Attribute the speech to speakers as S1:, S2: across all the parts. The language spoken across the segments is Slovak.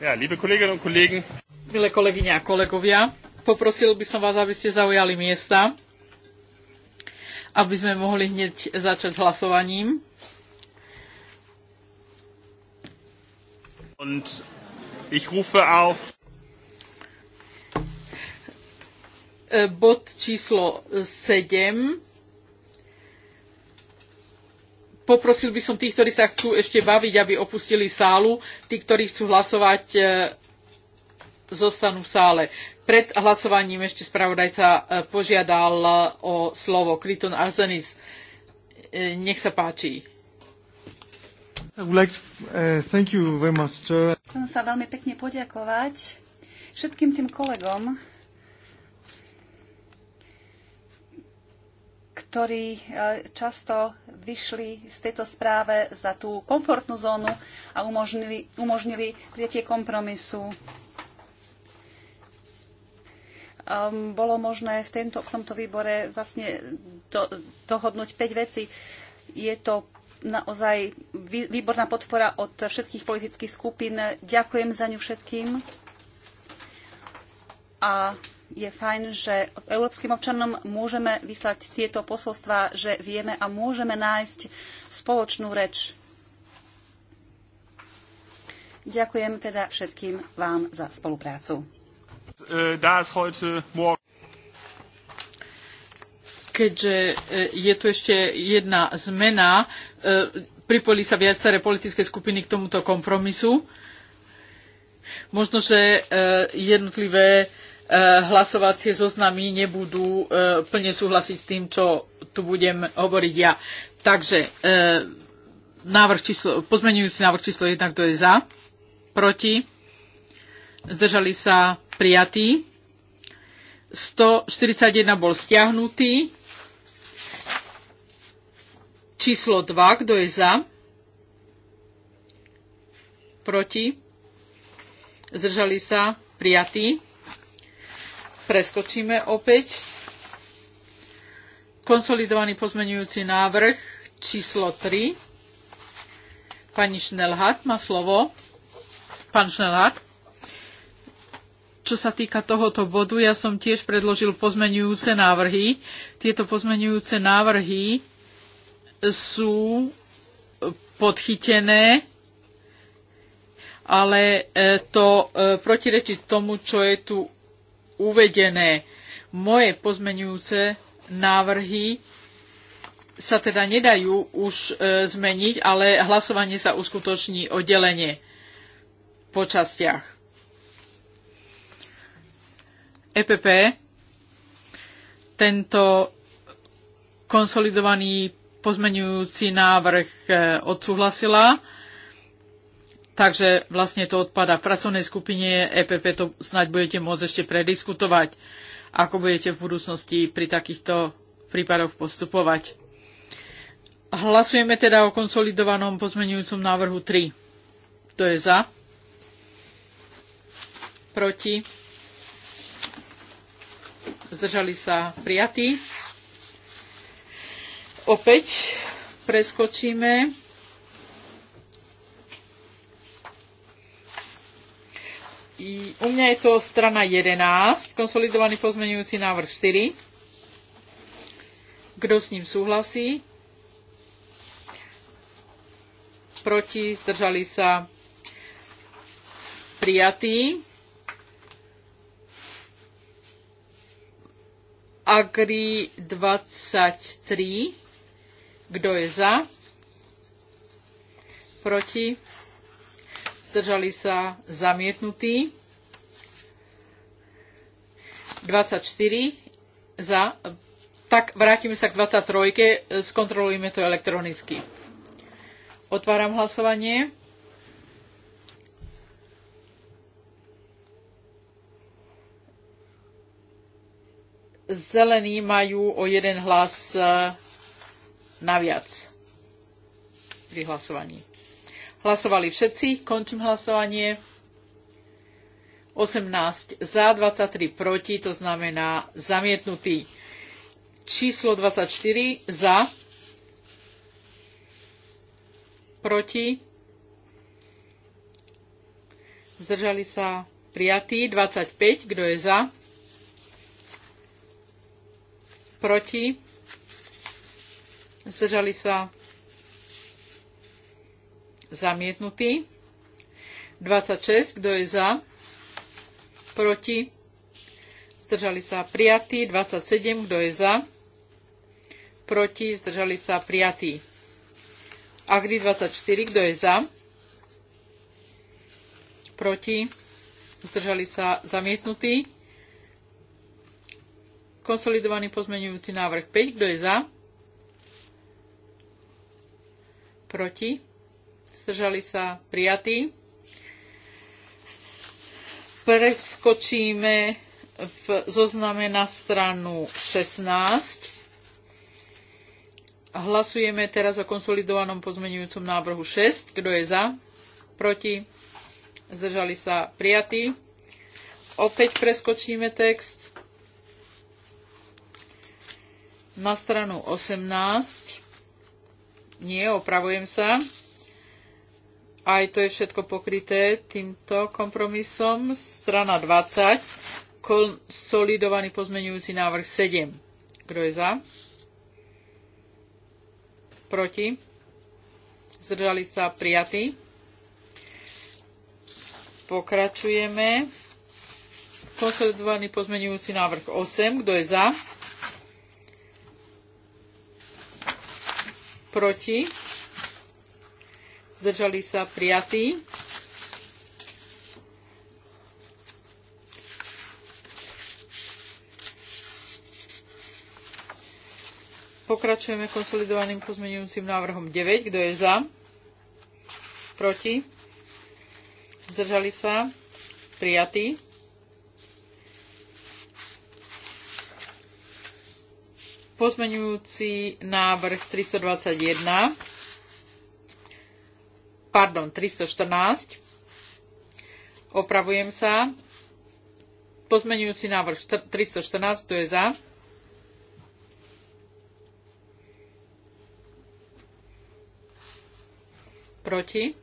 S1: Ja, liebe und
S2: Milé kolegyne a kolegovia, poprosil by som vás, aby ste zaujali miesta, aby sme mohli hneď začať s hlasovaním. Und ich rufe auf e, bod číslo 7 poprosil by som tých, ktorí sa chcú ešte baviť, aby opustili sálu. Tí, ktorí chcú hlasovať, e, zostanú v sále. Pred hlasovaním ešte spravodajca e, požiadal e, o slovo Kriton Arzenis. Nech sa páči. Chcem sa veľmi pekne poďakovať
S3: všetkým tým kolegom, ktorí e, často vyšli z tejto správe za tú komfortnú zónu a umožnili, umožnili prietie kompromisu. Ehm, bolo možné v, tento, v tomto výbore vlastne do, dohodnúť 5 vecí. Je to naozaj výborná podpora od všetkých politických skupín. Ďakujem za ňu všetkým. A je fajn, že európskym občanom môžeme vyslať tieto posolstva, že vieme a môžeme nájsť spoločnú reč. Ďakujem teda všetkým vám za spoluprácu.
S2: Keďže e, je tu ešte jedna zmena, e, pripojili sa viaceré politické skupiny k tomuto kompromisu. Možno, že e, jednotlivé E, hlasovacie zoznamy nebudú e, plne súhlasiť s tým, čo tu budem hovoriť ja. Takže e, návrh číslo, pozmenujúci návrh číslo 1, kto je za, proti, zdržali sa prijatí. 141 bol stiahnutý. Číslo 2, kto je za? Proti? Zdržali sa? Prijatí preskočíme opäť. Konsolidovaný pozmenujúci návrh číslo 3. Pani Šnelhat má slovo. Pán Šnelhat. Čo sa týka tohoto bodu, ja som tiež predložil pozmenujúce návrhy. Tieto pozmenujúce návrhy sú podchytené ale e, to e, protirečí tomu, čo je tu uvedené. Moje pozmenujúce návrhy sa teda nedajú už e, zmeniť, ale hlasovanie sa uskutoční oddelenie po častiach. EPP tento konsolidovaný pozmenujúci návrh e, odsúhlasila takže vlastne to odpada. V pracovnej skupine EPP to snáď budete môcť ešte prediskutovať, ako budete v budúcnosti pri takýchto prípadoch postupovať. Hlasujeme teda o konsolidovanom pozmenujúcom návrhu 3. Kto je za? Proti? Zdržali sa prijatí. Opäť preskočíme u mňa je to strana 11, konsolidovaný pozmenujúci návrh 4. Kto s ním súhlasí? Proti, zdržali sa prijatí. Agri 23. Kto je za? Proti? zdržali sa zamietnutí. 24 za. Tak vrátime sa k 23. Skontrolujeme to elektronicky. Otváram hlasovanie. zelení majú o jeden hlas eh, naviac pri hlasovaní. Hlasovali všetci, končím hlasovanie. 18 za, 23 proti, to znamená zamietnutý. Číslo 24 za, proti, zdržali sa prijatí, 25, kto je za, proti, zdržali sa zamietnutý. 26, kto je za, proti, zdržali sa prijatí. 27, kto je za, proti, zdržali sa prijatí. Agri 24, kto je za, proti, zdržali sa zamietnutí. Konsolidovaný pozmeňujúci návrh 5, kto je za, proti, zdržali sa prijatí. Preskočíme v zozname na stranu 16. Hlasujeme teraz o konsolidovanom pozmenujúcom návrhu 6. Kto je za? Proti? Zdržali sa prijatí. Opäť preskočíme text na stranu 18. Nie, opravujem sa. Aj to je všetko pokryté týmto kompromisom. Strana 20. Konsolidovaný pozmenujúci návrh 7. Kto je za? Proti? Zdržali sa prijatí. Pokračujeme. Konsolidovaný pozmenujúci návrh 8. Kto je za? Proti? zdržali sa prijatí. Pokračujeme konsolidovaným pozmeňujúcim návrhom 9. Kto je za? Proti? Zdržali sa? Prijatí? Pozmeňujúci návrh 321 pardon, 314. Opravujem sa. Pozmenujúci návrh 314, kto je za? Proti?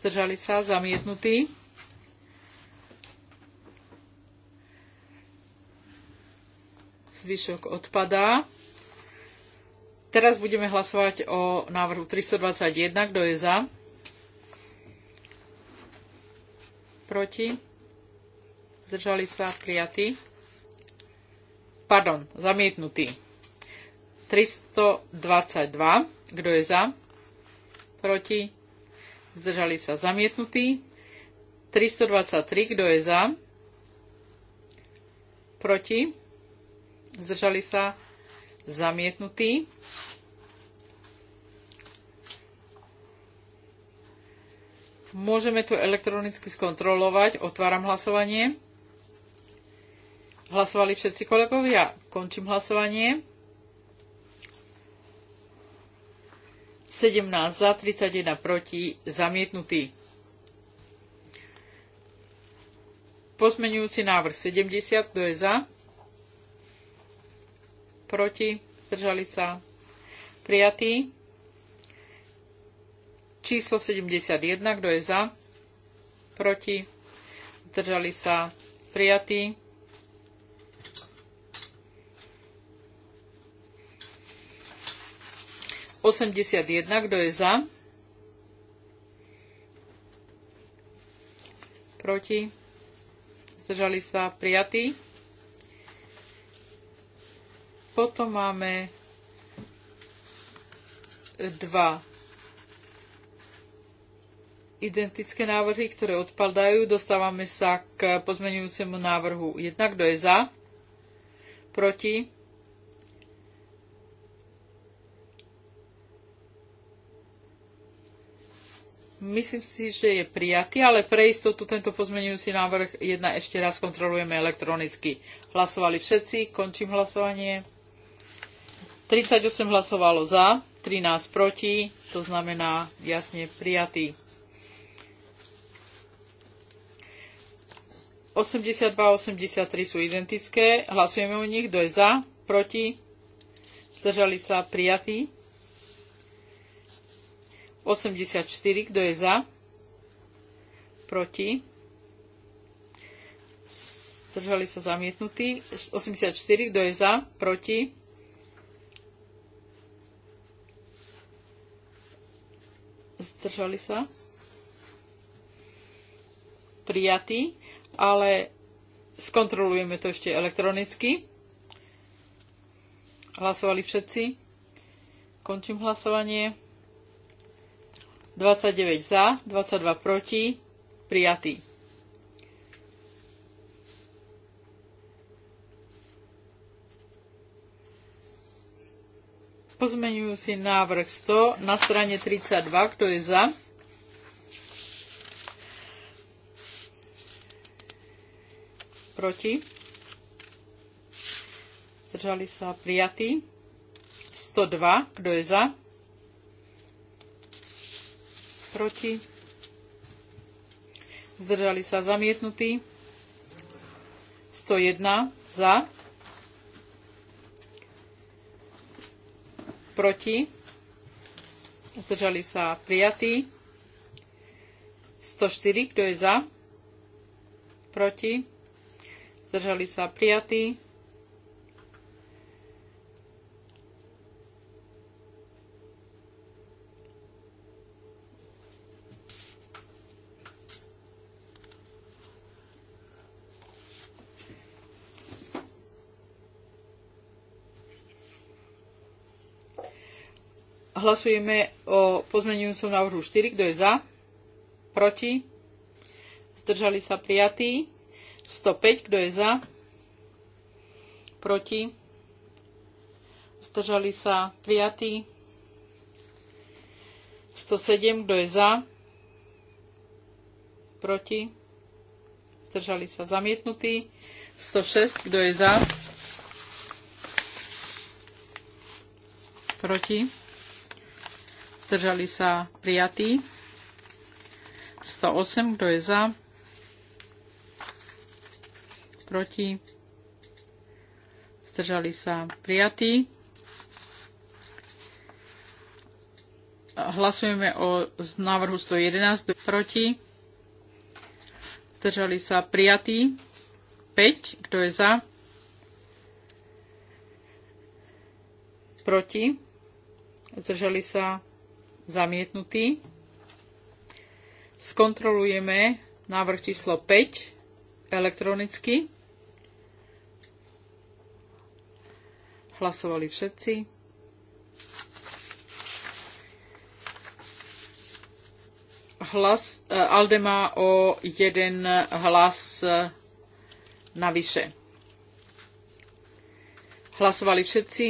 S2: Zdržali sa, zamietnutí. Zvyšok odpadá. Teraz budeme hlasovať o návrhu 321. Kto je za? Proti? Zdržali sa? Prijatí? Pardon, zamietnutý. 322. Kto je za? Proti? Zdržali sa? Zamietnutý. 323. Kto je za? Proti? Zdržali sa? Zamietnutý. Môžeme tu elektronicky skontrolovať. Otváram hlasovanie. Hlasovali všetci kolegovia. Končím hlasovanie. 17 za, 31 proti, zamietnutý. Pozmeňujúci návrh 70, kto je za? proti, zdržali sa prijatí. Číslo 71, kto je za, proti, zdržali sa prijatí. Osemdesiat jedna, kto je za? Proti? Zdržali sa prijatí. Potom máme dva identické návrhy, ktoré odpadajú. Dostávame sa k pozmenujúcemu návrhu 1. Kto je za? Proti? Myslím si, že je prijatý, ale pre istotu tento pozmenujúci návrh 1 ešte raz kontrolujeme elektronicky. Hlasovali všetci, končím hlasovanie. 38 hlasovalo za, 13 proti, to znamená jasne prijatý. 82 a 83 sú identické. Hlasujeme o nich. Kto je za? Proti? Zdržali sa prijatí. 84. Kto je za? Proti? Zdržali sa zamietnutí. 84. Kto je za? Proti? zdržali sa, prijatý, ale skontrolujeme to ešte elektronicky. Hlasovali všetci. Končím hlasovanie. 29 za, 22 proti, prijatý. Pozmeňujúci návrh 100 na strane 32, kto je za? Proti? Zdržali sa prijatí. 102, kto je za? Proti? Zdržali sa zamietnutí. 101 za proti, zdržali sa prijatí. 104, kto je za, proti, zdržali sa prijatí. Hlasujeme o pozmenujúcom návrhu 4. Kto je za? Proti? Zdržali sa prijatí. 105. Kto je za? Proti? Zdržali sa prijatí. 107. Kto je za? Proti? Zdržali sa zamietnutí. 106. Kto je za? Proti? zdržali sa prijatí. 108, kto je za, proti, zdržali sa prijatí. Hlasujeme o návrhu 111, proti, zdržali sa prijatí. 5, kto je za, proti, zdržali sa prijatí zamietnutý. Skontrolujeme návrh číslo 5 elektronicky. Hlasovali všetci. Hlas, eh, Alde má o jeden hlas eh, navyše. Hlasovali všetci.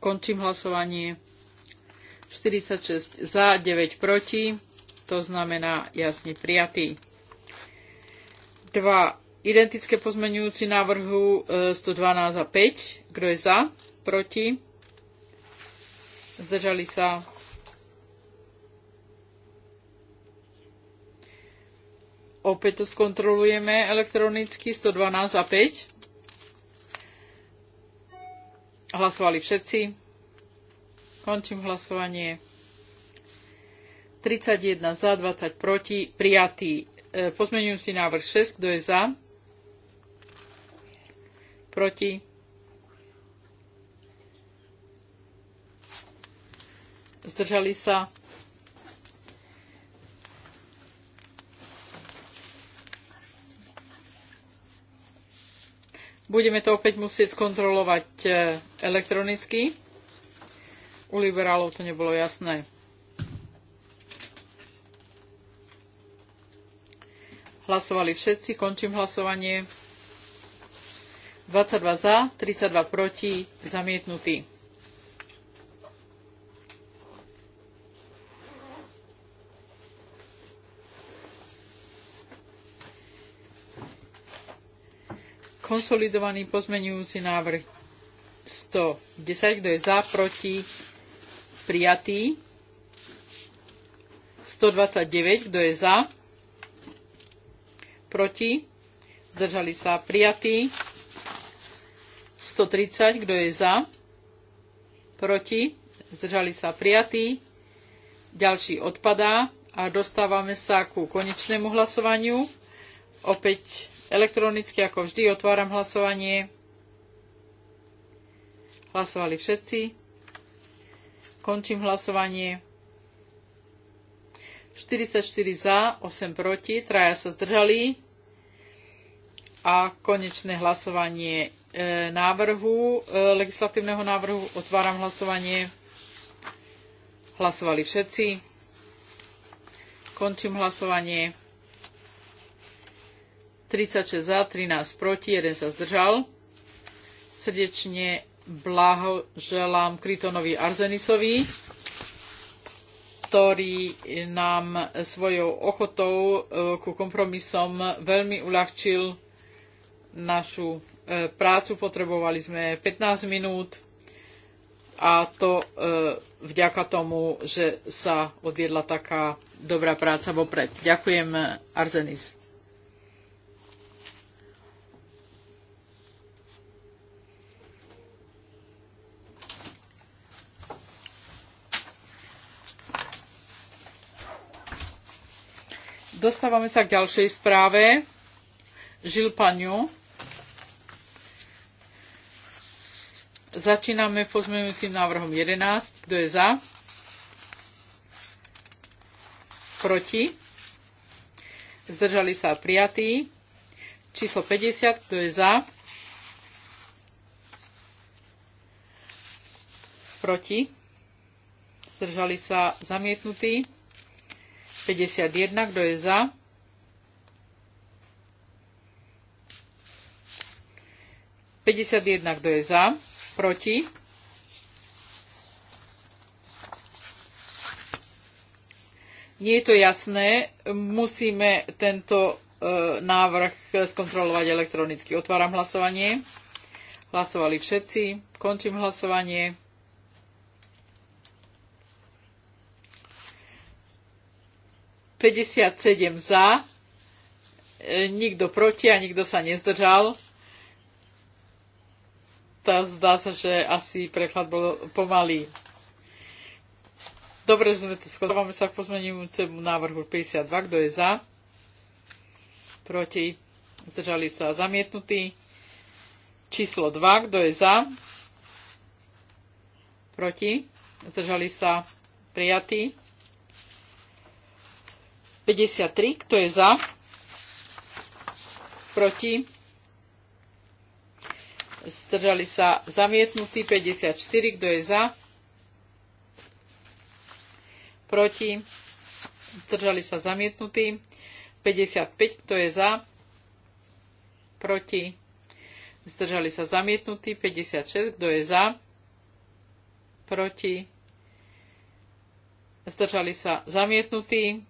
S2: Končím hlasovanie. 46 za, 9 proti, to znamená jasne prijatý. 2 identické pozmenujúci návrhu 112 a 5. Kto je za? Proti? Zdržali sa? Opäť to skontrolujeme elektronicky 112 a 5. Hlasovali všetci. Končím hlasovanie. 31 za, 20 proti, prijatý. si e, návrh 6, kto je za? Proti? Zdržali sa? Budeme to opäť musieť skontrolovať e, elektronicky. U liberálov to nebolo jasné. Hlasovali všetci, končím hlasovanie. 22 za, 32 proti, zamietnutý. Konsolidovaný pozmenujúci návrh 110, kto je za, proti, prijatý. 129, kto je za, proti, zdržali sa prijatí. 130, kto je za, proti, zdržali sa prijatí. Ďalší odpadá a dostávame sa ku konečnému hlasovaniu. Opäť elektronicky, ako vždy, otváram hlasovanie. Hlasovali všetci. Končím hlasovanie. 44 za, 8 proti, traja sa zdržali. A konečné hlasovanie e, návrhu, e, legislatívneho návrhu, otváram hlasovanie. Hlasovali všetci. Končím hlasovanie. 36 za, 13 proti, 1 sa zdržal. Srdečne blahoželám Krytonovi Arzenisovi, ktorý nám svojou ochotou e, ku kompromisom veľmi uľahčil našu e, prácu. Potrebovali sme 15 minút a to e, vďaka tomu, že sa odviedla taká dobrá práca vopred. Ďakujem, Arzenis. Dostávame sa k ďalšej správe. Žil Paňu. Začíname pozmeňujúcim návrhom 11. Kto je za? Proti? Zdržali sa prijatí. Číslo 50. Kto je za? Proti? Zdržali sa zamietnutí. 51, kto je za? Päťdesiat jedna, kto je za? Proti? Nie je to jasné. Musíme tento e, návrh skontrolovať elektronicky. Otváram hlasovanie. Hlasovali všetci. Končím hlasovanie. 57 za, e, nikto proti a nikto sa nezdržal. Tá zdá sa, že asi preklad bol pomalý. Dobre, že sme tu skladávame sa k pozmenujúcemu návrhu 52. Kto je za? Proti? Zdržali sa zamietnutí. Číslo 2. Kto je za? Proti? Zdržali sa prijatí. 53, kto je za? Proti? Zdržali sa zamietnutí. 54, kto je za? Proti? Zdržali sa zamietnutí. 55, kto je za? Proti? Zdržali sa zamietnutí. 56, kto je za? Proti? Zdržali sa zamietnutí.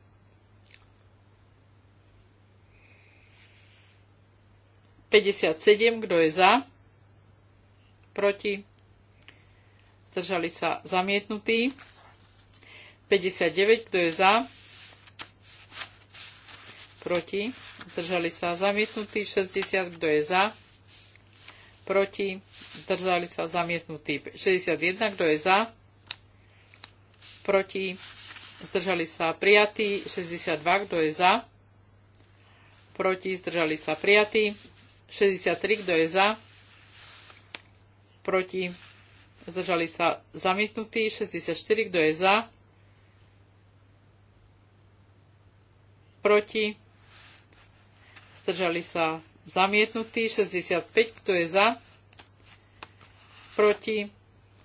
S2: 57, kto je za? Proti? Zdržali sa zamietnutí. 59, kto je za? Proti? Zdržali sa zamietnutí. 60, kto je za? Proti? Zdržali sa zamietnutí. 61, kto je za? Proti? Zdržali sa prijatí. 62, kto je za? Proti? Zdržali sa prijatí. 63, kto je za, proti, zdržali sa zamietnutí, 64, kto je za, proti, zdržali sa zamietnutí, 65, kto je za, proti,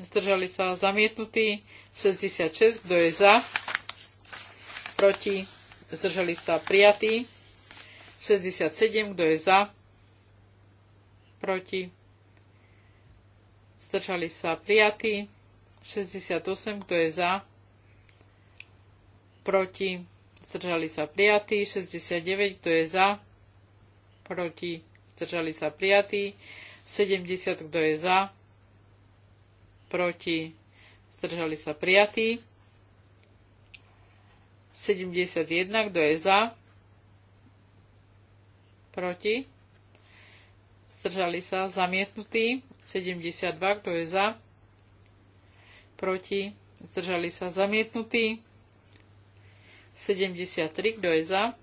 S2: zdržali sa zamietnutí, 66, kto je za, proti, zdržali sa prijatí, 67, kto je za, proti, zdržali sa prijatí, 68, kto je za, proti, zdržali sa prijatí, 69, kto je za, proti, zdržali sa prijatí, 70, kto je za, proti, zdržali sa prijatí, 71, kto je za, proti, zdržali sa, zamietnutí, 72, kto je za, proti, zdržali sa, zamietnutí, 73, kto je za,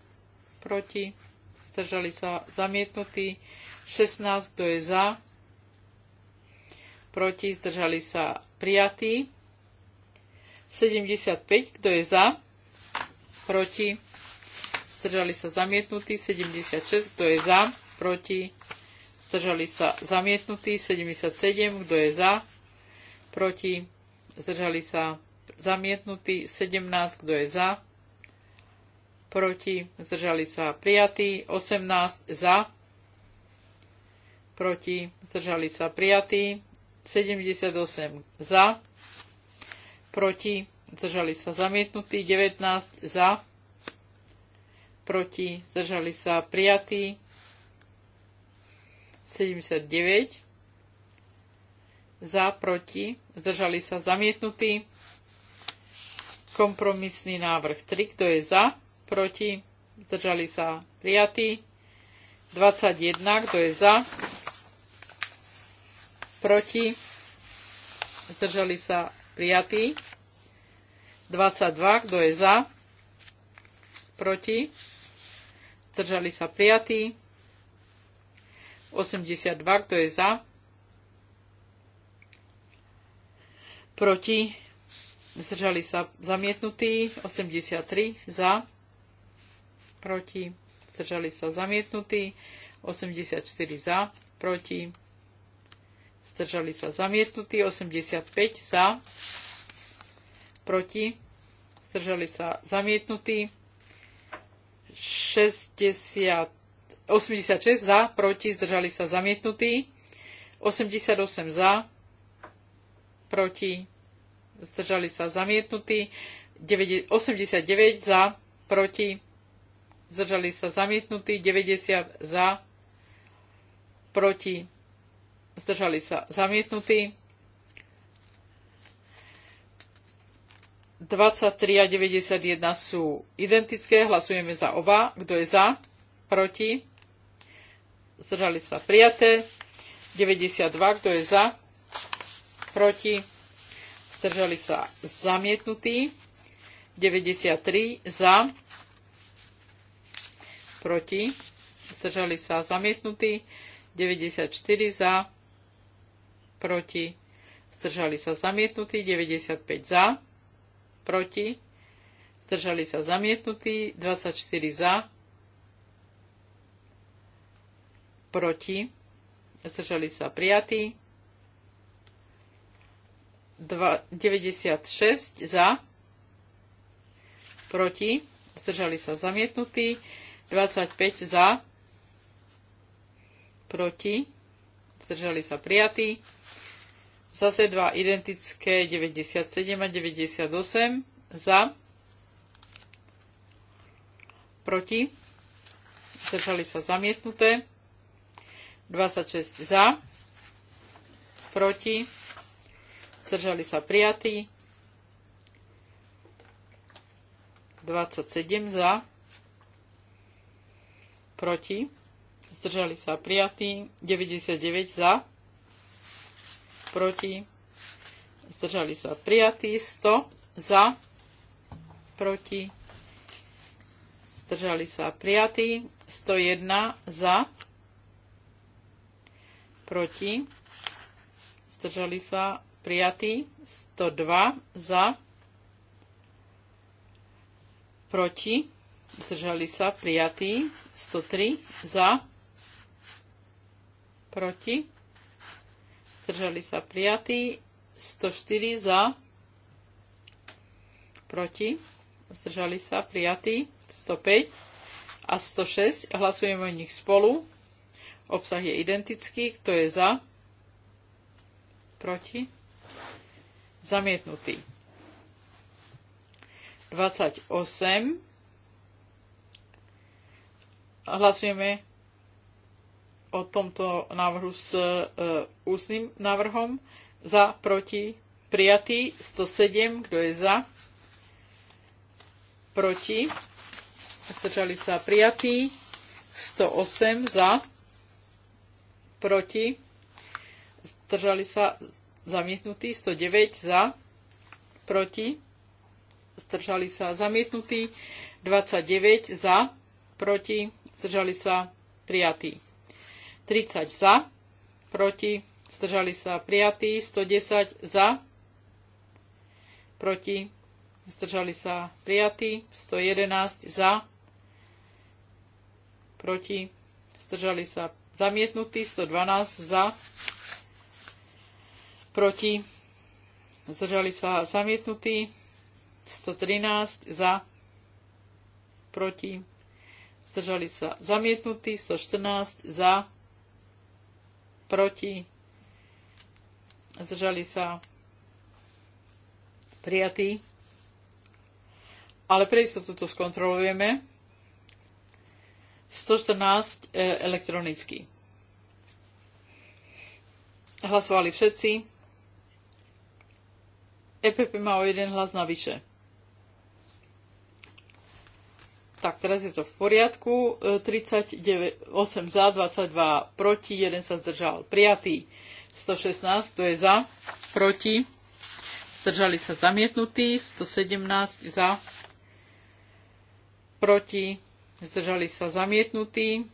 S2: proti, zdržali sa, zamietnutí, 16, kto je za, proti, zdržali sa, prijatí. 75, kto je za, proti, zdržali sa zamietnutí, 76, kto je za, proti, zdržali sa zamietnutí, 77, kto je za, proti, zdržali sa zamietnutí, 17, kto je za, proti, zdržali sa prijatí, 18 za, proti, zdržali sa prijatí, 78 za, proti, zdržali sa zamietnutí, 19 za, proti, zdržali sa prijatí, 79 za, proti, zdržali sa zamietnutí. Kompromisný návrh 3, kto je za, proti, zdržali sa prijatí. 21, kto je za, proti, zdržali sa prijatí. 22, kto je za, proti, zdržali sa prijatí. 82, kto je za? Proti? Zdržali sa zamietnutí. 83 za. Proti? Zdržali sa zamietnutí. 84 za. Proti? Zdržali sa zamietnutí. 85 za. Proti? Zdržali sa zamietnutí. 60 86 za, proti, zdržali sa zamietnutí. 88 za, proti, zdržali sa zamietnutí. 89 za, proti, zdržali sa zamietnutí. 90 za, proti, zdržali sa zamietnutí. 23 a 91 sú identické, hlasujeme za oba. Kto je za? Proti? zdržali sa prijaté. 92, kto je za, proti, zdržali sa zamietnutí. 93 za, proti, zdržali sa zamietnutí. 94 za, proti, zdržali sa zamietnutí. 95 za, proti, zdržali sa zamietnutí. 24 za, proti, zdržali sa prijatí, 96 za, proti, zdržali sa zamietnutí, 25 za, proti, zdržali sa prijatí, zase dva identické 97 a 98 za, proti, zdržali sa zamietnuté, 26 za, proti, zdržali sa prijatí, 27 za, proti, zdržali sa prijatí, 99 za, proti, zdržali sa prijatí, 100 za, proti, zdržali sa prijatí, 101 za, proti, zdržali sa prijatí, 102 za, proti, zdržali sa prijatí, 103 za, proti, zdržali sa prijatí, 104 za, proti, zdržali sa prijatí, 105 a 106, hlasujeme o nich spolu. Obsah je identický. Kto je za? Proti? Zamietnutý. 28. Hlasujeme o tomto návrhu s e, ústnym návrhom. Za, proti, prijatý. 107. Kto je za? Proti. stačali sa prijatý. 108 za proti, zdržali sa zamietnutí, 109 za, proti, zdržali sa zamietnutí, 29 za, proti, zdržali sa prijatí. 30 za, proti, zdržali sa prijatí, 110 za, proti, zdržali sa prijatí, 111 za, proti, zdržali sa Zamietnutý 112 za, proti, zdržali sa zamietnutí, 113 za, proti, zdržali sa zamietnutí, 114 za, proti, zdržali sa prijatí. Ale pre istotu to skontrolujeme. 114 e, elektronicky. Hlasovali všetci. EPP má o jeden hlas navyše. Tak, teraz je to v poriadku. 38 e, za, 22 proti, 1 sa zdržal. Prijatý 116, kto je za, proti. Zdržali sa zamietnutí, 117 za, proti zdržali sa zamietnutí.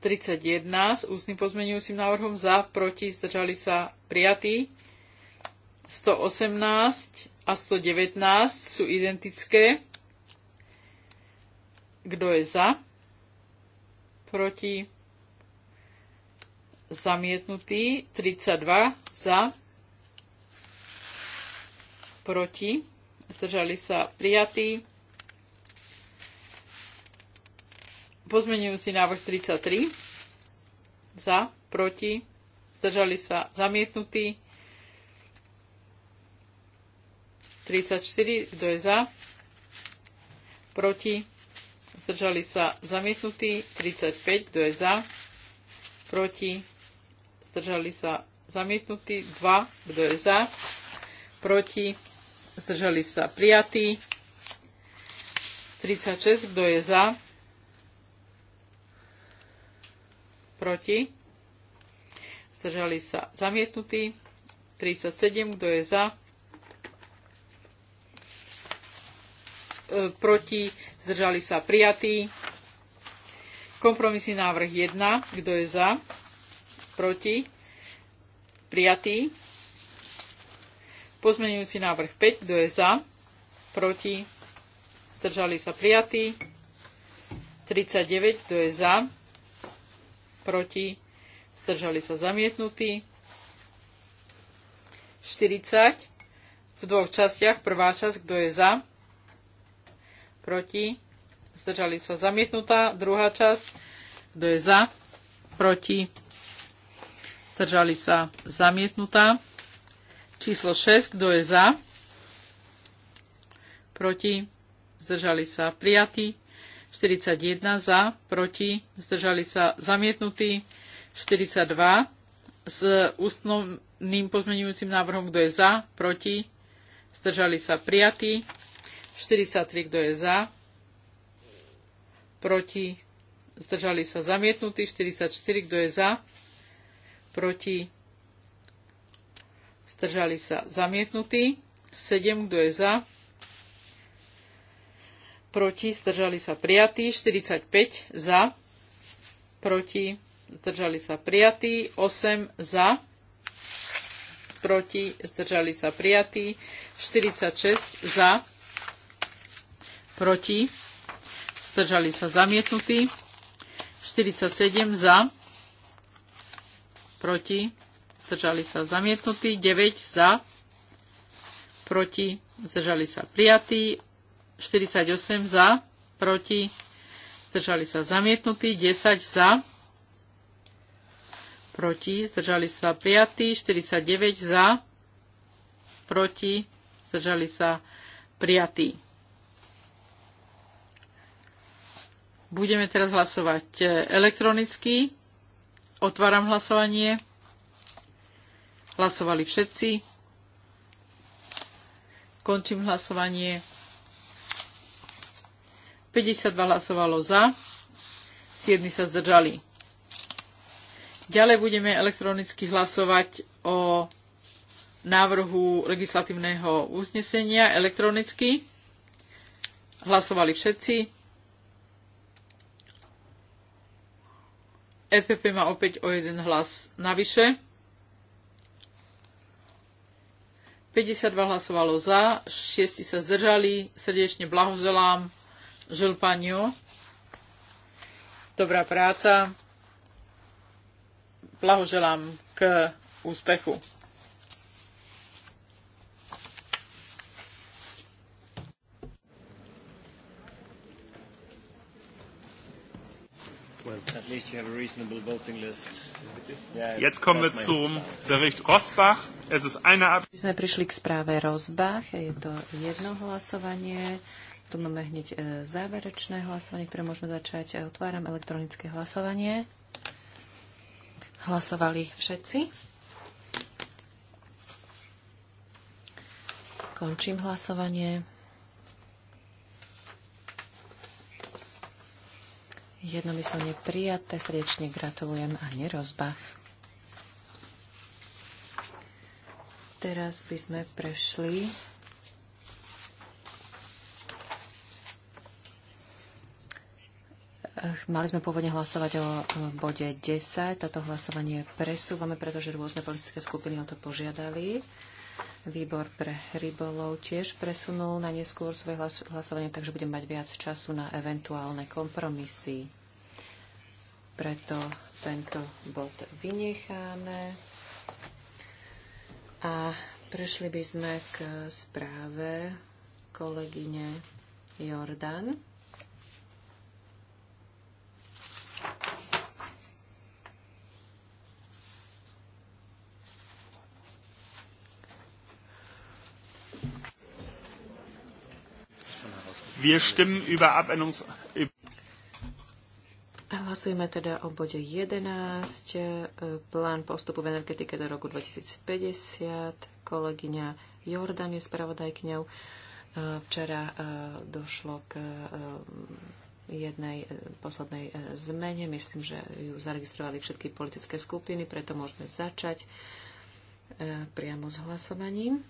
S2: Tridsaťjedna s ústnym pozmenujúcim návrhom za, proti, zdržali sa prijatí. 118 a 119 sú identické. Kto je za? Proti? Zamietnutý. 32 za proti, zdržali sa prijatí. Pozmenujúci návrh 33, za, proti, zdržali sa zamietnutí. 34, kto je za, proti, zdržali sa zamietnutí. 35, kto je za, proti, zdržali sa zamietnutí. 2, kto je za, proti, zdržali sa prijatí. 36, kto je za? Proti? Zdržali sa zamietnutí. 37, kto je za? E, proti? Zdržali sa prijatí. Kompromisný návrh 1, kto je za? Proti? Prijatý. Pozmenujúci návrh 5, kto je za, proti, zdržali sa prijatí. 39, kto je za, proti, zdržali sa zamietnutí. 40, v dvoch častiach, prvá časť, kto je za, proti, zdržali sa zamietnutá, druhá časť, kto je za, proti, zdržali sa zamietnutá. Číslo 6, kto je za? Proti? Zdržali sa prijatí. 41 za, proti, zdržali sa zamietnutí. 42 s ústnovným pozmeňujúcim návrhom, kto je za, proti, zdržali sa prijatí. 43, kto je za, proti, zdržali sa zamietnutí. 44, kto je za, proti, zdržali sa zamietnutí, 7, kto je za, proti, zdržali sa prijatí, 45 za, proti, zdržali sa prijatí, 8 za, proti, zdržali sa prijatí, 46 za, proti, zdržali sa zamietnutí, 47 za, proti, zdržali sa zamietnutí, 9 za, proti, zdržali sa prijatí, 48 za, proti, zdržali sa zamietnutí, 10 za, proti, zdržali sa prijatí, 49 za, proti, zdržali sa prijatí. Budeme teraz hlasovať eh, elektronicky. Otváram hlasovanie. Hlasovali všetci. Končím hlasovanie. 52 hlasovalo za, 7 sa zdržali. Ďalej budeme elektronicky hlasovať o návrhu legislatívneho uznesenia elektronicky. Hlasovali všetci. EPP má opäť o jeden hlas navyše. 52 hlasovalo za, 6 sa zdržali. Srdečne blahoželám Žilpaniu. Dobrá práca. Blahoželám k úspechu.
S1: Jetzt kommen wir zum Bericht Rosbach. Es ist eine Ab
S4: Sme prišli k správe Rosbach. Je to jedno hlasovanie. Tu máme hneď e, záverečné hlasovanie, ktoré môžeme začať. Otváram elektronické hlasovanie. Hlasovali všetci. Končím hlasovanie. jednomyselne prijaté. Srdečne gratulujem a nerozbach. Teraz by sme prešli Mali sme pôvodne hlasovať o bode 10. Toto hlasovanie presúvame, pretože rôzne politické skupiny o to požiadali. Výbor pre rybolov tiež presunul na neskôr svoje hlasovanie, takže budem mať viac času na eventuálne kompromisy. Preto tento bod vynecháme. A prešli by sme k správe kolegyne Jordan.
S1: Wir stimmen über Abänderungs...
S4: Hlasujeme teda o bode 11, e, plán postupu v energetike do roku 2050. Kolegyňa Jordan je spravodajkňou. E, včera e, došlo k jednej poslednej zmene. Myslím, že ju zaregistrovali všetky politické skupiny, preto môžeme začať priamo s hlasovaním.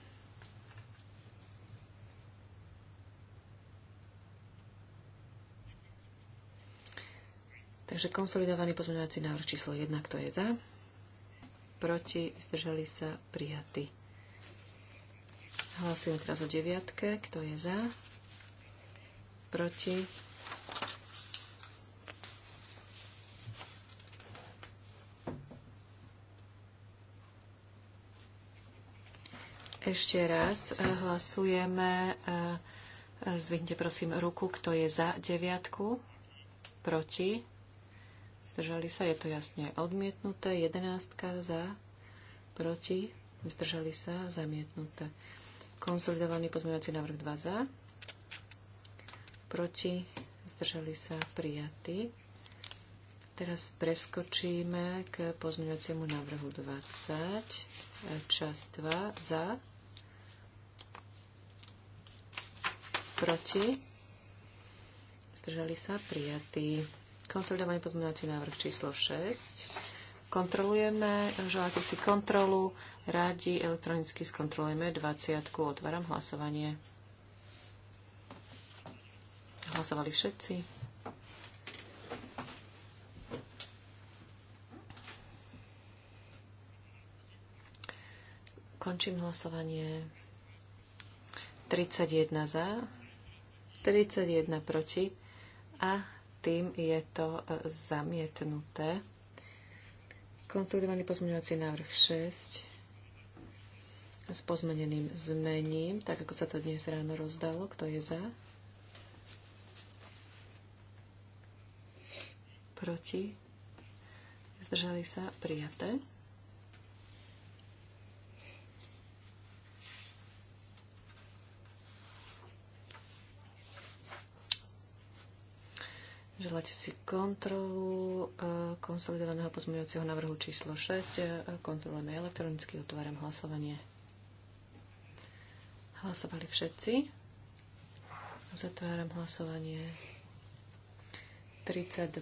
S4: Takže konsolidovaný pozmeňovací návrh číslo 1, kto je za? Proti, zdržali sa, prijatí. Hlasujeme teraz o deviatke, kto je za? Proti, Ešte raz eh, hlasujeme. Eh, eh, Zdvihnite prosím ruku, kto je za deviatku, proti zdržali sa, je to jasne odmietnuté. jedenáctka za, proti, zdržali sa, zamietnuté. Konsolidovaný pozmeňovací návrh 2 za, proti, zdržali sa, prijatý. Teraz preskočíme k pozmeňovaciemu návrhu 20, čas 2 za, proti, zdržali sa, prijatý. Konsolidovaný pozmeňovací návrh číslo 6. Kontrolujeme, želáte si kontrolu, rádi elektronicky skontrolujeme 20. Otváram hlasovanie. Hlasovali všetci. Končím hlasovanie. 31 za, 31 proti a tým je to e, zamietnuté. Konsolidovaný pozmeňovací návrh 6 s pozmeneným zmením, tak ako sa to dnes ráno rozdalo. Kto je za? Proti? Zdržali sa? Prijaté. Želáte si kontrolu e, konsolidovaného pozmeňovacieho návrhu číslo 6. E, kontrolujeme elektronicky, otváram hlasovanie. Hlasovali všetci. Zatváram hlasovanie. 32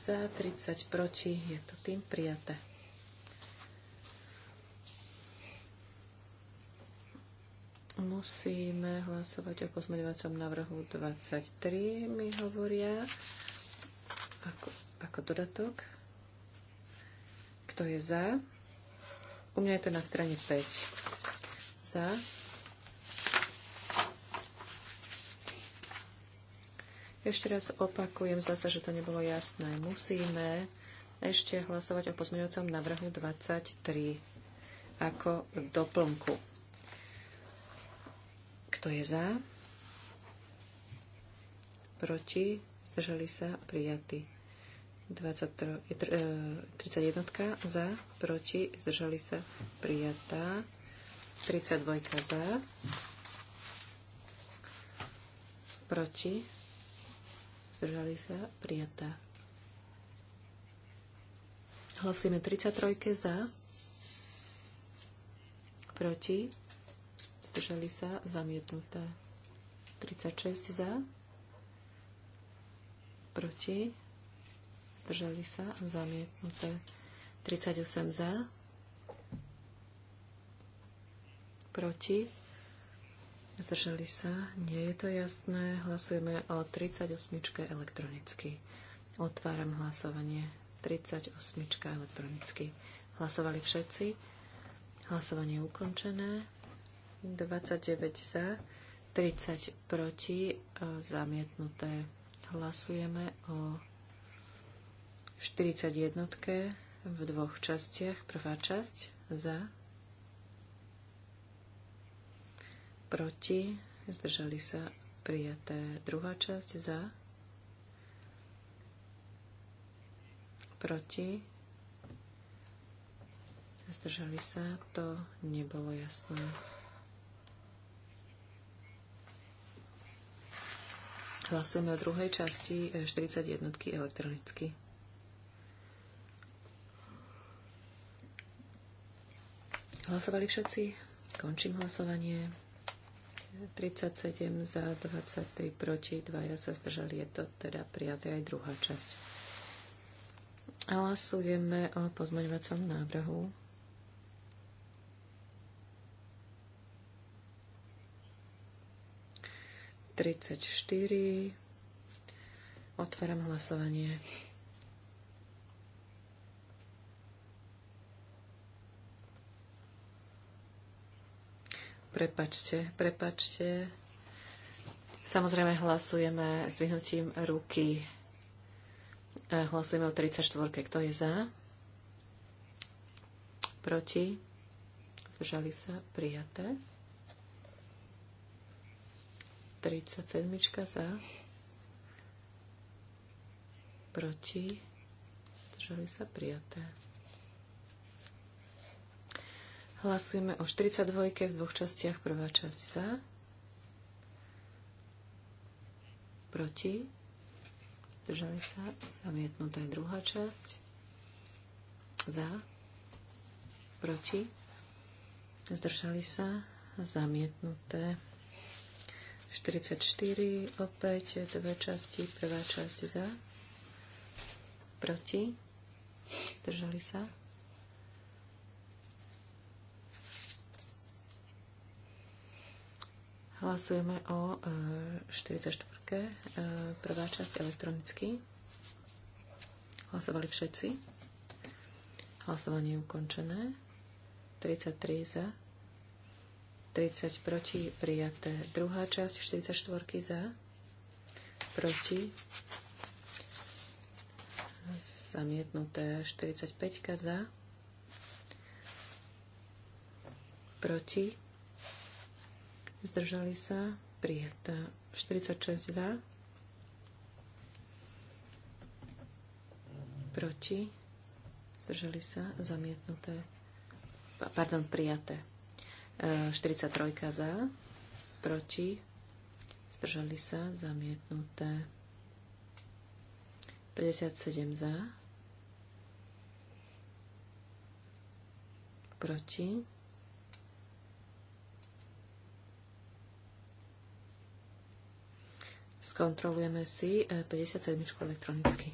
S4: za, 30 proti. Je to tým prijaté. Musíme hlasovať o pozmeňovacom návrhu 23, mi hovoria, ako, ako dodatok. Kto je za? U mňa je to na strane 5. Za. Ešte raz opakujem zase, že to nebolo jasné. Musíme ešte hlasovať o pozmeňovacom návrhu 23 ako doplnku. Kto je za? Proti? Zdržali sa? Prijatí. 23, 31 e, za, proti, zdržali sa, prijatá. 32 za, proti, zdržali sa, prijatá. Hlasíme 33 za, proti, zdržali sa, zamietnuté. 36 za, proti, zdržali sa, zamietnuté. 38 za, proti, zdržali sa, nie je to jasné. Hlasujeme o 38 elektronicky. Otváram hlasovanie. 38 elektronicky. Hlasovali všetci. Hlasovanie je ukončené. 29 za, 30 proti, e, zamietnuté. Hlasujeme o 41 v dvoch častiach. Prvá časť za, proti, zdržali sa prijaté. Druhá časť za, proti, zdržali sa, to nebolo jasné. Hlasujeme o druhej časti 41 eh, elektronicky. Hlasovali všetci? Končím hlasovanie. 37 za, 23 proti, 2 ja sa zdržali. Je to teda prijaté aj druhá časť. Hlasujeme o pozmeňovacom návrhu 34. Otváram hlasovanie. Prepačte, prepačte. Samozrejme hlasujeme s dvihnutím ruky. E, hlasujeme o 34. Kto je za? Proti? Zdržali sa? Prijaté. 37 za, proti, držali sa prijaté. Hlasujeme o 42 v dvoch častiach. Prvá časť za, proti, zdržali sa, zamietnutá je druhá časť, za, proti, zdržali sa, zamietnuté. 44, opäť dve časti, prvá časť za, proti, držali sa. Hlasujeme o e, 44. E, prvá časť elektronicky. Hlasovali všetci. Hlasovanie je ukončené. 33 za, 30 proti, prijaté. Druhá časť, 44 za, proti, zamietnuté. 45 za, proti, zdržali sa, prijatá. 46 za, proti, zdržali sa, zamietnuté. Pardon, prijaté. 43 za, proti, zdržali sa, zamietnuté. 57 za, proti. Skontrolujeme si 57 e, elektronicky.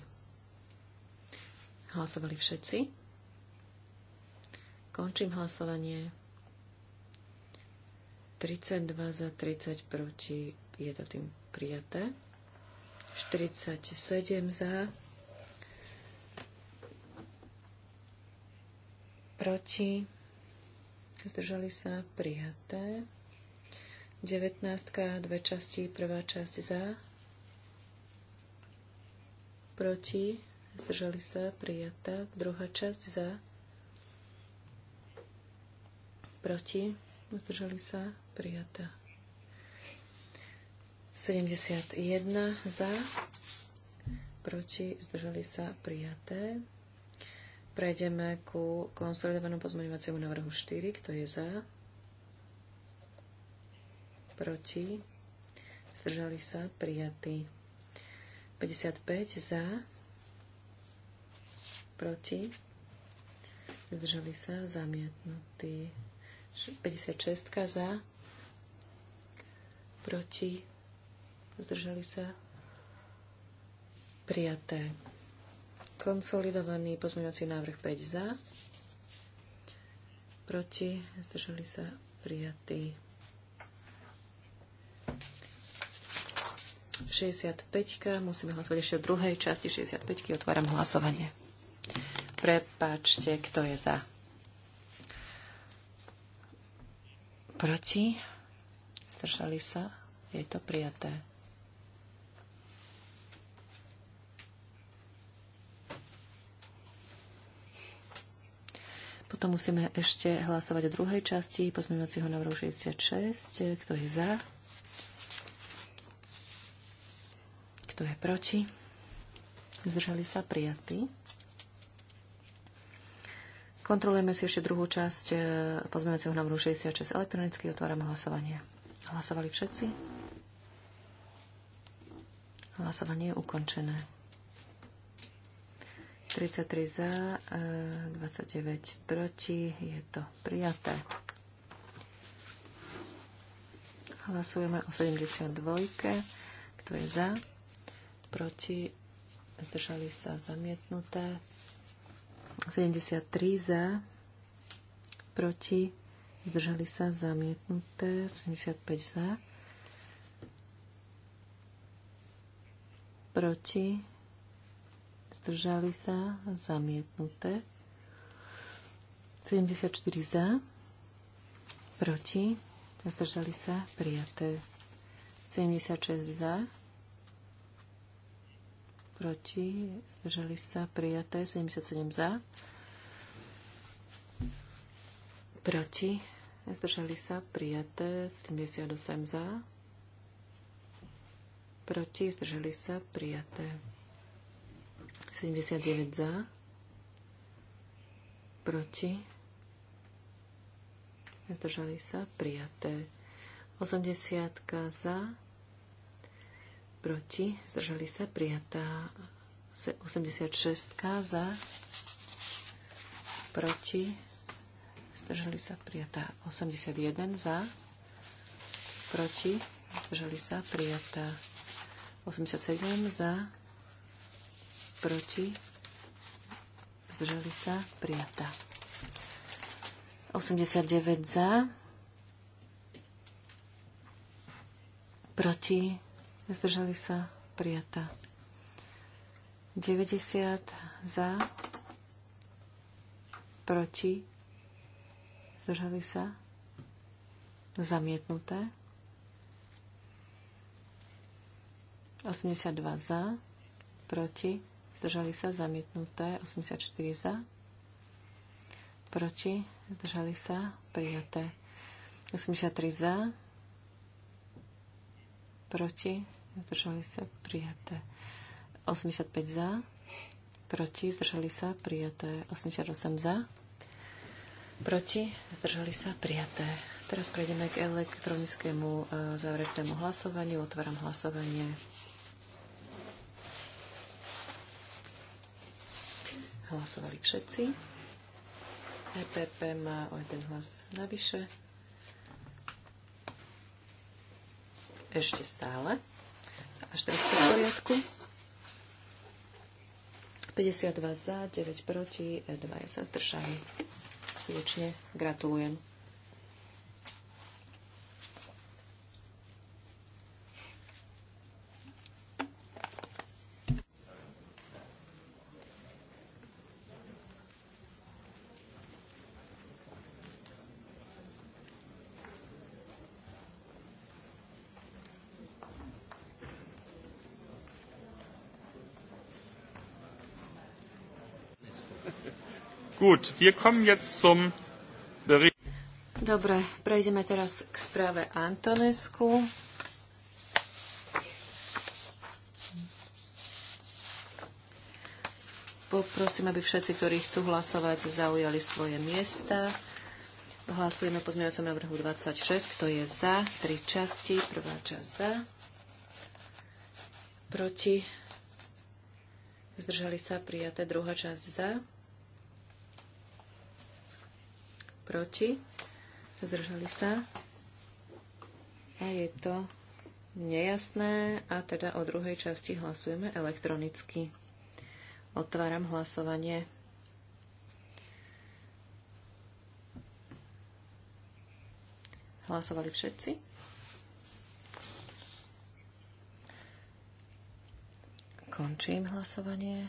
S4: Hlasovali všetci. Končím hlasovanie. 32 za 30 proti je to tým prijaté. 47 za proti zdržali sa prijaté. 19 dve časti, prvá časť za proti zdržali sa prijatá, druhá časť za proti zdržali sa prijatá. 71 za, proti, zdržali sa prijaté. Prejdeme ku konsolidovanému pozmeňovaciemu návrhu 4, kto je za, proti, zdržali sa prijatí. 55 za, proti, zdržali sa zamietnutí. 56 za, proti, zdržali sa, prijaté. Konsolidovaný pozmeňovací návrh 5 za, proti, zdržali sa, prijatý. 65. Musíme hlasovať ešte o druhej časti 65. Otváram hlasovanie. Prepačte, kto je za? Proti? Zdržali sa? Je to prijaté. Potom musíme ešte hlasovať o druhej časti pozmeňovacieho návrhu 66. Kto je za? Kto je proti? Zdržali sa prijatí. Kontrolujeme si ešte druhú časť eh, pozmeňovacieho návrhu 66 elektronicky. Otváram hlasovanie. Hlasovali všetci? Hlasovanie je ukončené. 33 za, 29 e, proti, je to prijaté. Hlasujeme o 72. Kto je za? Proti? Zdržali sa zamietnuté. 73 za. Proti? zdržali sa, zamietnuté, 75 za, proti, zdržali sa, zamietnuté, 74 za, proti, zdržali sa, prijaté, 76 za, proti, zdržali sa, prijaté, 77 za, proti, Zdržali sa prijaté 78 za. Proti zdržali sa prijaté 79 za. Proti zdržali sa prijaté 80 za. Proti zdržali sa prijatá 86 za. Proti zdržali sa prijatá 81 za, proti, zdržali sa prijatá 87 za, proti, zdržali sa prijatá 89 za, proti, zdržali sa prijatá 90 za, proti, Zdržali sa? Zamietnuté. 82 za. Proti. Zdržali sa? Zamietnuté. 84 za. Proti. Zdržali sa? Prijaté. 83 za. Proti. Zdržali sa? Prijaté. 85 za. Proti. Zdržali sa? Prijaté. 88 za Proti? Zdržali sa? Prijaté. Teraz prejdeme k elektronickému e, záverečnému hlasovaniu. Otváram hlasovanie. Hlasovali všetci. EPP má o jeden hlas navyše. Ešte stále. Až teraz v poriadku. 52 za, 9 proti, 2 e, sa zdržali srdečne gratulujem.
S1: Gut, wir kommen jetzt zum Bericht.
S4: Dobre, prejdeme teraz k správe Antonesku. Poprosím, aby všetci, ktorí chcú hlasovať, zaujali svoje miesta. Hlasujeme o pozmeňovacom návrhu 26. Kto je za? Tri časti. Prvá časť za. Proti. Zdržali sa prijaté. Druhá časť za. proti, zdržali sa. A je to nejasné a teda o druhej časti hlasujeme elektronicky. Otváram hlasovanie. Hlasovali všetci? Končím hlasovanie.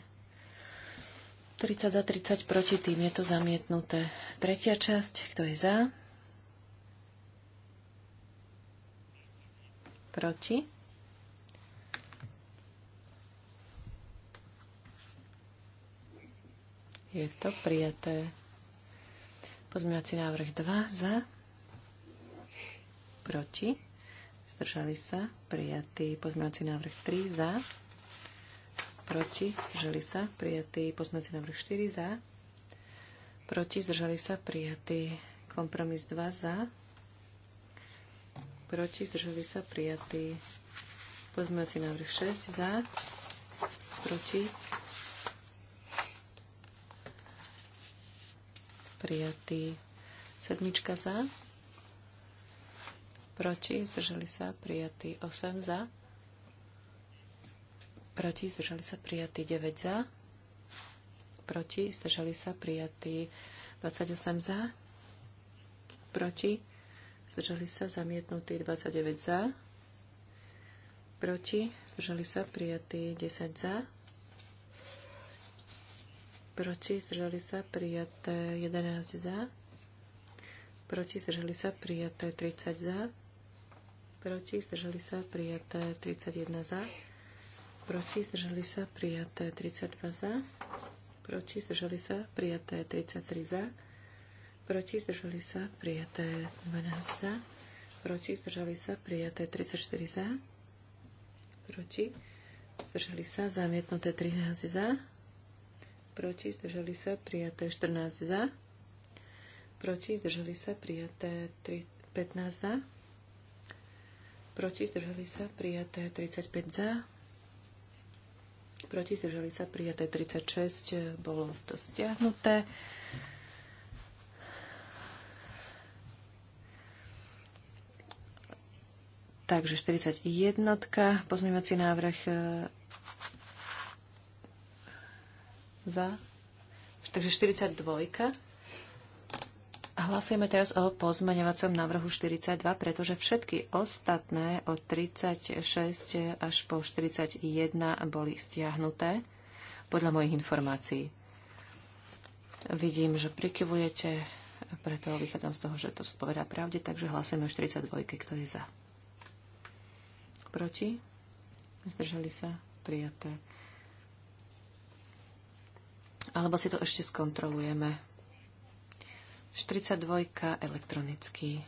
S4: 30 za 30 proti tým je to zamietnuté. Tretia časť, kto je za? Proti? Je to prijaté. Pozmeňovací návrh 2 za. Proti? Zdržali sa. Prijatý. Pozmeňovací návrh 3 za proti, zdržali sa, prijatý. Pozmeňujúci návrh 4 za, proti, zdržali sa, prijatý. Kompromis 2 za, proti, zdržali sa, prijatý. Pozmeňujúci návrh 6 za, proti, prijatý. Sedmička za, proti, zdržali sa, prijatý. 8 za, proti, zdržali sa prijatí 9 za, proti, zdržali sa prijatí 28 za, proti, zdržali sa zamietnutí 29 za, proti, zdržali sa prijatí 10 za, proti, zdržali sa prijaté 11 za, proti, zdržali sa prijaté 30 za, proti, zdržali sa prijaté 31 za, proti, zdržali sa, prijaté 32 za, proti, zdržali sa, prijaté 33 za, proti, zdržali sa, prijaté 12 za, proti, zdržali sa, prijaté 34 za, proti, zdržali sa, zamietnuté 13 za, proti, zdržali sa, prijaté 14 za, proti, zdržali sa, prijaté 3, 15 za, proti, zdržali sa, prijaté 35 za, proti, zdržali sa prijaté 36, e, bolo to stiahnuté. Takže 41, pozmývací návrh e, za. Takže 42. Hlasujeme teraz o pozmeňovacom návrhu 42, pretože všetky ostatné od 36 až po 41 boli stiahnuté, podľa mojich informácií. Vidím, že prikyvujete, preto vychádzam z toho, že to spovedá pravde, takže hlasujeme o 42, kto je za. Proti? Zdržali sa? Prijaté. Alebo si to ešte skontrolujeme. 42 elektronicky.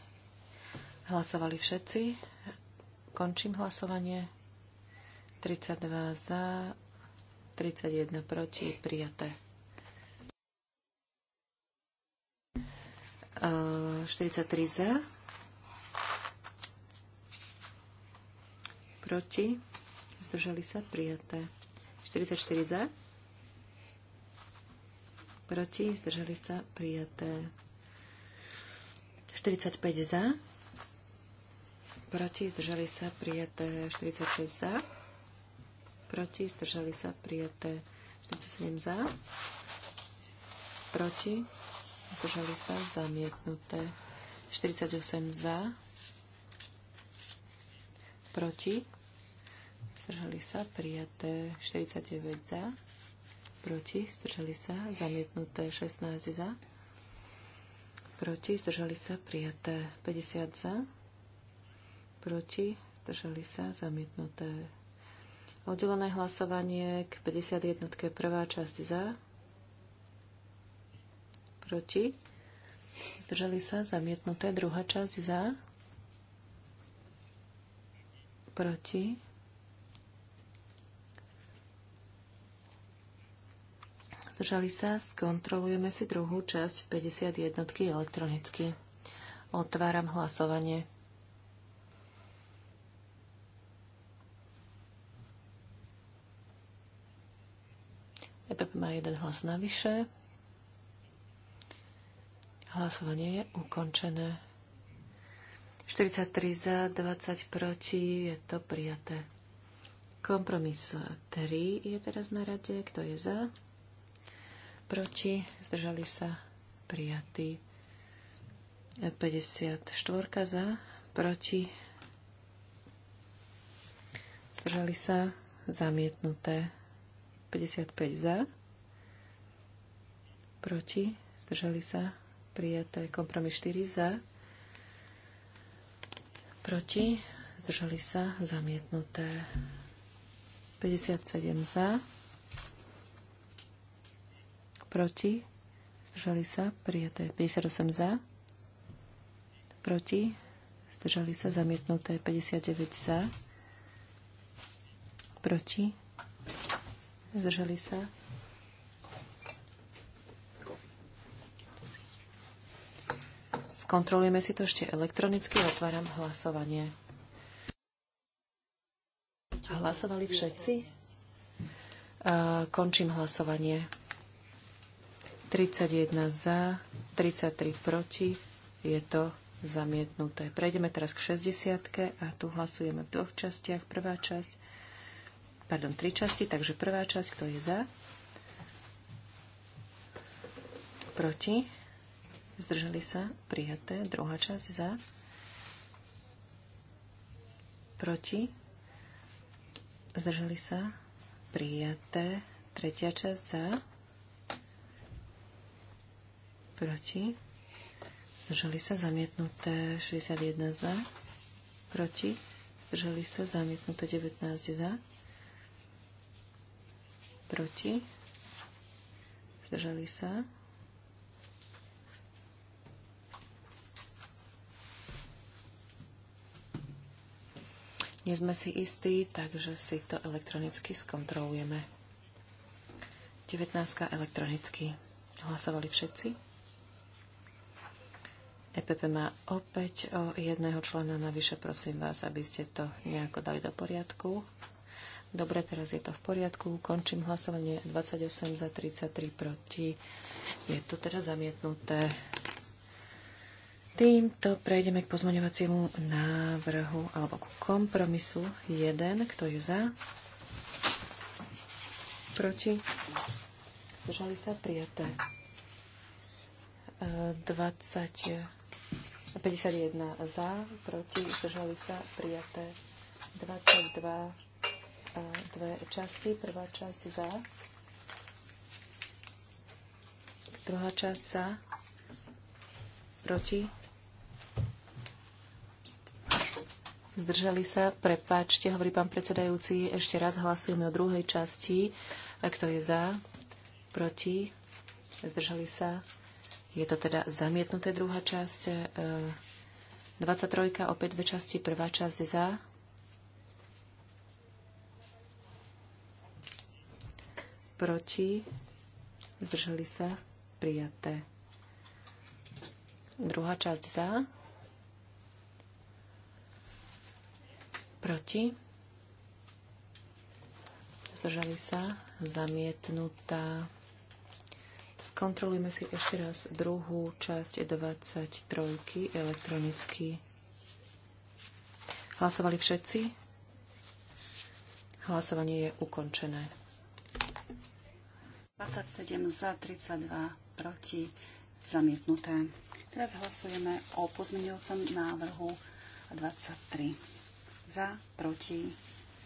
S4: Hlasovali všetci. Končím hlasovanie. 32 za, 31 proti, prijaté. 43 ehm, za, proti, zdržali sa, prijaté. 44 za, proti, zdržali sa, prijaté. 45 za. Proti zdržali sa prijaté 46 za. Proti zdržali sa prijaté 47 za. Proti zdržali sa zamietnuté 48 za. Proti zdržali sa prijaté 49 za. Proti zdržali sa zamietnuté 16 za proti, zdržali sa, prijaté. 50 za, proti, zdržali sa, zamietnuté. Oddelené hlasovanie k 51. prvá časť za, proti, zdržali sa, zamietnuté. Druhá časť za, proti, Zdržali sa? Skontrolujeme si druhú časť 51 elektronicky. Otváram hlasovanie. EPP má jeden hlas navyše. Hlasovanie je ukončené. 43 za, 20 proti, je to prijaté. Kompromis 3 je teraz na rade. Kto je za? proti, zdržali sa prijatí. 54 za, proti, zdržali sa zamietnuté. 55 za, proti, zdržali sa prijaté. Kompromis 4 za, proti, zdržali sa zamietnuté. 57 za, proti, zdržali sa, prijaté 58 za, proti, zdržali sa, zamietnuté 59 za, proti, zdržali sa. Skontrolujeme si to ešte elektronicky, otváram hlasovanie. Hlasovali všetci? Končím hlasovanie. 31 za, 33 proti. Je to zamietnuté. Prejdeme teraz k 60 a tu hlasujeme v dvoch častiach. Prvá časť, pardon, tri časti, takže prvá časť, kto je za? Proti? Zdržali sa? Prijaté. Druhá časť za? Proti? Zdržali sa? Prijaté. Tretia časť za? proti, zdržali sa zamietnuté 61 za, proti, zdržali sa zamietnuté 19 za, proti, zdržali sa. Nie sme si istí, takže si to elektronicky skontrolujeme. 19. elektronicky. Hlasovali všetci? EPP má opäť o jedného člena navyše. Prosím vás, aby ste to nejako dali do poriadku. Dobre, teraz je to v poriadku. Končím hlasovanie 28 za 33 proti. Je to teda zamietnuté. Týmto prejdeme k pozmaňovaciemu návrhu alebo k kompromisu 1. Kto je za? Proti? Zdržali sa prijaté. 20 e, 51 za, proti, zdržali sa, prijaté 22, e, dve časti, prvá časť za, druhá časť za, proti, zdržali sa, prepáčte, hovorí pán predsedajúci, ešte raz hlasujeme o druhej časti, a e, kto je za, proti, zdržali sa, je to teda zamietnuté druhá časť. 23. E, opäť dve časti. Prvá časť za. Proti. Zdržali sa. Prijaté. Druhá časť za. Proti. Zdržali sa. Zamietnutá. Skontrolujme si ešte raz druhú časť 23 elektronicky. Hlasovali všetci? Hlasovanie je ukončené.
S3: 27 za, 32 proti, zamietnuté. Teraz hlasujeme o pozmeňujúcom návrhu 23. Za, proti,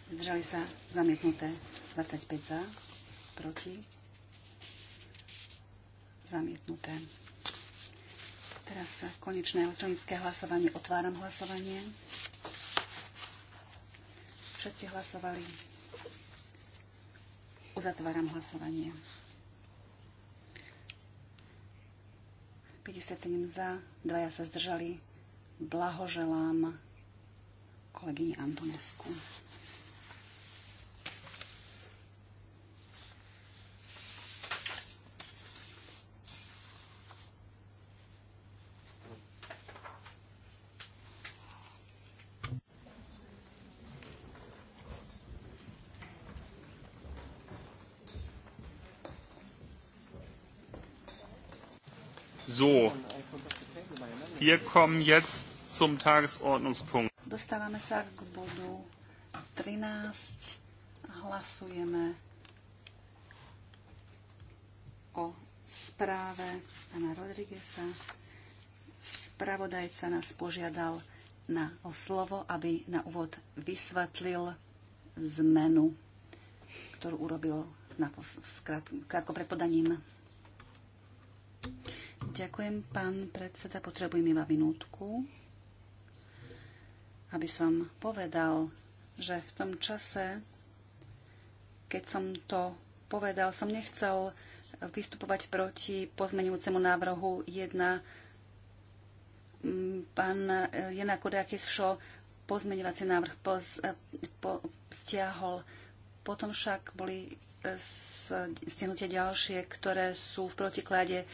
S3: zdržali sa, zamietnuté. 25 za, proti, Zamietnuté. Teraz konečné elektronické hlasovanie. Otváram hlasovanie. Všetci hlasovali. Uzatváram hlasovanie. 57 za, dvaja sa zdržali. Blahoželám kolegyni Antonesku. So, wir
S1: kommen jetzt zum Tagesordnungspunkt.
S3: Dostávame sa k bodu 13. Hlasujeme o správe pana Rodriguesa. Spravodajca nás požiadal na, o slovo, aby na úvod vysvetlil zmenu, ktorú urobil na, krátko pred podaním Ďakujem, pán predseda. Potrebujem iba minútku, aby som povedal, že v tom čase, keď som to povedal, som nechcel vystupovať proti pozmenujúcemu návrhu 1. Pán Jena Kodákis všo pozmeňovací návrh poz, po, stiahol. Potom však boli eh, stihnutie ďalšie, ktoré sú v protiklade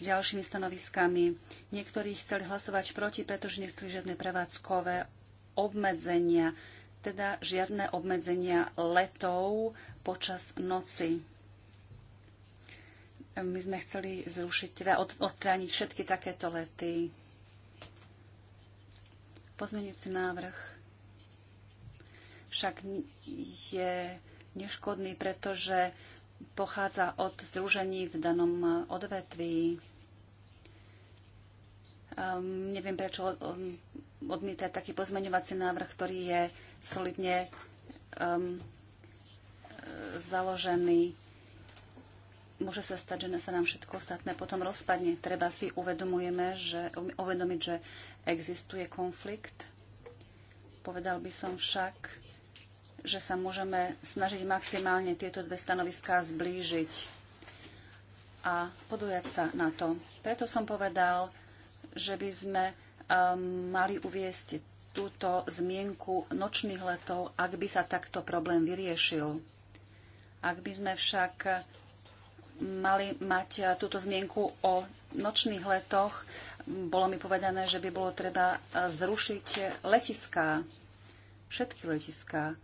S3: s ďalšími stanoviskami. Niektorí chceli hlasovať proti, pretože nechceli žiadne prevádzkové obmedzenia, teda žiadne obmedzenia letov počas noci. My sme chceli zrušiť, teda od, odtrániť všetky takéto lety. Pozmeňujúci návrh však je neškodný, pretože pochádza od združení v danom odvetví. Um, neviem, prečo ehm, odmietať taký pozmeňovací návrh, ktorý je solidne um, založený. Môže sa stať, že sa nám všetko ostatné potom rozpadne. Treba si uvedomujeme, že, um, uvedomiť, že existuje konflikt. Povedal by som však, že sa môžeme snažiť maximálne tieto dve stanoviská zblížiť a podujať sa na to. Preto som povedal, že by sme um, mali uviesť túto zmienku nočných letov, ak by sa takto problém vyriešil. Ak by sme však um, mali mať uh, túto zmienku o nočných letoch, bolo mi povedané, že by bolo treba uh, zrušiť letiská, všetky letiská.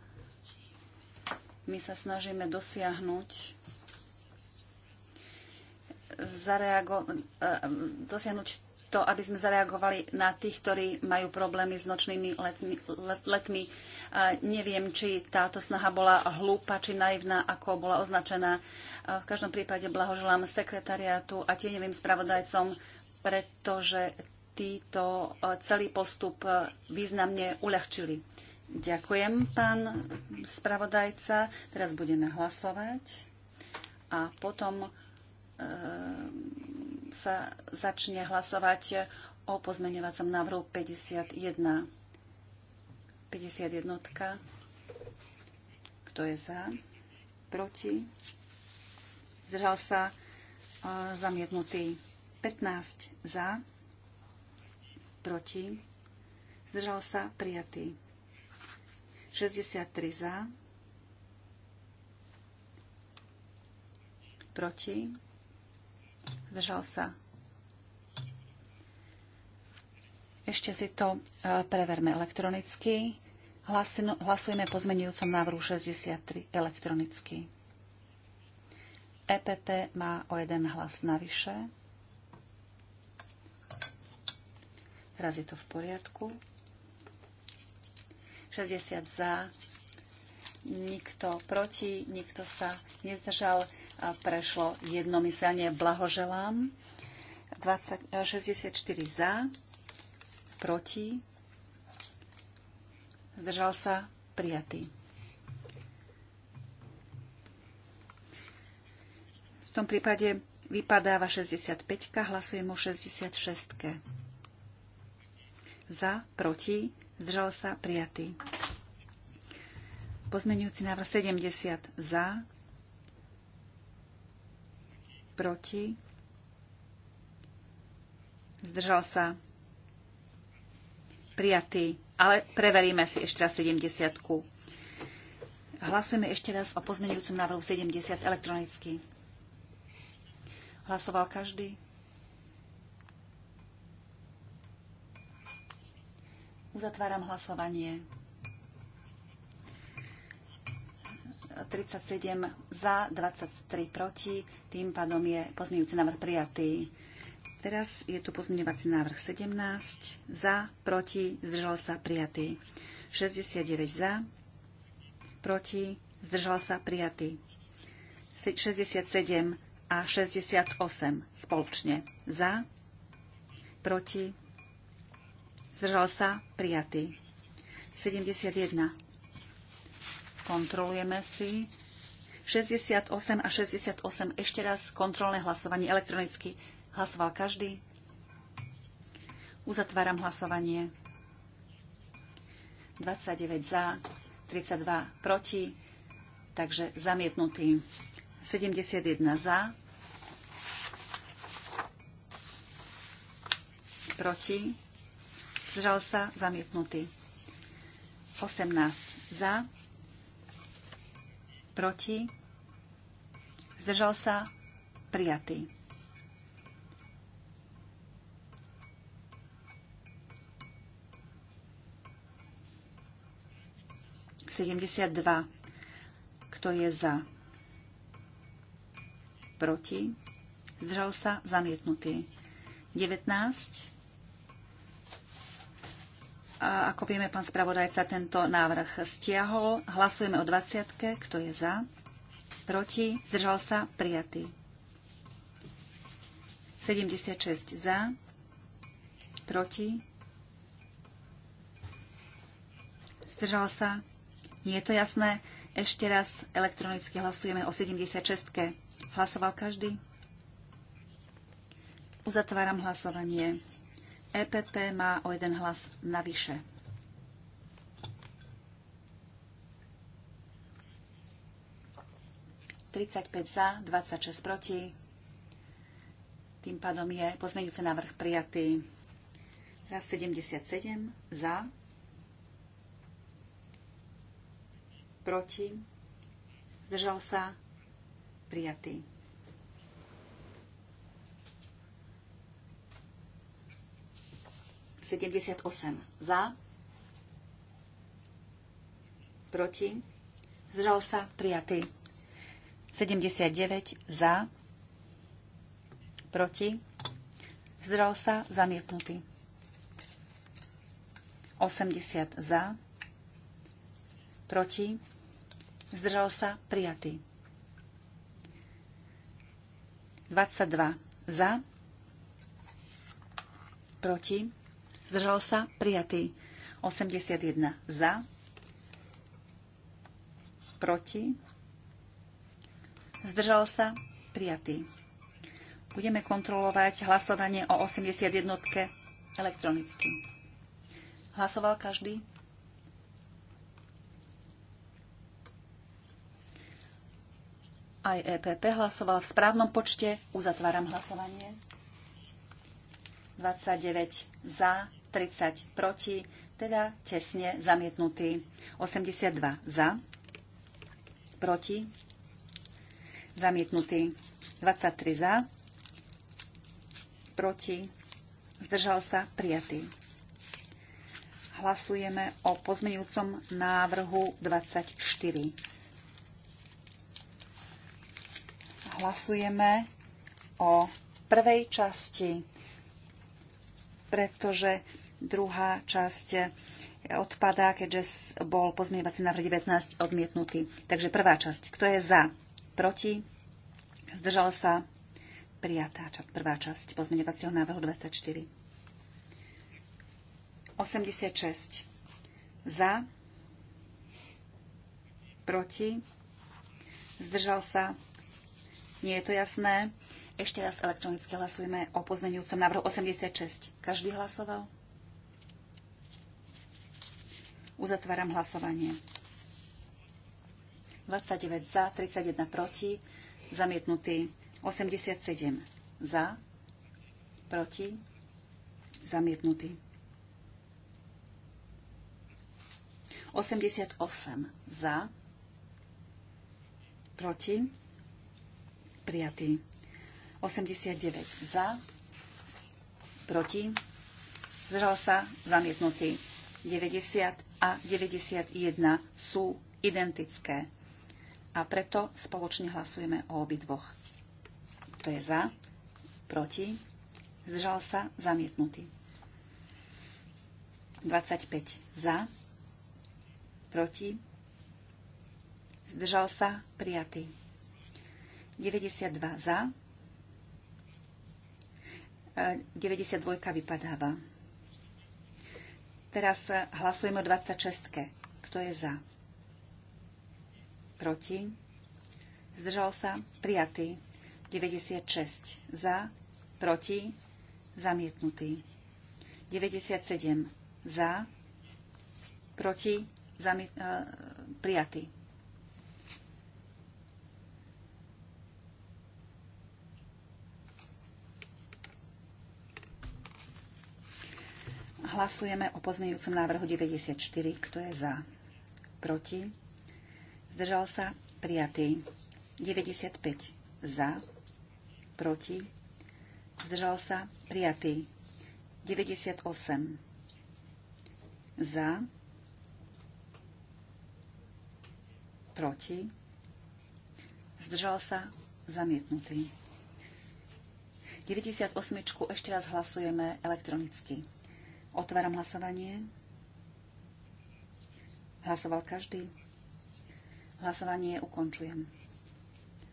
S3: My sa snažíme dosiahnuť zareago- e, dosiahnuť to, aby sme zareagovali na tých, ktorí majú problémy s nočnými letmi. letmi. A e, neviem, či táto snaha bola hlúpa či naivná, ako bola označená. A e, v každom prípade blahoželám sekretariátu a tieňovým spravodajcom, pretože títo celý postup významne uľahčili. Ďakujem, pán spravodajca. Teraz budeme hlasovať a potom e, sa začne hlasovať o pozmeňovacom návrhu 51. 51. Kto je za? Proti? Zdržal sa e, zamietnutý 15 za, proti, zdržal sa prijatý 63 za, proti, zdržal sa. Ešte si to e, preverme elektronicky. Hlasujeme po zmenujúcom návrhu 63 elektronicky. EPP má o jeden hlas navyše. Teraz je to v poriadku. 60 za, nikto proti, nikto sa nezdržal. A prešlo jednomyselne. Blahoželám. 20, 64 e, za, proti, zdržal sa, prijatý. V tom prípade vypadáva 65, hlasujem o 66. Za, proti, zdržal sa, prijatý. Pozmenujúci návrh 70 za, proti, zdržal sa, prijatý. Ale preveríme si ešte raz 70. Hlasujeme ešte raz o pozmenujúcom návrhu 70 elektronicky. Hlasoval každý? Uzatváram hlasovanie. 37 za, 23 proti. Tým pádom je pozmeňujúci návrh prijatý. Teraz je tu pozmeňovací návrh 17 za, proti, zdržal sa prijatý. 69 za, proti, zdržal sa prijatý. 67 a 68 spoločne za, proti, Zdržal sa? Prijatý. 71. Kontrolujeme si. 68 a 68. Ešte raz kontrolné hlasovanie elektronicky. Hlasoval každý? Uzatváram hlasovanie. 29 za, 32 proti, takže zamietnutý. 71 za, proti, zdržal sa, zamietnutý. 18 za, proti, zdržal sa, prijatý. Sedemdesiat dva. Kto je za? Proti? Zdržal sa? Zamietnutý. 19. A ako vieme, pán spravodajca tento návrh stiahol. Hlasujeme o 20. Kto je za? Proti? Zdržal sa? Prijatý. 76 za. Proti? Zdržal sa? Nie je to jasné. Ešte raz elektronicky hlasujeme o 76. Hlasoval každý? Uzatváram hlasovanie. EPP má o jeden hlas navyše. za, 26 proti. Tým pádom je pozmeňujúce návrh prijatý. Raz 77 za, proti, zdržal sa, prijatý. 78 za, proti, zdržal sa, prijatý. 79 za, proti, zdržal sa, zamietnutý. 80 za, proti, zdržal sa, prijatý. 22 za, proti, zdržal sa, prijatý. 81 za, proti, zdržal sa, prijatý. Budeme kontrolovať hlasovanie o 81 elektronicky. Hlasoval každý? Aj EPP hlasoval v správnom počte. Uzatváram hlasovanie. 29 za, 30 proti, teda tesne zamietnutý. 82 za, proti, zamietnutý. 23 za, proti, zdržal sa, prijatý. Hlasujeme o pozmeňujúcom návrhu 24. Hlasujeme o prvej časti, pretože Druhá časť eh, odpadá, keďže bol pozmeňovací návrh 19 odmietnutý. Takže prvá časť. Kto je za? Proti? Zdržal sa? Prijatá prvá časť pozmeňovacieho návrhu 24. 86. Za? Proti? Zdržal sa? Nie je to jasné. Ešte raz elektronicky hlasujeme o pozmeňujúcom návrhu 86. Každý hlasoval? Uzatváram hlasovanie. 29 za, 31 proti, zamietnutý 87 za, proti, zamietnutý. 88 za, proti, prijatý. 89 za, proti, zdržal sa, zamietnutý. 90 a 91 sú identické. A preto spoločne hlasujeme o obidvoch. Kto je za? Proti? Zdržal sa? Zamietnutý. 25 za? Proti? Zdržal sa? Prijatý. 92 za? 92 e, vypadáva. Teraz eh, hlasujeme o 26. Kto je za? Proti? Zdržal sa? Prijatý. 96. Za? Proti? Zamietnutý. 97. Za? Proti? Zami- eh, prijatý. Hlasujeme o pozmeňujúcom návrhu 94. Kto je za? Proti? Zdržal sa? Prijatý. 95. Za? Proti? Zdržal sa? Prijatý. 98. Za? Proti? Zdržal sa? Zamietnutý. 98. ešte raz hlasujeme elektronicky. Otváram hlasovanie. Hlasoval každý. Hlasovanie ukončujem.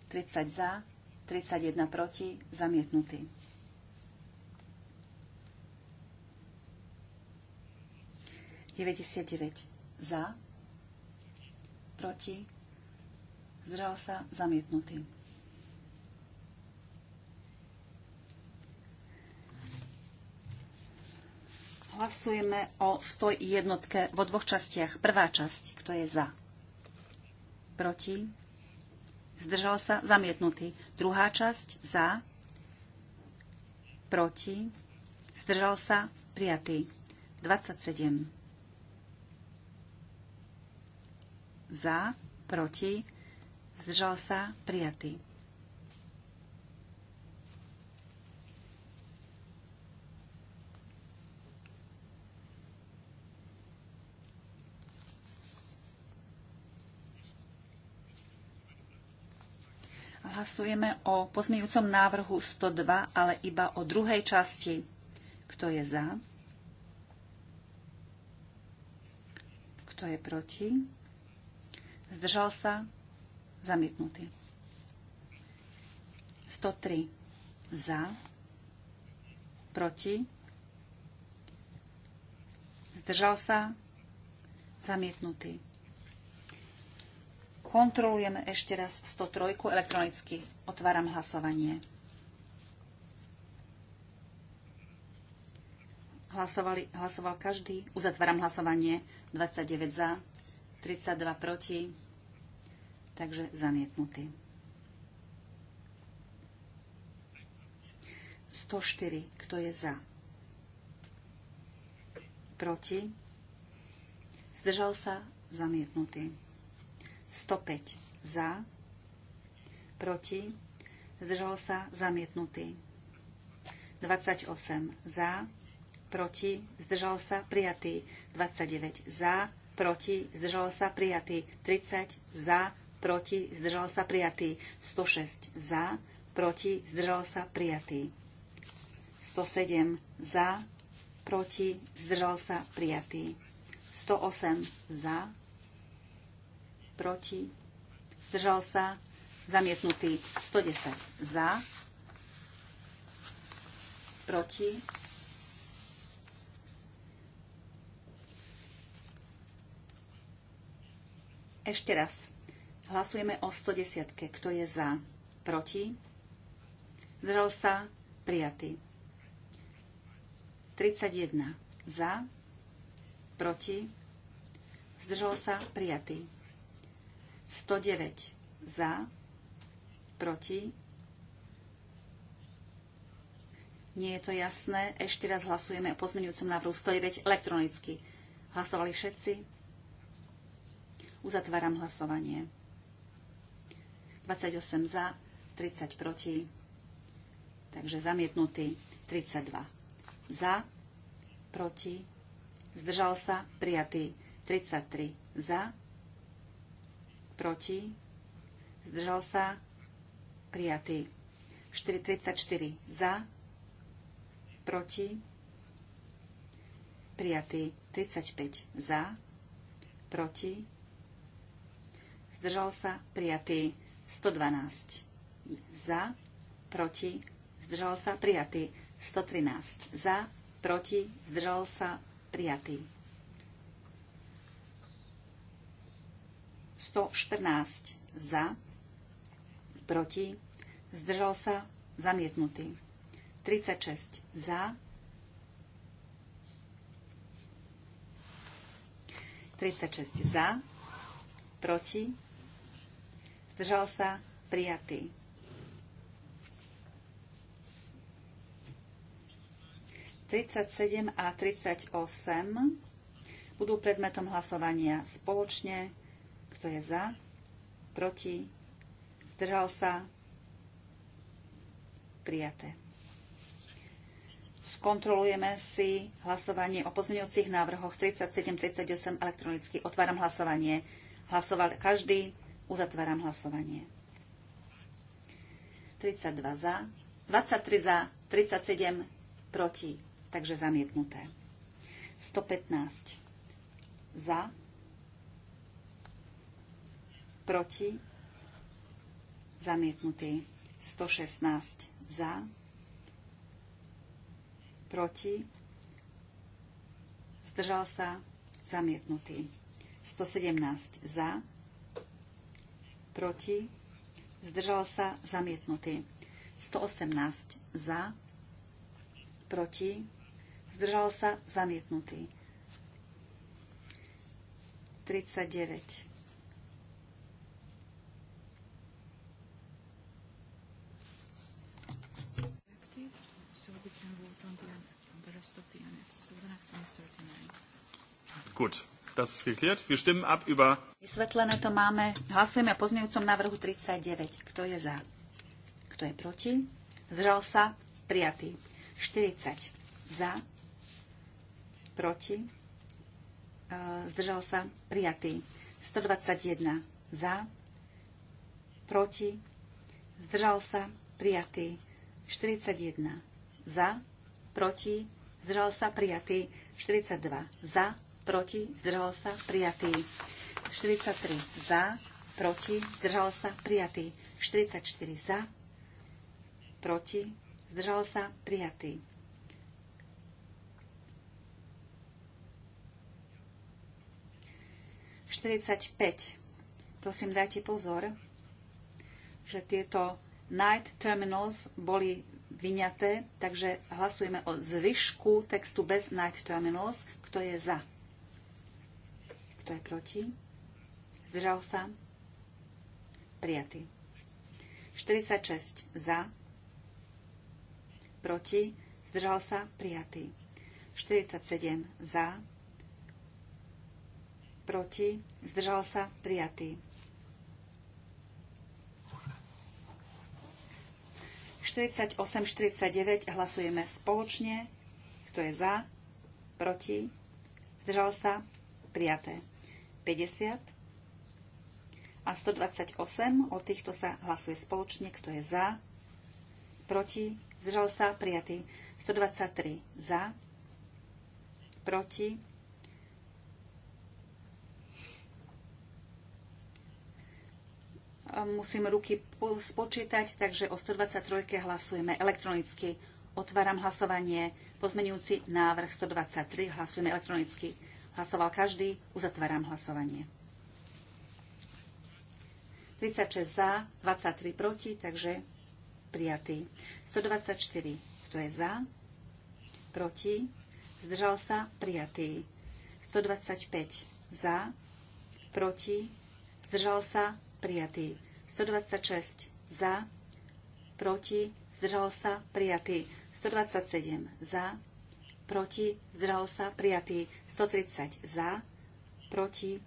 S3: 30 za, 31 proti, zamietnutý. za, proti, zdržal sa, zamietnutý. Hlasujeme o 101 vo dvoch častiach. Prvá časť, kto je za? Proti? Zdržal sa? Zamietnutý. Druhá časť, za? Proti? Zdržal sa? Prijatý. 27. Za? Proti? Zdržal sa? Prijatý. Hlasujeme o pozmeňujúcom návrhu 102, ale iba o druhej časti. Kto je za? Kto je proti? Zdržal sa? Zamietnutý. 103 za, proti, zdržal sa, zamietnutý. Kontrolujeme ešte raz 103 elektronicky. Otváram hlasovanie. Hlasovali, hlasoval každý. Uzatváram hlasovanie. 29 za, 32 proti. Takže zamietnutý. 104. Kto je za? Proti? Zdržal sa? Zamietnutý. 105 za, proti, zdržal sa, zamietnutý. 28 za, proti, zdržal sa, prijatý. 29 za, proti, zdržal sa, prijatý. 30 za, proti, zdržal sa, prijatý. 106 za, proti, zdržal sa, prijatý. 107 za, proti, zdržal sa, prijatý. 108 za, proti, zdržal sa, zamietnutý 110 za, proti, Ešte raz. Hlasujeme o 110. Kto je za? Proti? Zdržal sa? Prijatý. 31. Za? Proti? Zdržal sa? Prijatý. 109 za, proti. Nie je to jasné. Ešte raz hlasujeme o pozmeňujúcom návrhu 109 elektronicky. Hlasovali všetci? Uzatváram hlasovanie. 28 za, 30 proti. Takže zamietnutý 32 za, proti, zdržal sa, prijatý 33 za, proti, zdržal sa, prijatý. 34 za, proti, prijatý. 35 za, proti, zdržal sa, prijatý. 112 za, proti, zdržal sa, prijatý. 113 za, proti, zdržal sa, prijatý. 114 za, proti, zdržal sa, zamietnutý. 36 za, 36 za, proti, zdržal sa, prijatý. 37 a 38 budú predmetom hlasovania spoločne kto je za? Proti? Zdržal sa? Prijaté. Skontrolujeme si hlasovanie o pozmeňujúcich návrhoch 37-38 elektronicky. Otváram hlasovanie. Hlasoval každý. Uzatváram hlasovanie. 32 za, 23 za, 37 proti. Takže zamietnuté. 115 za, proti, zamietnutý. 116 za, proti, zdržal sa, zamietnutý. 117 za, proti, zdržal sa, zamietnutý. 118 za, proti, zdržal sa, zamietnutý. 39
S1: Gut, das ist geklärt. Wir stimmen ab über...
S2: Vysvetlené
S3: to máme. Hlasujeme o pozmeňujúcom návrhu 39. Kto je za? Kto je proti? Zdržal sa? Prijatý. 40. E, za? Proti? Zdržal sa? Prijatý. 121. Za? Proti? Zdržal sa? Prijatý. 41. Za? Proti? zdržal sa, prijatý. 42 za, proti, zdržal sa, prijatý. 43 za, proti, zdržal sa, prijatý. 44 za, proti, zdržal sa, prijatý. 45. Prosím, dajte pozor, že tieto night terminals boli vyňaté, takže hlasujeme o zvyšku textu bez night terminals. Kto je za? Kto je proti? Zdržal sa? Prijatý. 46 za, proti, zdržal sa, prijatý. 47 za, proti, zdržal sa, prijatý. 48, 49 hlasujeme spoločne. Kto je za? Proti? Zdržal sa? Prijaté. 50 a 128. O týchto sa hlasuje spoločne. Kto je za? Proti? Zdržal sa? Prijatý. 123 za. Proti? musím ruky spočítať, takže o 123 hlasujeme elektronicky. Otváram hlasovanie. Pozmenujúci návrh 123 hlasujeme elektronicky. Hlasoval každý. Uzatváram hlasovanie. 36 za, 23 proti, takže prijatý. 124, kto je za, proti, zdržal sa, prijatý. 125 za, proti, zdržal sa, prijatý. 126 za, proti, zdržal sa, prijatý. 127 za, proti, zdržal sa, prijatý. 130 za, proti,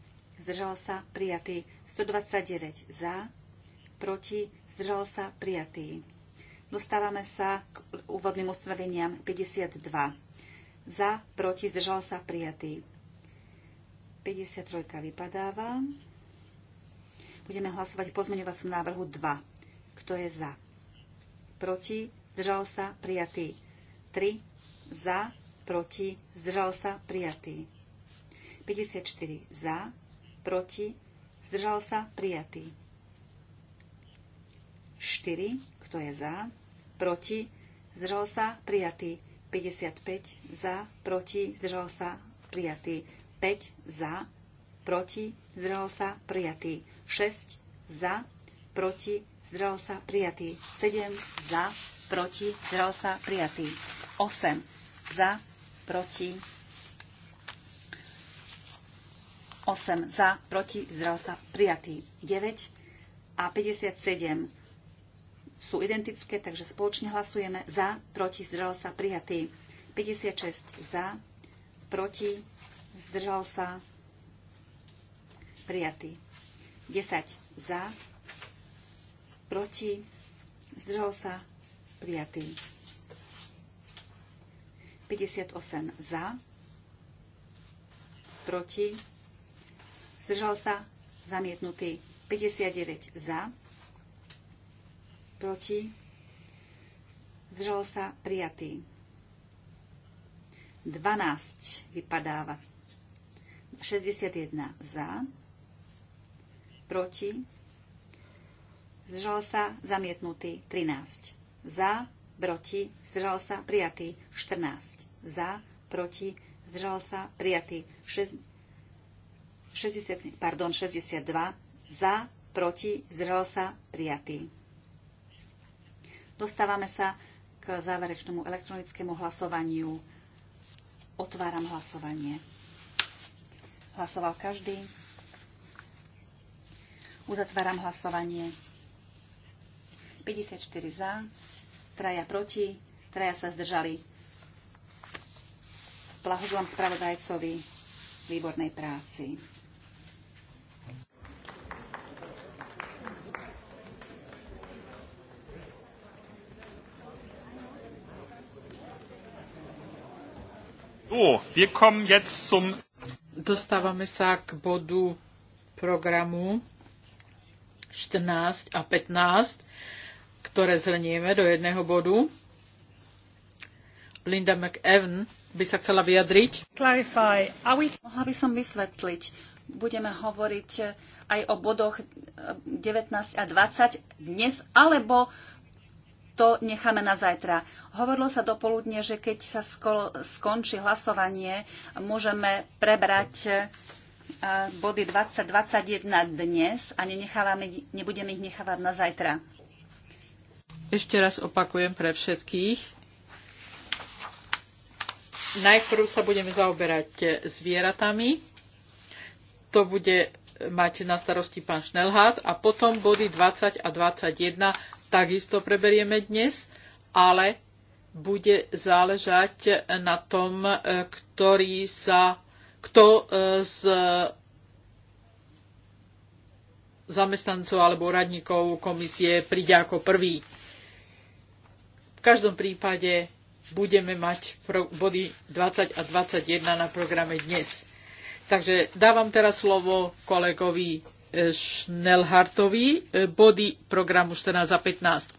S3: zdržal sa, prijatý. 129 za, proti, zdržal sa, prijatý. Dostávame sa k úvodným ustanoveniam 52. Za, proti, zdržal sa, prijatý. 53 vypadáva. Budeme hlasovať o pozmeňovacom návrhu 2. Kto je za? Proti? zdržalo sa? Prijatý. 3. Za? Proti? Zdržal sa? Prijatý. 54. Za? Proti? Zdržal sa? Prijatý. 4. Kto je za? Proti? zdržalo sa? Prijatý. 55. Za? Proti? zdržalo sa? Prijatý. 5. Za? Proti? Zdržalo sa? Prijatý. 6 za, proti, zdržal sa, prijatý. 7 za, proti, zdržal sa, prijatý. 8 za, proti, 8 za, proti, zdržal sa, prijatý. 9 a 57 sú identické, takže spoločne hlasujeme za, proti, zdržal sa, prijatý. 56 za, proti, zdržal sa, prijatý. 10 za, proti, zdržal sa, prijatý. 58 za, proti, zdržal sa, zamietnutý. 59 za, proti, zdržal sa, prijatý. 12 vypadáva. 61 za, proti, zdržal sa, zamietnutý 13. Za, proti, zdržal sa, prijatý 14. Za, proti, zdržal sa, prijatý 60, pardon, 62. Za, proti, zdržal sa, prijatý. Dostávame sa k záverečnému elektronickému hlasovaniu. Otváram hlasovanie. Hlasoval každý. Uzatváram hlasovanie. 54 za, traja proti, traja sa zdržali. Blahoželám spravodajcovi výbornej práci.
S2: Dostávame sa k bodu programu 14 a 15, ktoré zhrnieme do jedného bodu. Linda McEwen by sa chcela vyjadriť.
S3: Clarify. We... Mohla by som vysvetliť. Budeme hovoriť aj o bodoch 19 eh, a 20 dnes, alebo to necháme na zajtra. Hovorilo sa dopoludne, že keď sa skolo, skončí hlasovanie, môžeme prebrať eh, body 2021 dnes a nenechávame, nebudeme ich nechávať na zajtra.
S2: Ešte raz opakujem pre všetkých. Najprv sa budeme zaoberať e, zvieratami. To bude mať na starosti pán Šnelhát a potom body 20 a 21 takisto preberieme dnes, ale bude záležať na tom, e, ktorý sa kto e, z zamestnancov alebo radníkov komisie príde ako prvý. V každom prípade budeme mať body 20 a 21 na programe dnes. Takže dávam teraz slovo kolegovi e, Schnellhartovi, e, body programu 14 a 15.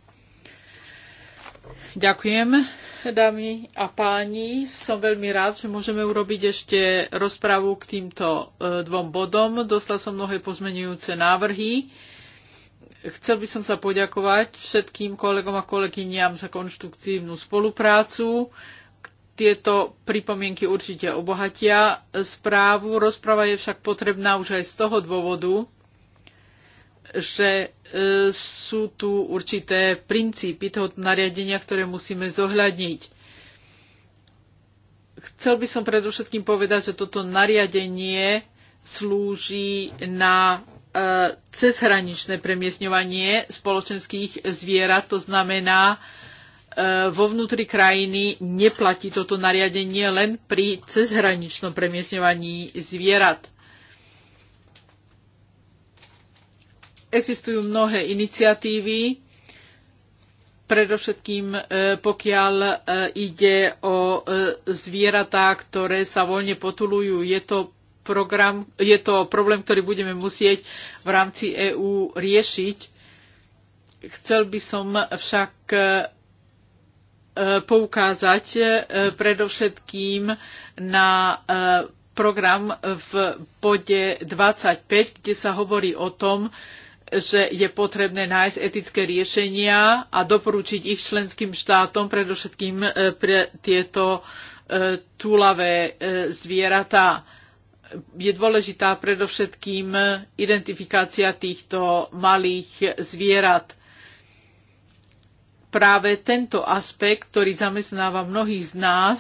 S2: Ďakujem dámy a páni, som veľmi rád, že môžeme urobiť ešte rozpravu k týmto e, dvom bodom. Dostal som mnohé pozmenujúce návrhy. Chcel by som sa poďakovať všetkým kolegom a kolegyniam za konštruktívnu spoluprácu. Tieto pripomienky určite obohatia správu. Rozprava je však potrebná už aj z toho dôvodu, že e, sú tu určité princípy toho nariadenia, ktoré musíme zohľadniť. Chcel by som predovšetkým povedať, že toto nariadenie slúži na e, cezhraničné premiesňovanie spoločenských zvierat, to znamená, e, vo vnútri krajiny neplatí toto nariadenie len pri cezhraničnom premiesňovaní zvierat. Existujú mnohé iniciatívy, predovšetkým e, pokiaľ e, ide o e, zvieratá, ktoré sa voľne potulujú. Je to, program, je to problém, ktorý budeme musieť v rámci EÚ riešiť. Chcel by som však poukázať predovšetkým na program v bode 25, kde sa hovorí o tom, že je potrebné nájsť etické riešenia a doporučiť ich členským štátom, predovšetkým e, pre tieto e, túlavé e, zvieratá. Je dôležitá predovšetkým identifikácia týchto malých zvierat. Práve tento aspekt, ktorý zamestnáva mnohých z nás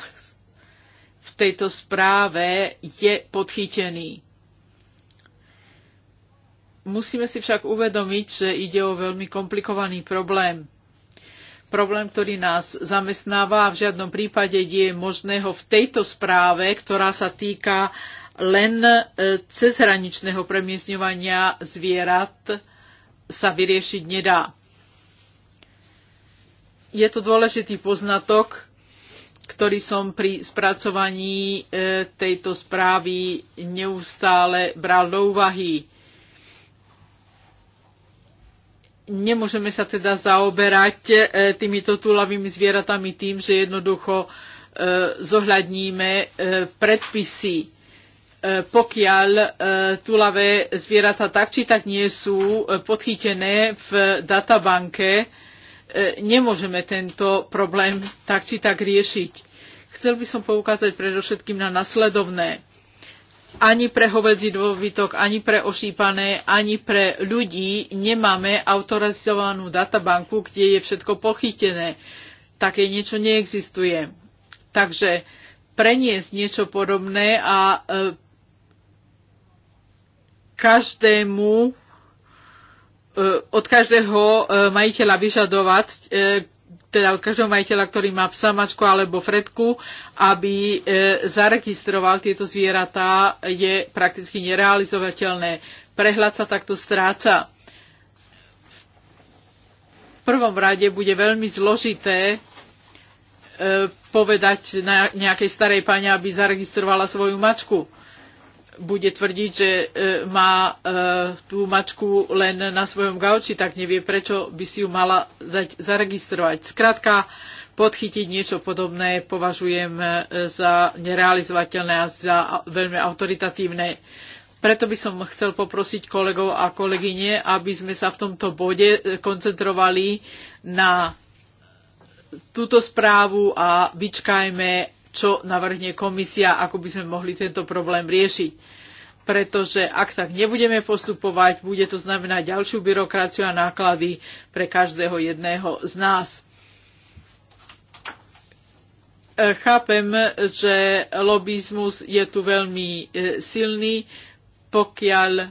S2: v tejto správe, je podchytený Musíme si však uvedomiť, že ide o veľmi komplikovaný problém. Problém, ktorý nás zamestnáva a v žiadnom prípade nie je možné ho v tejto správe, ktorá sa týka len e, cezhraničného premiesňovania zvierat, sa vyriešiť nedá. Je to dôležitý poznatok, ktorý som pri spracovaní e, tejto správy neustále bral do úvahy nemôžeme sa teda zaoberať e, týmito túlavými zvieratami tým, že jednoducho e, zohľadníme e, predpisy. Pokiaľ túlavé zvieratá tak či tak nie sú podchytené v databanke, nemôžeme tento problém tak či tak riešiť. Chcel by som poukázať predovšetkým na nasledovné ani pre hovedzí dôbytok, ani pre ošípané, ani pre ľudí nemáme autorizovanú databanku, kde je všetko pochytené. Také niečo neexistuje. Takže preniesť niečo podobné a e, každému e, od každého e, majiteľa vyžadovať e, teda od každého majiteľa, ktorý má psa, mačku alebo fretku, aby e, zaregistroval tieto zvieratá, je prakticky nerealizovateľné. Prehľad sa takto stráca. V prvom rade bude veľmi zložité e, povedať na nejakej starej pani, aby zaregistrovala svoju mačku. E, bude tvrdiť, že e, má e, tú mačku len na svojom gauči, tak nevie, prečo by si ju mala dať zaregistrovať. Skrátka, podchytiť niečo podobné považujem e, za nerealizovateľné a za veľmi autoritatívne. Preto by som chcel poprosiť kolegov a kolegyne, aby sme sa v tomto bode koncentrovali na túto správu a vyčkajme, čo navrhne komisia, ako by sme mohli tento problém riešiť. Pretože ak tak nebudeme postupovať, bude to znamenať ďalšiu byrokraciu a náklady pre každého jedného z nás. E, chápem, že lobizmus je tu veľmi e, silný, pokiaľ e,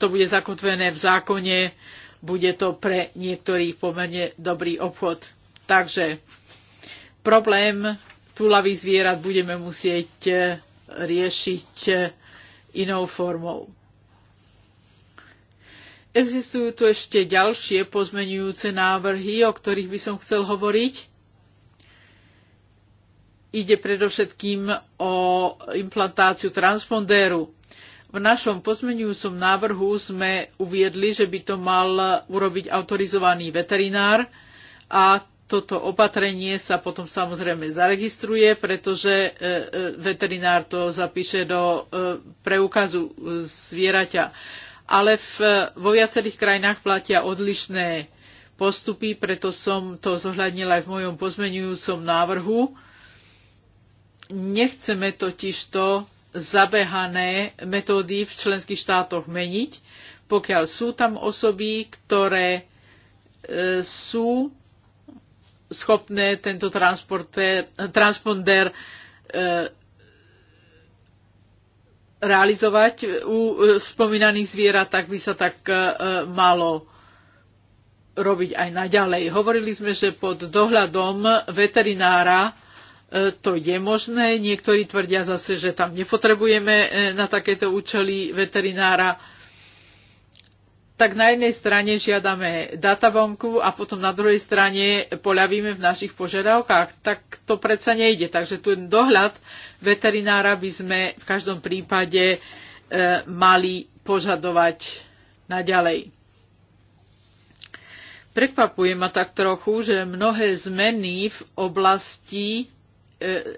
S2: to bude zakotvené v zákone, bude to pre niektorých pomerne dobrý obchod. Takže problém túlavých zvierat budeme musieť e, riešiť e, inou formou. Existujú tu ešte ďalšie pozmenujúce návrhy, o ktorých by som chcel hovoriť. Ide predovšetkým o implantáciu transpondéru. V našom pozmenujúcom návrhu sme uviedli, že by to mal urobiť autorizovaný veterinár a toto opatrenie sa potom samozrejme zaregistruje, pretože e, e, veterinár to zapíše do e, preukazu zvieraťa. Ale v, vo viacerých krajinách platia odlišné postupy, preto som to zohľadnila aj v mojom pozmenujúcom návrhu. Nechceme totiž to zabehané metódy v členských štátoch meniť, pokiaľ sú tam osoby, ktoré sú schopné tento transponder e, realizovať u e, spomínaných zvierat, tak by sa tak e, malo robiť aj naďalej. Hovorili sme, že pod dohľadom veterinára to je možné. Niektorí tvrdia zase, že tam nepotrebujeme na takéto účely veterinára tak na jednej strane žiadame databanku a potom na druhej strane poľavíme v našich požiadavkách. Tak to predsa nejde. Takže ten dohľad veterinára by sme v každom prípade e, mali požadovať naďalej. Prekvapuje ma tak trochu, že mnohé zmeny v oblasti e,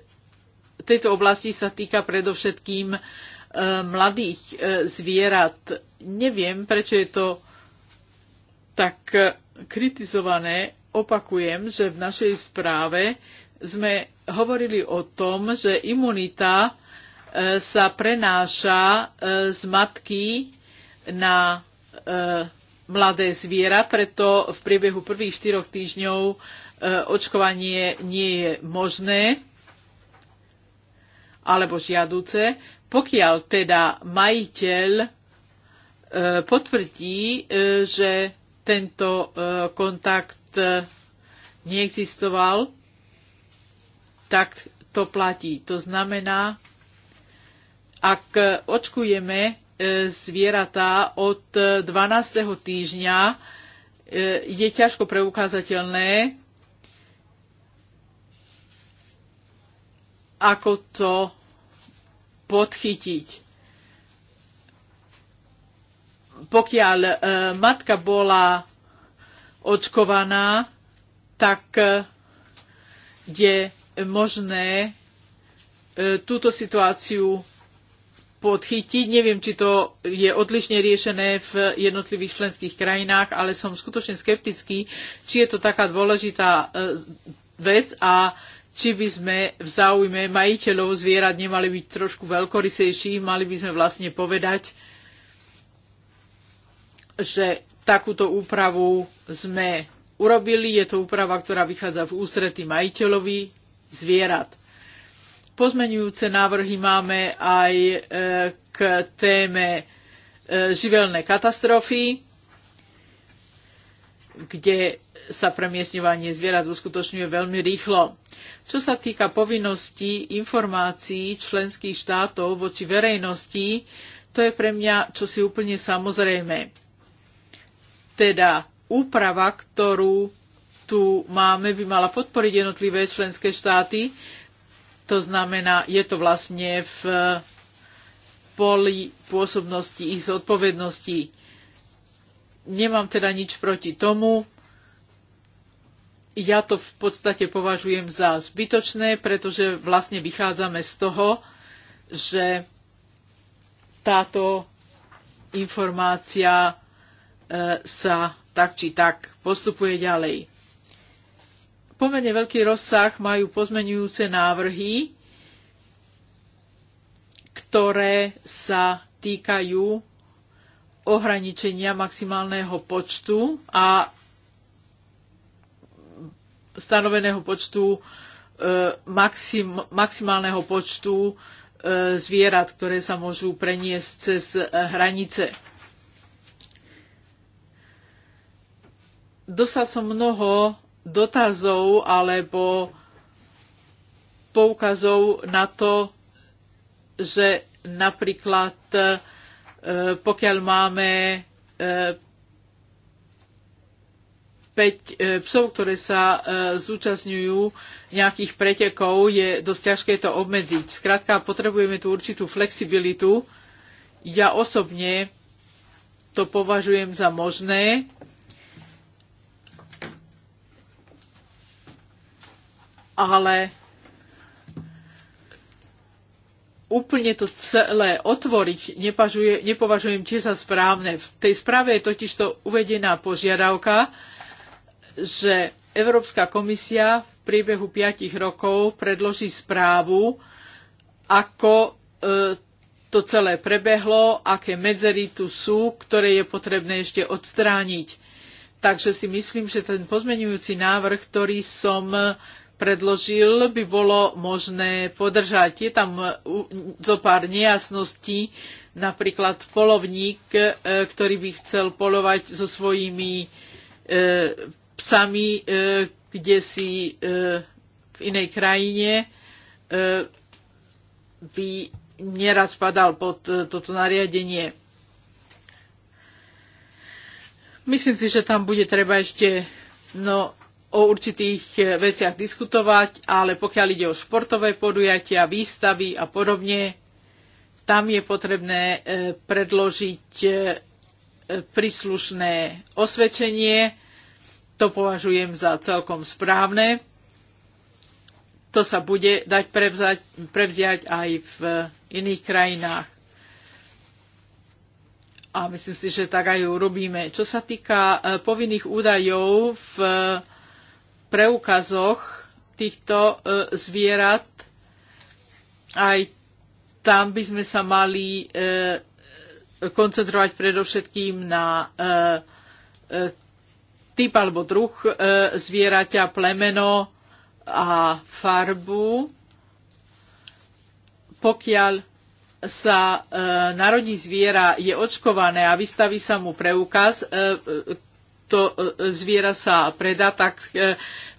S2: tejto oblasti sa týka predovšetkým e, E, mladých e, zvierat. Neviem, prečo je to tak kritizované. Opakujem, že v našej správe sme hovorili o tom, že imunita e, sa prenáša z matky na mladé zviera, preto v priebehu prvých štyroch týždňov očkovanie nie je možné alebo žiaduce. Pokiaľ teda majiteľ e, potvrdí, e, že tento e, kontakt neexistoval, tak to platí. To znamená, ak očkujeme zvieratá od 12. týždňa, je ťažko preukázateľné, ako to podchytiť. Pokiaľ e, matka bola očkovaná, tak e, je možné e, túto situáciu podchytiť. Neviem, či to je odlišne riešené v jednotlivých členských krajinách, ale som skutočne skeptický, či je to taká dôležitá e, vec a či by sme v záujme majiteľov zvierat nemali byť trošku veľkorysejší, mali by sme vlastne povedať, že takúto úpravu sme urobili. Je to úprava, ktorá vychádza v ústrety majiteľovi zvierat. Pozmenujúce návrhy máme aj e, k téme e, živelné katastrofy, kde sa premiesňovanie zvierat uskutočňuje veľmi rýchlo. Čo sa týka povinností informácií členských štátov voči verejnosti, to je pre mňa čosi úplne samozrejme. Teda úprava, ktorú tu máme, by mala podporiť jednotlivé členské štáty. To znamená, je to vlastne v poli pôsobnosti i zodpovednosti. Nemám teda nič proti tomu, ja to v podstate považujem za zbytočné, pretože vlastne vychádzame z toho, že táto informácia e, sa tak či tak postupuje ďalej. Pomerne veľký rozsah majú pozmenujúce návrhy, ktoré sa týkajú ohraničenia maximálneho počtu a stanoveného počtu e, maxim, maximálneho počtu e, zvierat, ktoré sa môžu preniesť cez e, hranice. Dostal som mnoho dotazov alebo poukazov na to, že napríklad pokiaľ máme 5 e, psov, ktoré sa e, zúčastňujú nejakých pretekov, je dosť ťažké to obmedziť. Skrátka, potrebujeme tu určitú flexibilitu. Ja osobne to považujem za možné. Ale úplne to celé otvoriť nepovažujem tiež za správne. V tej správe je totiž to uvedená požiadavka, že Európska komisia v priebehu piatich rokov predloží správu, ako e, to celé prebehlo, aké medzery tu sú, ktoré je potrebné ešte odstrániť. Takže si myslím, že ten pozmeňujúci návrh, ktorý som predložil, by bolo možné podržať. Je tam e, zo pár nejasností, napríklad polovník, e, ktorý by chcel polovať so svojimi psami, e, kde si e, v inej krajine e, by neraz padal pod toto nariadenie. Myslím si, že tam bude treba ešte no, o určitých veciach diskutovať, ale pokiaľ ide o športové podujatia, výstavy a podobne, tam je potrebné predložiť príslušné osvedčenie to považujem za celkom správne. To sa bude dať prevzať, prevziať aj v iných krajinách. A myslím si, že tak aj urobíme. Čo sa týka e, povinných údajov v e, preukazoch týchto e, zvierat, aj tam by sme sa mali koncentrovať predovšetkým na typ alebo druh e, zvieraťa, plemeno a farbu. Pokiaľ sa e, narodí zviera, je očkované a vystaví sa mu preukaz, e, to zviera sa predá, tak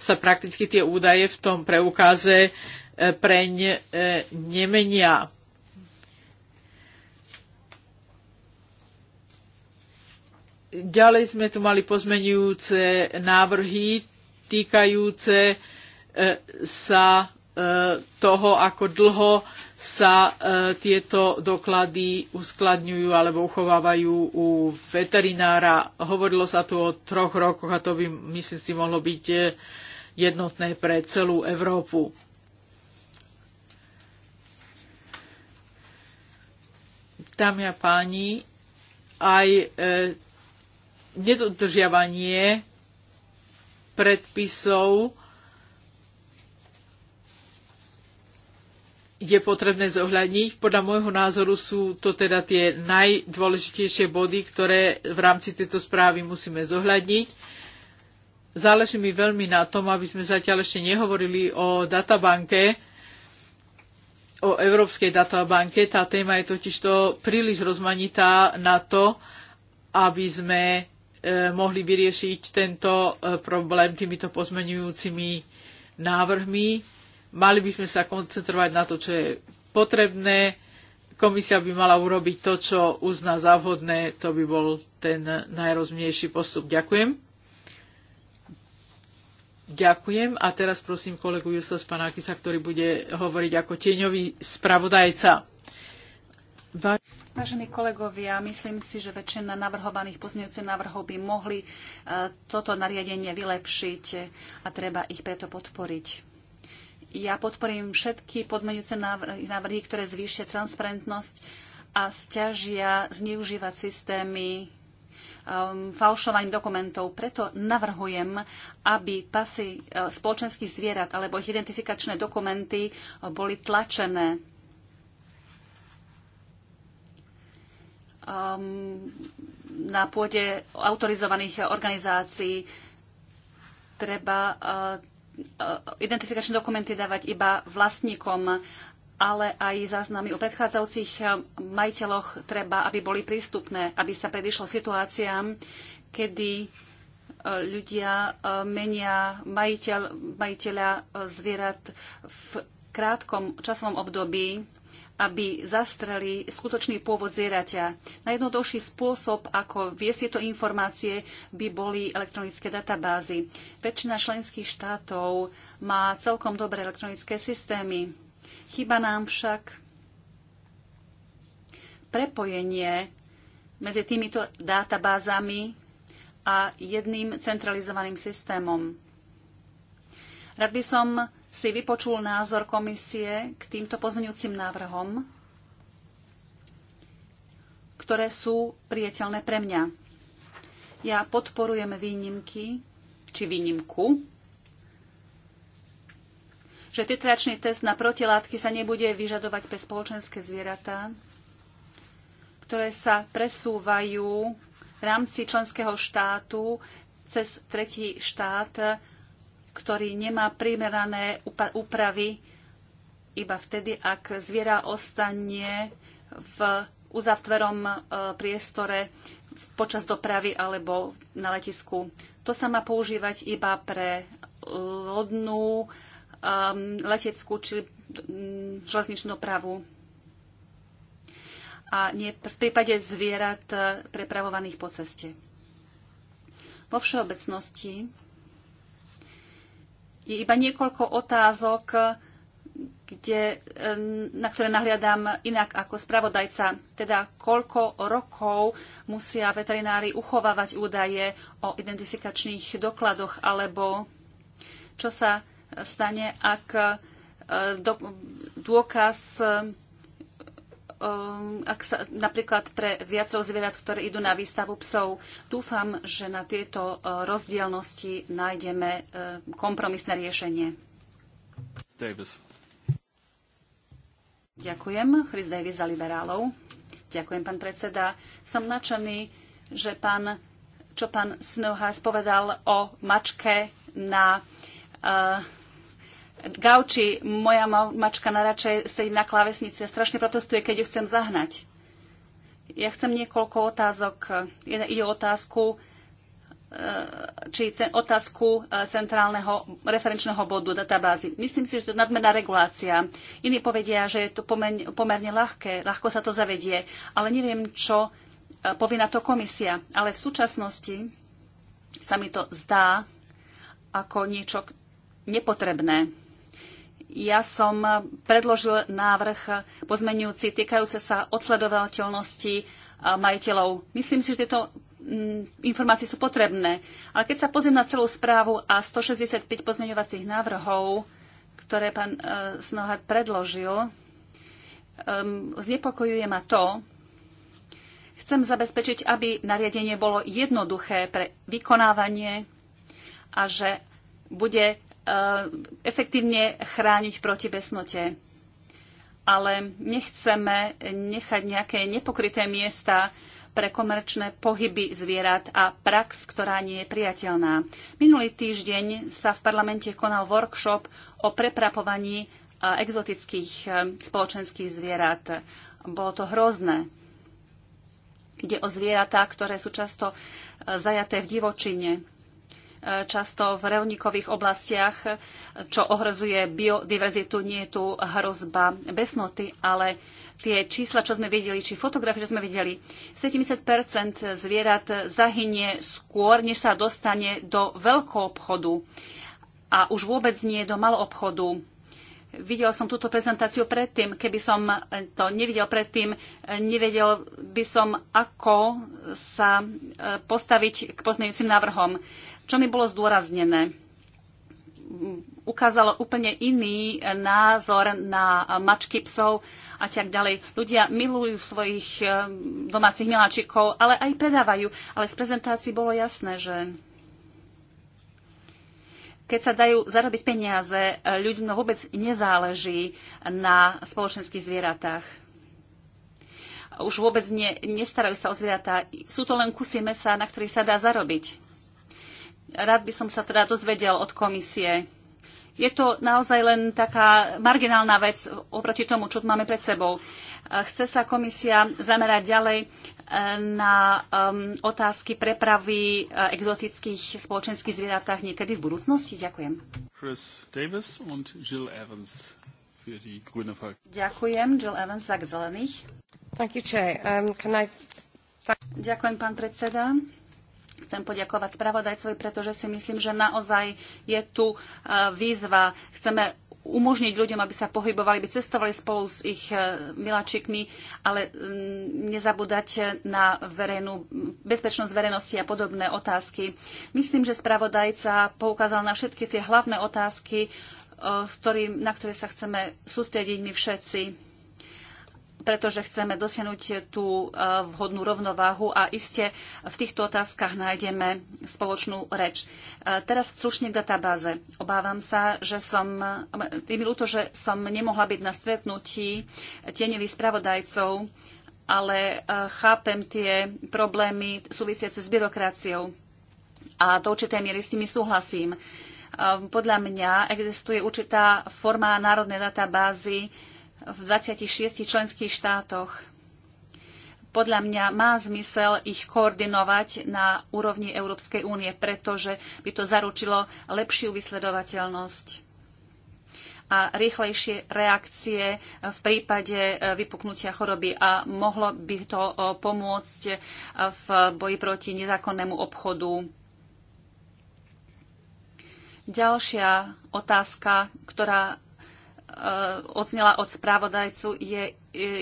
S2: sa prakticky tie údaje v tom preukaze preň nemenia Ďalej sme tu mali pozmenujúce návrhy týkajúce e, sa e, toho, ako dlho sa e, tieto doklady uskladňujú alebo uchovávajú u veterinára. Hovorilo sa tu o troch rokoch a to by, myslím si, mohlo byť jednotné pre celú Európu. Dámy a páni, aj nedodržiavanie predpisov je potrebné zohľadniť. Podľa môjho názoru sú to teda tie najdôležitejšie body, ktoré v rámci tejto správy musíme zohľadniť. Záleží mi veľmi na tom, aby sme zatiaľ ešte nehovorili o databanke, o Európskej databanke. Tá téma je totižto príliš rozmanitá na to, aby sme Eh, mohli vyriešiť tento eh, problém týmito pozmenujúcimi návrhmi. Mali by sme sa koncentrovať na to, čo je potrebné. Komisia by mala urobiť to, čo uzná za vhodné. To by bol ten najrozumnejší postup. Ďakujem. Ďakujem. A teraz prosím kolegu Jusla Spanakisa, ktorý bude hovoriť ako tieňový spravodajca.
S3: Vážení kolegovia, myslím si, že väčšina navrhovaných pozmeňujúcich návrhov by mohli e, toto nariadenie vylepšiť a treba ich preto podporiť. Ja podporím všetky podmenujúce návrhy, ktoré zvýšia transparentnosť a stiažia zneužívať systémy um, falšovaním dokumentov. Preto navrhujem, aby pasy e, spoločenských zvierat alebo ich identifikačné dokumenty boli tlačené um, na pôde autorizovaných organizácií treba uh, uh, identifikačné dokumenty dávať iba vlastníkom, ale aj záznamy o predchádzajúcich uh, majiteľoch treba, aby boli prístupné, aby sa predišlo situáciám, kedy uh, ľudia uh, menia majiteľ, majiteľa zvierat v krátkom časovom období aby zastreli skutočný pôvod zvieraťa. Najjednoduchší spôsob, ako viesť tieto informácie, by boli elektronické databázy. Väčšina členských štátov má celkom dobré elektronické systémy. Chyba nám však prepojenie medzi týmito databázami a jedným centralizovaným systémom. Rád by som si vypočul názor komisie k týmto pozmeňujúcim návrhom, ktoré sú priateľné pre mňa. Ja podporujem výnimky, či výnimku, že titračný test na protilátky sa nebude vyžadovať pre spoločenské zvieratá, ktoré sa presúvajú v rámci členského štátu cez tretí štát ktorý nemá primerané úpravy iba vtedy, ak zviera ostane v uzavtverom e, priestore počas dopravy alebo na letisku. To sa má používať iba pre lodnú, um, leteckú či mm, železničnú dopravu a nie v prípade zvierat e, prepravovaných po ceste. Vo všeobecnosti je iba niekoľko otázok, kde, eh, na ktoré nahliadam inak ako spravodajca, teda koľko rokov musia veterinári uchovávať údaje o identifikačných dokladoch, alebo čo sa stane, ak eh, dôkaz Ehm, ak sa, napríklad pre viacero zvierat, ktoré idú na výstavu psov. Dúfam, že na tieto e, rozdielnosti nájdeme e, kompromisné riešenie. Davis. Ďakujem. Chris Davis za liberálov. Ďakujem, pán predseda. Som nadšený, že pán, čo pán Snowhouse povedal o mačke na uh, gauči, moja mačka naračej sedí na klávesnici a strašne protestuje, keď ju chcem zahnať. Ja chcem niekoľko otázok. Ide o otázku, eh, či otázku eh, centrálneho referenčného bodu databázy. Myslím si, že to je nadmerná regulácia. Iní povedia, že je to pomerne ľahké, ľahko sa to zavedie, ale neviem, čo eh, povie na to komisia. Ale v súčasnosti sa mi to zdá ako niečo nepotrebné. Ja som predložil návrh pozmenujúci týkajúce sa odsledovateľnosti eh, majiteľov. Myslím si, že tieto mm, informácie sú potrebné. Ale keď sa pozriem na celú správu a 165 pozmeňovacích návrhov, ktoré pán eh, Snohad predložil, ehm, znepokojuje ma to, Chcem zabezpečiť, aby nariadenie bolo jednoduché pre vykonávanie a že bude Eh, efektívne chrániť proti besnote. Ale nechceme nechať nejaké nepokryté miesta pre komerčné pohyby zvierat a prax, ktorá nie je priateľná. Minulý týždeň sa v parlamente konal workshop o preprapovaní eh, exotických eh, spoločenských zvierat. Bolo to hrozné. Ide o zvieratá, ktoré sú často zajaté v divočine často v reľníkových oblastiach, čo ohrozuje biodiverzitu. Nie je tu hrozba besnoty, ale tie čísla, čo sme videli, či fotografie, čo sme videli, 70 zvierat zahynie skôr, než sa dostane do veľkého obchodu a už vôbec nie do maloobchodu. Videl som túto prezentáciu predtým. Keby som to nevidel predtým, nevedel by som, ako sa postaviť k pozmeňujúcim návrhom čo mi bolo zdôraznené. Ukázalo úplne iný názor na mačky psov a tak ďalej. Ľudia milujú svojich eh, domácich miláčikov, ale aj predávajú. Ale z prezentácií bolo jasné, že keď sa dajú zarobiť peniaze, ľuďom vôbec nezáleží na spoločenských zvieratách. Už vôbec ne, nestarajú sa o zvieratá. Sú to len kusy mesa, na ktorých sa dá zarobiť rád by som sa teda dozvedel od komisie. Je to naozaj len taká marginálna vec oproti tomu, čo máme pred sebou. Chce sa komisia zamerať ďalej e, na um, otázky prepravy e, exotických spoločenských zvieratách niekedy v budúcnosti? Ďakujem.
S1: Chris Davis und Jill Evans für die Grüne
S3: Ďakujem, Jill Evans za zelených. Thank you, Chair. Um, can I... Ďakujem, pán predseda. Chcem poďakovať spravodajcovi, pretože si myslím, že naozaj je tu e, výzva. Chceme umožniť ľuďom, aby sa pohybovali, aby cestovali spolu s ich e, miláčikmi, ale mm, nezabúdať na verejnú, bezpečnosť verejnosti a podobné otázky. Myslím, že spravodajca poukázal na všetky tie hlavné otázky, e, na ktoré sa chceme sústrediť my všetci pretože chceme dosiahnuť tú e, vhodnú rovnováhu a iste v týchto otázkach nájdeme spoločnú reč. E, teraz stručne k databáze. Obávam sa, že som, je mi ľúto, že som nemohla byť na stretnutí tieňových spravodajcov, ale e, chápem tie problémy súvisiace s byrokraciou a do určitej miery s nimi súhlasím. Podľa mňa existuje určitá forma národnej databázy, v 26 členských štátoch. Podľa mňa má zmysel ich koordinovať na úrovni Európskej únie, pretože by to zaručilo lepšiu vysledovateľnosť a rýchlejšie reakcie v prípade e, vypuknutia choroby a mohlo by to e, pomôcť e, v boji proti nezákonnému obchodu. Ďalšia otázka, ktorá Eh, odznela od správodajcu, je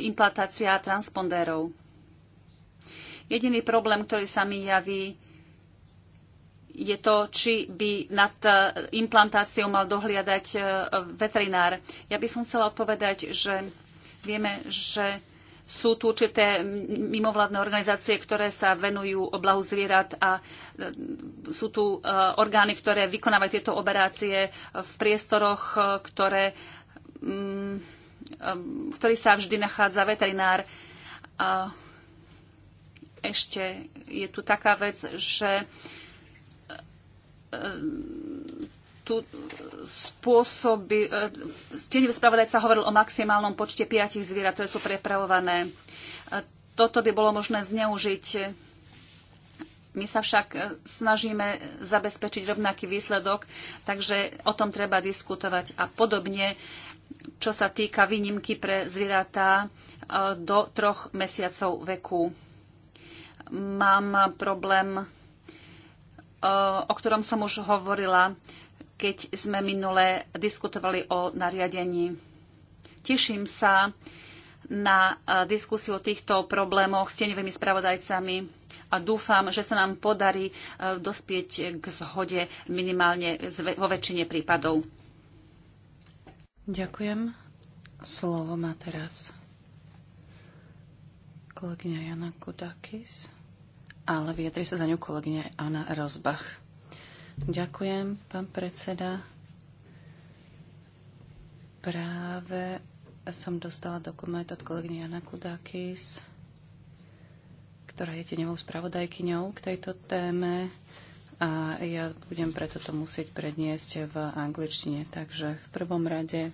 S3: implantácia transpondérov. Jediný problém, ktorý sa mi javí, je to, či by nad eh, implantáciou mal dohliadať eh, veterinár. Ja by som chcela odpovedať, že vieme, že sú tu určité mimovládne organizácie, ktoré sa venujú oblahu zvierat a sú tu orgány, ktoré vykonávajú tieto operácie v priestoroch, ktoré Mm, um, v ktorý sa vždy nachádza veterinár. A ešte je tu taká vec, že e, tu spôsoby... E, stieňový spravodajca hovoril o maximálnom počte piatich zvierat, ktoré sú prepravované. E, toto by bolo možné zneužiť. My sa však snažíme zabezpečiť rovnaký výsledok, takže o tom treba diskutovať. A podobne čo sa týka výnimky pre zvieratá e, do troch mesiacov veku. Mám problém, e, o ktorom som už hovorila, keď sme minule diskutovali o nariadení. Teším sa na e, diskusiu o týchto problémoch s tieňovými spravodajcami a dúfam, že sa nám podarí dospieť k zhode minimálne vo väčšine prípadov.
S4: Ďakujem. Slovo má teraz kolegyňa Jana Kudakis, ale vyjadri sa za ňu kolegyňa Anna Rozbach. Ďakujem, pán predseda. Práve som dostala dokument od kolegyne Jana Kudakis, ktorá je tenevou spravodajkyňou k tejto téme a ja budem preto to musieť predniesť v angličtine. Takže v prvom rade e,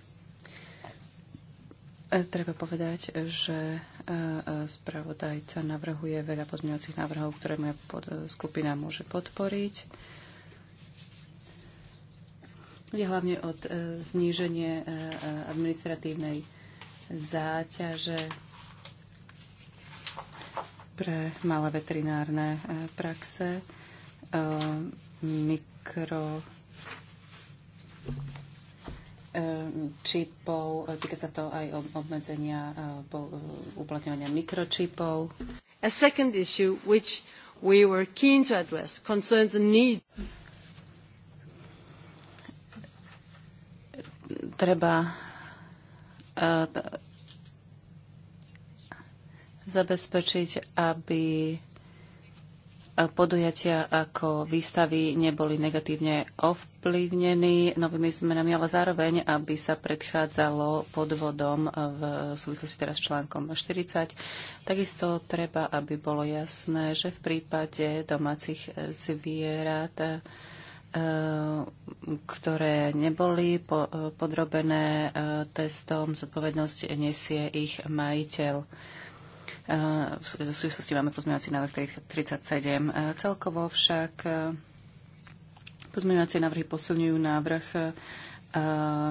S4: treba povedať, že e, e, spravodajca navrhuje veľa pozmeňovacích návrhov, ktoré moja skupina môže podporiť. Je hlavne od zníženie administratívnej záťaže pre malé veterinárne praxe Eh, mikro eh, čipov, eh, týka sa to aj obmedzenia uplatňovania mikročipov. A second issue which we were keen to address concerns the need treba zabezpečiť, aby podujatia ako výstavy neboli negatívne ovplyvnení novými zmenami, ale zároveň, aby sa predchádzalo podvodom v súvislosti teraz s článkom 40. Takisto treba, aby bolo jasné, že v prípade domácich zvierat eh, ktoré neboli eh, podrobené eh, testom, zodpovednosť nesie ich majiteľ. Eh, v súvislosti máme pozmeňovací návrh 37. Eh, celkovo však eh, pozmeňovacie návrhy posilňujú návrh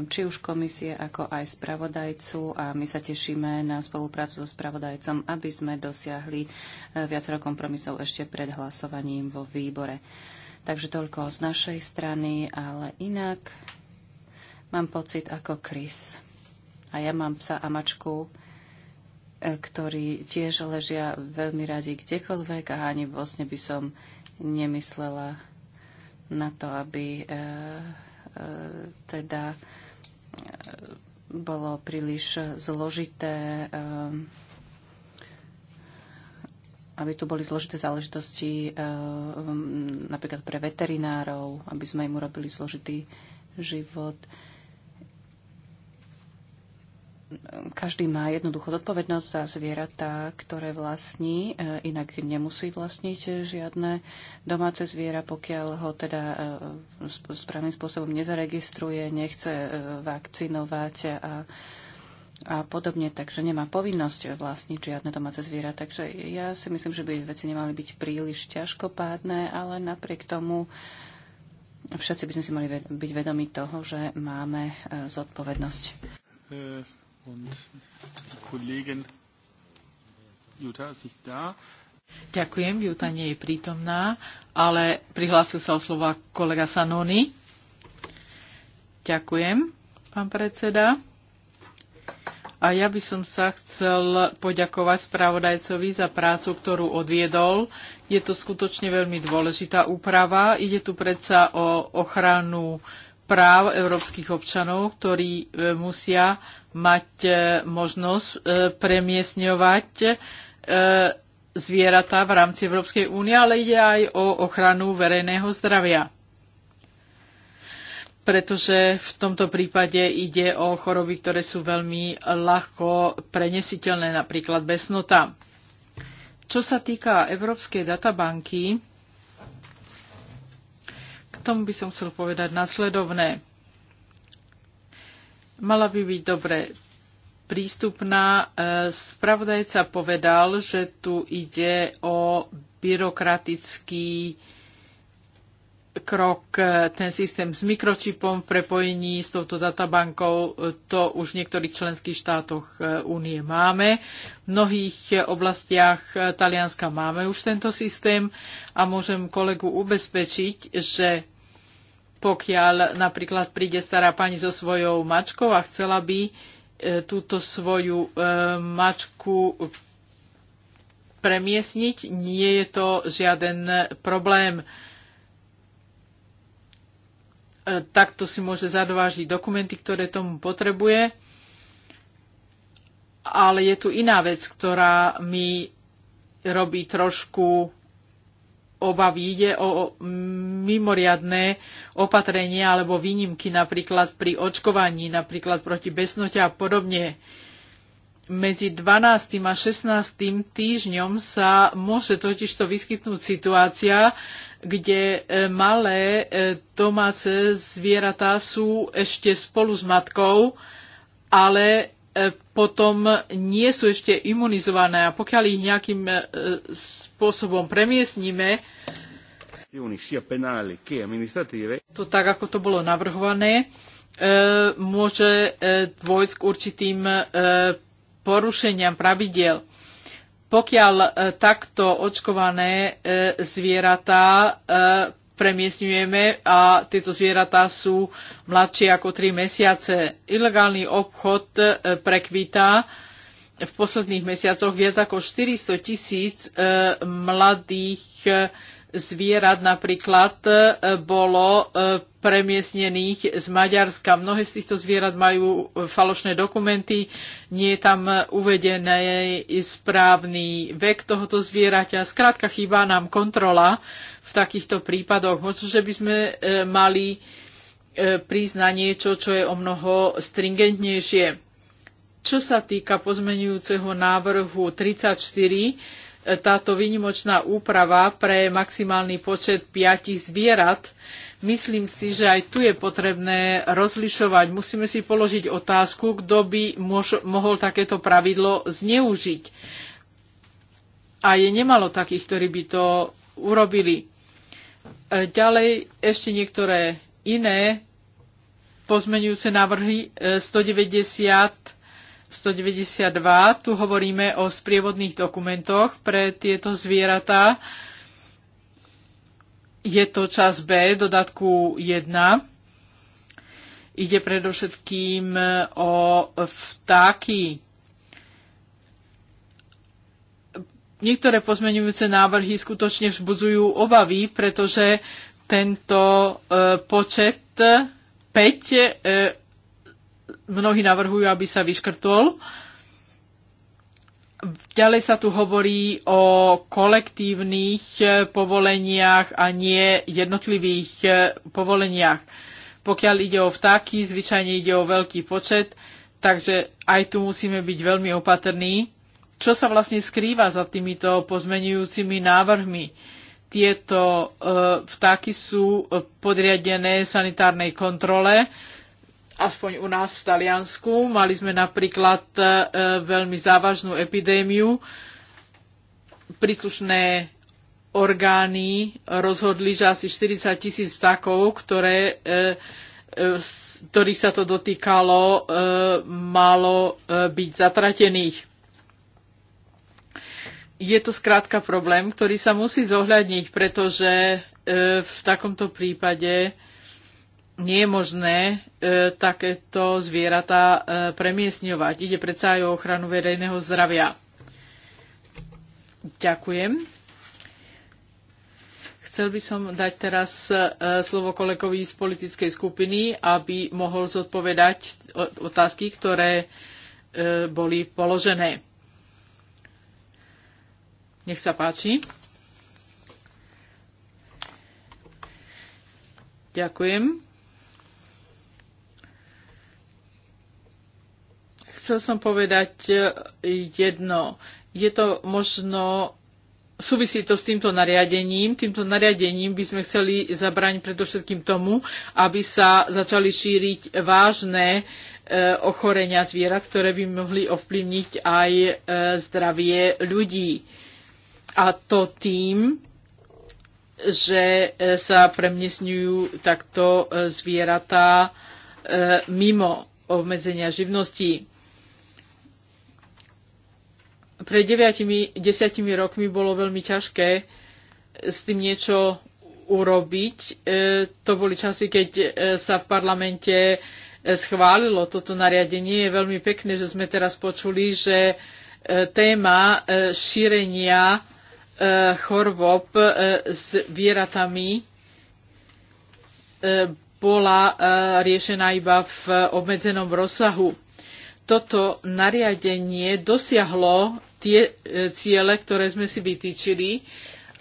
S4: či už komisie, ako aj spravodajcu a my sa tešíme na spoluprácu so spravodajcom, aby sme dosiahli viacero kompromisov ešte pred hlasovaním vo výbore. Takže toľko z našej strany, ale inak mám pocit ako Chris. A ja mám psa a mačku, E, ktorí tiež ležia veľmi radi kdekoľvek a ani vlastne by som nemyslela na to, aby e, e, teda e, bolo príliš zložité, e, aby tu boli zložité záležitosti e, napríklad pre veterinárov, aby sme im urobili zložitý život. E, každý má jednoducho zodpovednosť za zvieratá, ktoré vlastní, e, inak nemusí vlastniť žiadne domáce zviera, pokiaľ ho teda e, správnym spôsobom nezaregistruje, nechce e, vakcinovať a a podobne, takže nemá povinnosť vlastniť žiadne domáce zviera. Takže ja si myslím, že by veci nemali byť príliš ťažkopádne, ale napriek tomu všetci by sme si mali byť vedomi toho, že máme zodpovednosť
S1: und
S2: Kollegin Jutta ist nicht da. Ďakujem, Juta nie je prítomná, ale prihlásil sa o slova kolega Sanoni. Ďakujem, pán predseda. A ja by som sa chcel poďakovať spravodajcovi za prácu, ktorú odviedol. Je to skutočne veľmi dôležitá úprava. Ide tu predsa o ochranu práv európskych občanov, ktorí e, musia mať e, možnosť e, premiesňovať zvieratá v rámci Európskej únie, ale ide aj o ochranu verejného zdravia. Pretože v tomto prípade ide o choroby, ktoré sú veľmi ľahko prenesiteľné, napríklad besnota. Čo sa týka Európskej databanky, tomu by som chcel povedať nasledovné. Mala by byť dobre prístupná. E, spravodajca povedal, že tu ide o byrokratický krok, ten systém s mikročipom v prepojení s touto databankou, e, to už v niektorých členských štátoch e, únie máme. V mnohých oblastiach Talianska máme už tento systém a môžem kolegu ubezpečiť, že pokiaľ napríklad príde stará pani so svojou mačkou a chcela by e, túto svoju e, mačku premiesniť, nie je to žiaden problém. E, takto si môže zadovážiť dokumenty, ktoré tomu potrebuje. Ale je tu iná vec, ktorá mi robí trošku obavy. Ide o mimoriadné opatrenia alebo výnimky napríklad pri očkovaní, napríklad proti besnote a podobne. Medzi 12. a 16. týždňom sa môže totižto vyskytnúť situácia, kde e, malé e, domáce zvieratá sú ešte spolu s matkou, ale E, potom nie sú ešte imunizované a pokiaľ ich nejakým e, spôsobom premiesníme, to tak, ako to bolo navrhované, e, môže dôjsť k určitým porušeniam pravidiel. Pokiaľ takto očkované zvieratá premiesňujeme a tieto zvieratá sú mladšie ako 3 mesiace. Ilegálny obchod e, prekvítá. V posledných mesiacoch viac ako 400 tisíc e, mladých e, zvierat napríklad e, bolo e, premiesnených z Maďarska. Mnohé z týchto zvierat majú e, falošné dokumenty, nie je tam uvedený správny vek tohoto zvieraťa. Skrátka chýba nám kontrola v takýchto prípadoch. Možno, že by sme mali prísť na niečo, čo je o mnoho stringentnejšie. Čo sa týka pozmenujúceho návrhu 34, táto výnimočná úprava pre maximálny počet piatich zvierat. Myslím si, že aj tu je potrebné rozlišovať. Musíme si položiť otázku, kto by mož, mohol takéto pravidlo zneužiť. A je nemalo takých, ktorí by to urobili. E, ďalej ešte niektoré iné pozmenujúce návrhy 190 e, 192. Tu hovoríme o sprievodných dokumentoch pre tieto zvieratá. Je to čas B, dodatku 1. Ide predovšetkým o vtáky. Niektoré pozmenujúce návrhy skutočne vzbudzujú obavy, pretože tento e, počet 5 mnohí navrhujú, aby sa vyškrtol. Ďalej sa tu hovorí o kolektívnych eh, povoleniach a nie jednotlivých eh, povoleniach. Pokiaľ ide o vtáky, zvyčajne ide o veľký počet, takže aj tu musíme byť veľmi opatrní. Čo sa vlastne skrýva za týmito pozmenujúcimi návrhmi? Tieto eh, vtáky sú podriadené sanitárnej kontrole, aspoň u nás v Taliansku. Mali sme napríklad e, veľmi závažnú epidémiu. Príslušné orgány rozhodli, že asi 40 tisíc vtákov, ktoré, e, e, ktorých sa to dotýkalo, malo byť zatratených. Je to skrátka problém, ktorý sa musí zohľadniť, pretože v takomto prípade nie je možné e, takéto zvieratá e, premiesňovať. Ide predsa aj o ochranu verejného zdravia. Ďakujem. Chcel by som dať teraz e, slovo kolegovi z politickej skupiny, aby mohol zodpovedať otázky, ktoré e, boli položené. Nech sa páči. Ďakujem. Chcel som povedať eh, jedno. Je to možno súvisí to s týmto nariadením. Týmto nariadením by sme chceli zabrániť predovšetkým tomu, aby sa začali šíriť vážne eh, ochorenia zvierat, ktoré by mohli ovplyvniť aj eh, zdravie ľudí. A to tým, že sa premiesňujú takto zvieratá mimo obmedzenia živností pred 9 desiatimi rokmi bolo veľmi ťažké s tým niečo urobiť. E, to boli časy, keď e, sa v parlamente e, schválilo toto nariadenie. Je veľmi pekné, že sme teraz počuli, že téma šírenia chorôb s vieratami bola riešená iba v obmedzenom rozsahu. Toto nariadenie dosiahlo tie e, ciele, ktoré sme si vytýčili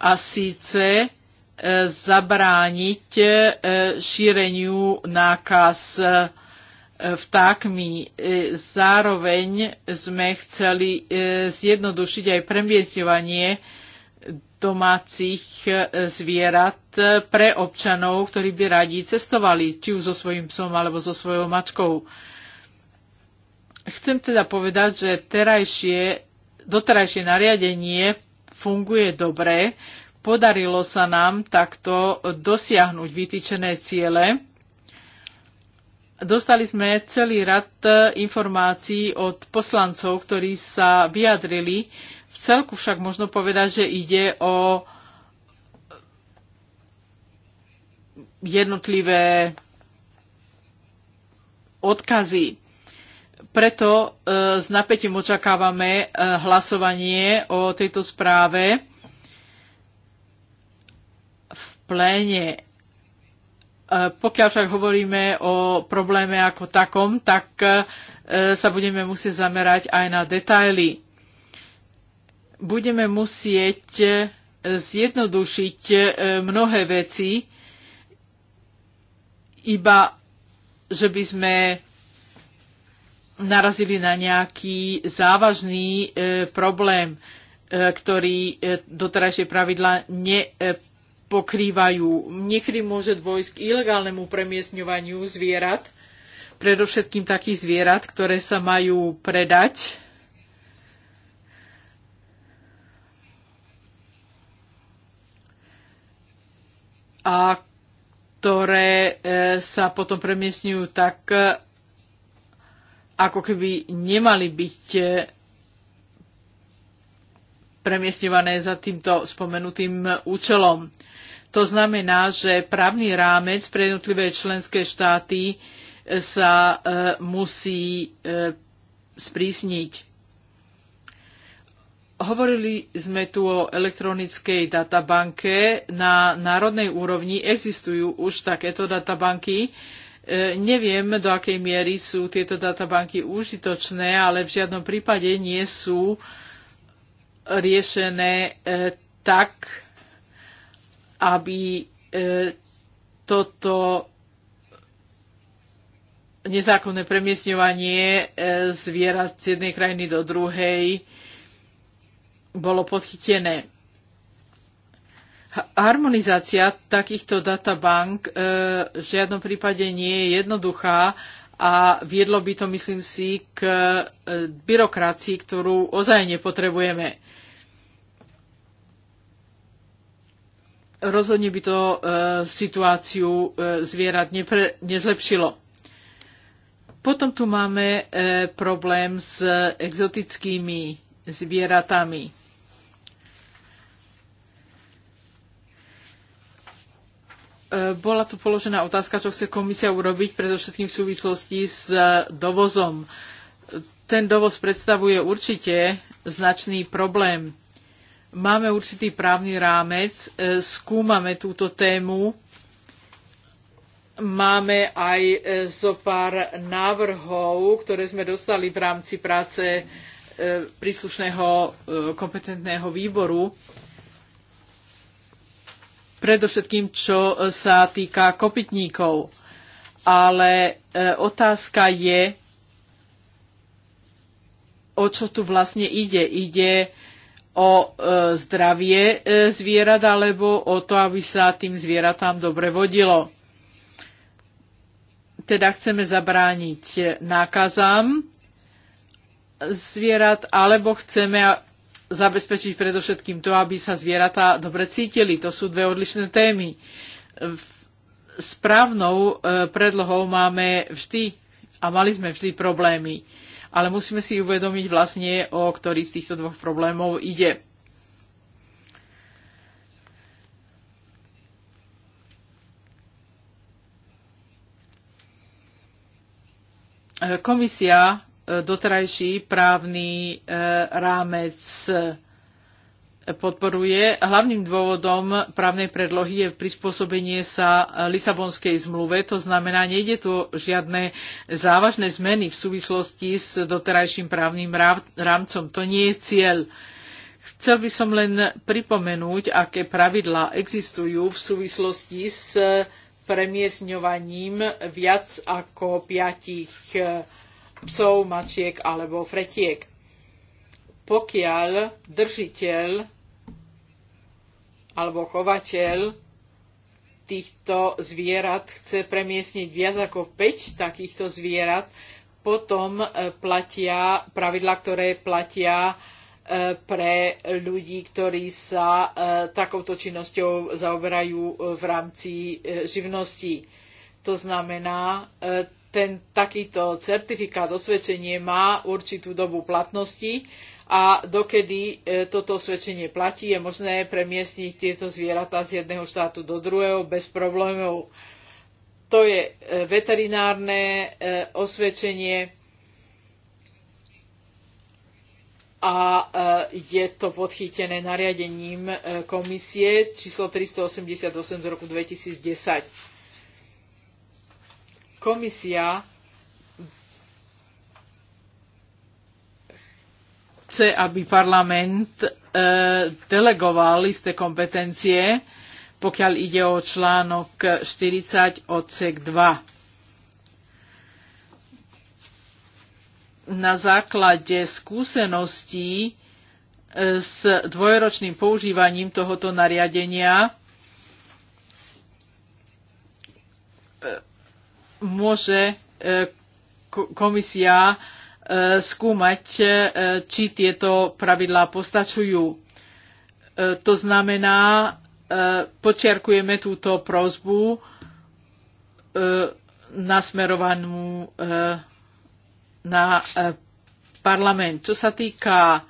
S2: a síce e, zabrániť e, šíreniu nákaz vtákmi. Zároveň sme chceli zjednodušiť aj premiestňovanie domácich zvierat pre občanov, ktorí by radi cestovali, či už so svojím psom alebo so svojou mačkou. Chcem teda povedať, že terajšie doterajšie nariadenie funguje dobre. Podarilo sa nám takto dosiahnuť vytýčené ciele. Dostali sme celý rad e, informácií od poslancov, ktorí sa vyjadrili. V celku však možno povedať, že ide o jednotlivé odkazy. Preto e, s napätím očakávame e, hlasovanie o tejto správe v pléne. E, pokiaľ však hovoríme o probléme ako takom, tak sa budeme musieť zamerať aj na detaily. Budeme musieť zjednodušiť mnohé veci, iba že by sme narazili na nejaký závažný e, problém, e, ktorý e, doterajšie pravidla nepokrývajú. Niekedy môže dôjsť k ilegálnemu premiesňovaniu zvierat, predovšetkým takých zvierat, ktoré sa majú predať. A ktoré sa potom premiesňujú tak, ako keby nemali byť eh, premiestňované za týmto spomenutým eh, účelom. To znamená, že právny rámec pre jednotlivé členské štáty eh, sa musí sprísniť. Hovorili sme tu o elektronickej databanke. Na národnej úrovni existujú už takéto databanky, E, neviem, do akej miery sú tieto databanky užitočné, ale v žiadnom prípade nie sú riešené e, tak, aby e, toto nezákonné premiesňovanie zvierat z jednej krajiny do druhej bolo podchytené. Harmonizácia takýchto databank e, v žiadnom prípade nie je jednoduchá a viedlo by to, myslím si, k e, byrokracii, ktorú ozaj nepotrebujeme. Rozhodne by to e, situáciu zvierat nepre, nezlepšilo. Potom tu máme problém s exotickými zvieratami. E, bola tu položená otázka, čo chce komisia urobiť, predovšetkým v súvislosti s e, dovozom. Ten dovoz predstavuje určite značný problém. Máme určitý právny rámec, e, skúmame túto tému, máme aj zo pár návrhov, ktoré sme dostali v rámci práce príslušného kompetentného výboru predovšetkým čo e, sa týka kopytníkov. Ale e, otázka je, o čo tu vlastne ide. Ide o e, zdravie zvierat alebo o to, aby sa tým zvieratám dobre vodilo. Teda chceme zabrániť nákazám zvierat, alebo chceme zabezpečiť predovšetkým to, aby sa zvieratá dobre cítili. To sú dve odlišné témy. Správnou e, predlohou máme vždy a mali sme vždy problémy. Ale musíme si uvedomiť vlastne, o ktorý z týchto dvoch problémov ide. E, komisia doterajší právny e, rámec e, podporuje. Hlavným dôvodom právnej predlohy je prispôsobenie sa Lisabonskej zmluve, to znamená, nejde tu žiadne závažné zmeny v súvislosti s doterajším právnym rámcom. To nie je cieľ. Chcel by som len pripomenúť, aké pravidlá existujú v súvislosti s premiesňovaním viac ako piatich e, psov, mačiek alebo fretiek. Pokiaľ držiteľ alebo chovateľ týchto zvierat chce premiesniť viac ako 5 takýchto zvierat, potom e, platia pravidla, ktoré platia e, pre ľudí, ktorí sa e, takouto činnosťou zaoberajú v rámci živností. To znamená, ten takýto certifikát, osvedčenie má určitú dobu platnosti a dokedy e, toto osvedčenie platí, je možné premiestniť tieto zvieratá z jedného štátu do druhého bez problémov. To je e, veterinárne e, osvedčenie a je to podchytené nariadením komisie číslo 388 z roku 2010 komisia chce, aby parlament e, delegoval isté kompetencie, pokiaľ ide o článok 40 odsek 2. Na základe skúseností e, s dvojročným používaním tohoto nariadenia môže e, komisia e, skúmať, e, či tieto pravidlá postačujú. To znamená, počiarkujeme túto prozbu nasmerovanú na parlament. Čo sa týka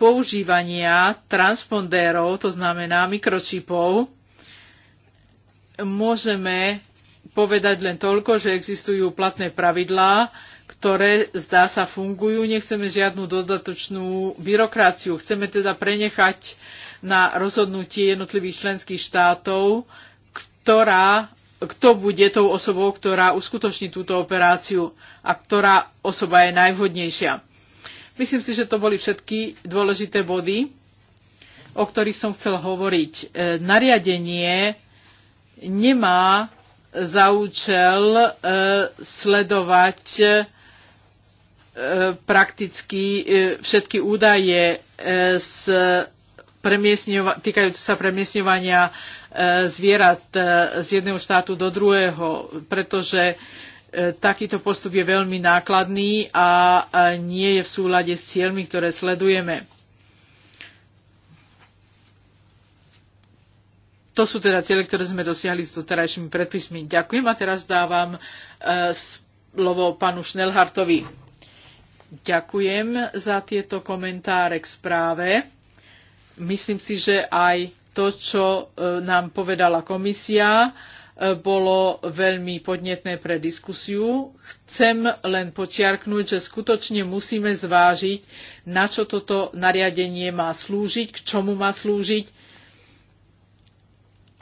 S2: používania transpondérov, to znamená mikročipov, môžeme povedať len toľko, že existujú platné pravidlá, ktoré zdá sa fungujú. Nechceme žiadnu dodatočnú byrokraciu. Chceme teda prenechať na rozhodnutie jednotlivých členských štátov, ktorá, kto bude tou osobou, ktorá uskutoční túto operáciu a ktorá osoba je najvhodnejšia. Myslím si, že to boli všetky dôležité body, o ktorých som chcel hovoriť. E, nariadenie nemá za účel e, sledovať e, prakticky e, všetky údaje z týkajúce sa premiesňovania zvierat z jedného štátu do druhého, pretože takýto postup je veľmi nákladný a nie je v súlade s cieľmi, ktoré sledujeme. to sú teda cieľe, ktoré sme dosiahli s doterajšími predpismi. Ďakujem a teraz dávam e, slovo panu Šnelhartovi. Ďakujem za tieto komentáre k správe. Myslím si, že aj to, čo e, nám povedala komisia, e, bolo veľmi podnetné pre diskusiu. Chcem len počiarknúť, že skutočne musíme zvážiť, na čo toto nariadenie má slúžiť, k čomu má slúžiť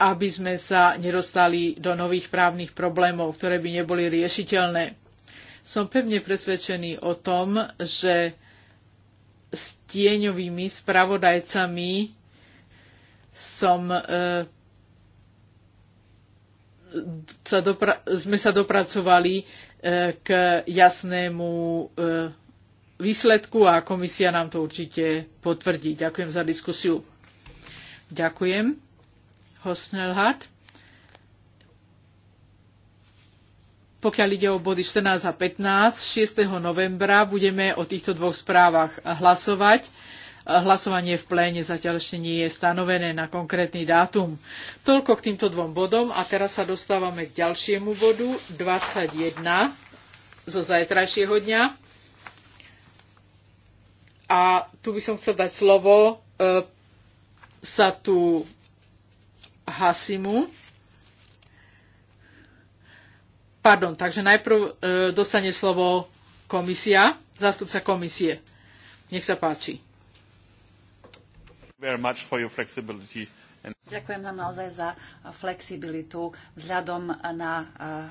S2: aby sme sa nedostali do nových právnych problémov, ktoré by neboli riešiteľné. Som pevne presvedčený o tom, že s tieňovými spravodajcami som e, sa sme sa dopracovali e, k jasnému e, výsledku a komisia nám to určite potvrdí. Ďakujem za diskusiu. Ďakujem. Hosnelhat. Pokiaľ ide o body 14 a 15, 6. novembra budeme o týchto dvoch správach hlasovať. Hlasovanie v pléne zatiaľ ešte nie je stanovené na konkrétny dátum. Toľko k týmto dvom bodom a teraz sa dostávame k ďalšiemu bodu 21 zo zajtrajšieho dňa. A tu by som chcel dať slovo e, sa tu Hasimu. Pardon, takže najprv e, dostane slovo komisia, zástupca komisie. Nech sa páči.
S3: Ďakujem vám naozaj za flexibilitu vzhľadom na e,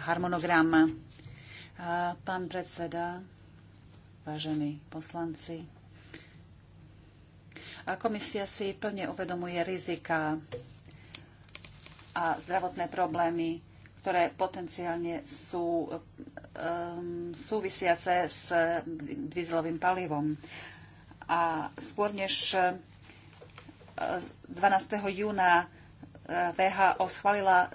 S3: harmonogram. E, pán predseda, vážení poslanci, e, komisia si plne uvedomuje rizika a zdravotné problémy, ktoré potenciálne sú um, súvisiace s dizelovým palivom. A skôr než 12. Eh, júna eh, VHO schválila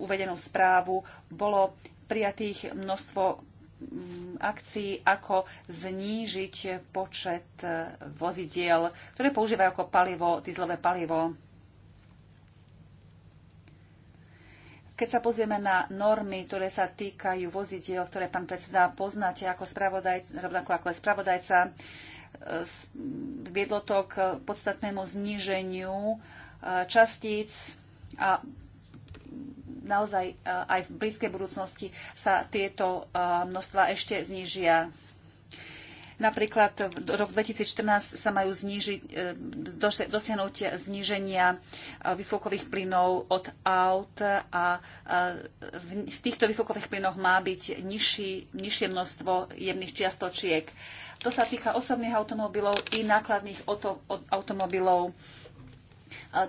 S3: uvedenú správu, bolo prijatých množstvo mm, akcií, ako znížiť počet eh, vozidiel, ktoré používajú ako palivo, dizlové palivo. Keď sa pozrieme na normy, ktoré sa týkajú vozidiel, ktoré pán predseda poznáte ako spravodajca, rovnako ako aj spravodajca, e, viedlo to k podstatnému zníženiu e, častíc a naozaj e, aj v blízkej budúcnosti sa tieto množstva ešte znižia. Napríklad v rok 2014 sa majú znižiť, e, dosiahnuť zníženia e, výfokových plynov od aut a e, v týchto výfokových plynoch má byť nižší, nižšie množstvo jemných čiastočiek. To sa týka osobných automobilov i nákladných automobilov.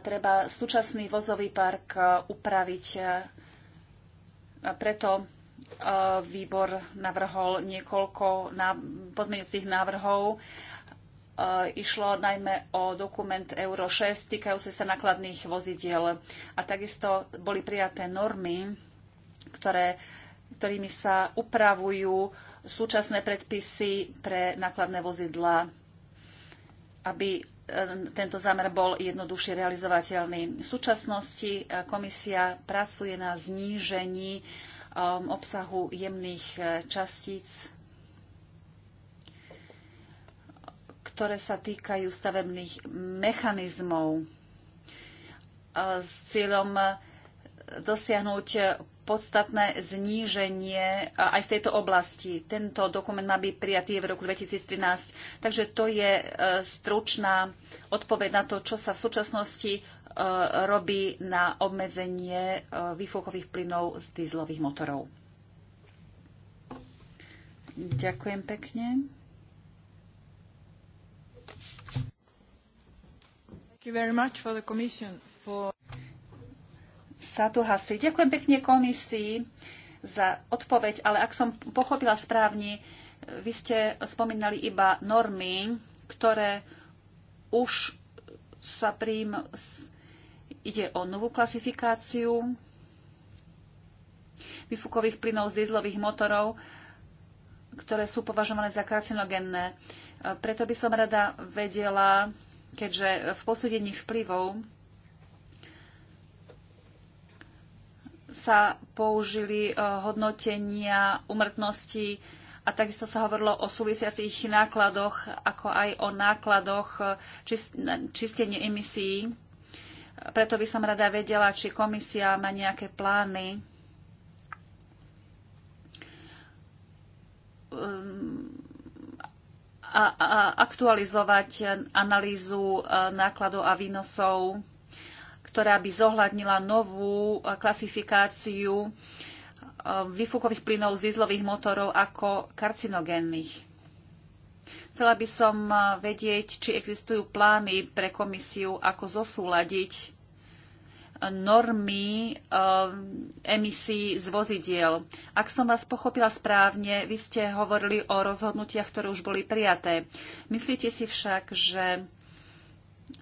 S3: Treba súčasný vozový park upraviť preto, E, výbor navrhol niekoľko pozmeňujúcich návrhov. E, išlo najmä o dokument Euro 6 týkajúce sa nakladných vozidiel. A takisto boli prijaté normy, ktoré, ktorými sa upravujú súčasné predpisy pre nakladné vozidlá, aby e, tento zámer bol jednoduchšie realizovateľný. V súčasnosti komisia pracuje na znížení Um, obsahu jemných eh, častíc, ktoré sa týkajú stavebných mechanizmov s cieľom eh, dosiahnuť podstatné zníženie eh, aj v tejto oblasti. Tento dokument má byť prijatý v roku 2013. Takže to je stručná odpoveď na to, čo sa v súčasnosti Eh, robí na obmedzenie eh, výfukových plynov z dýzlových motorov. Ďakujem pekne. Satu Hasi. Ďakujem pekne komisii za odpoveď, ale ak som pochopila správne, vy ste spomínali iba normy, ktoré už sa príjmu Ide o novú klasifikáciu výfukových plynov z dieselových motorov, ktoré sú považované za karcinogenné. Preto by som rada vedela, keďže v posúdení vplyvov sa použili e, hodnotenia umrtnosti a takisto sa hovorilo o súvisiacich nákladoch, ako aj o nákladoch čistenia emisí preto by som rada vedela, či komisia má nejaké plány um, a, a aktualizovať analýzu uh, nákladov a výnosov, ktorá by zohľadnila novú uh, klasifikáciu uh, výfukových plynov z dizlových motorov ako karcinogénnych. Chcela by som eh, vedieť, či existujú plány pre komisiu, ako zosúľadiť eh, normy eh, emisí z vozidiel. Ak som vás pochopila správne, vy ste hovorili o rozhodnutiach, ktoré už boli prijaté. Myslíte si však, že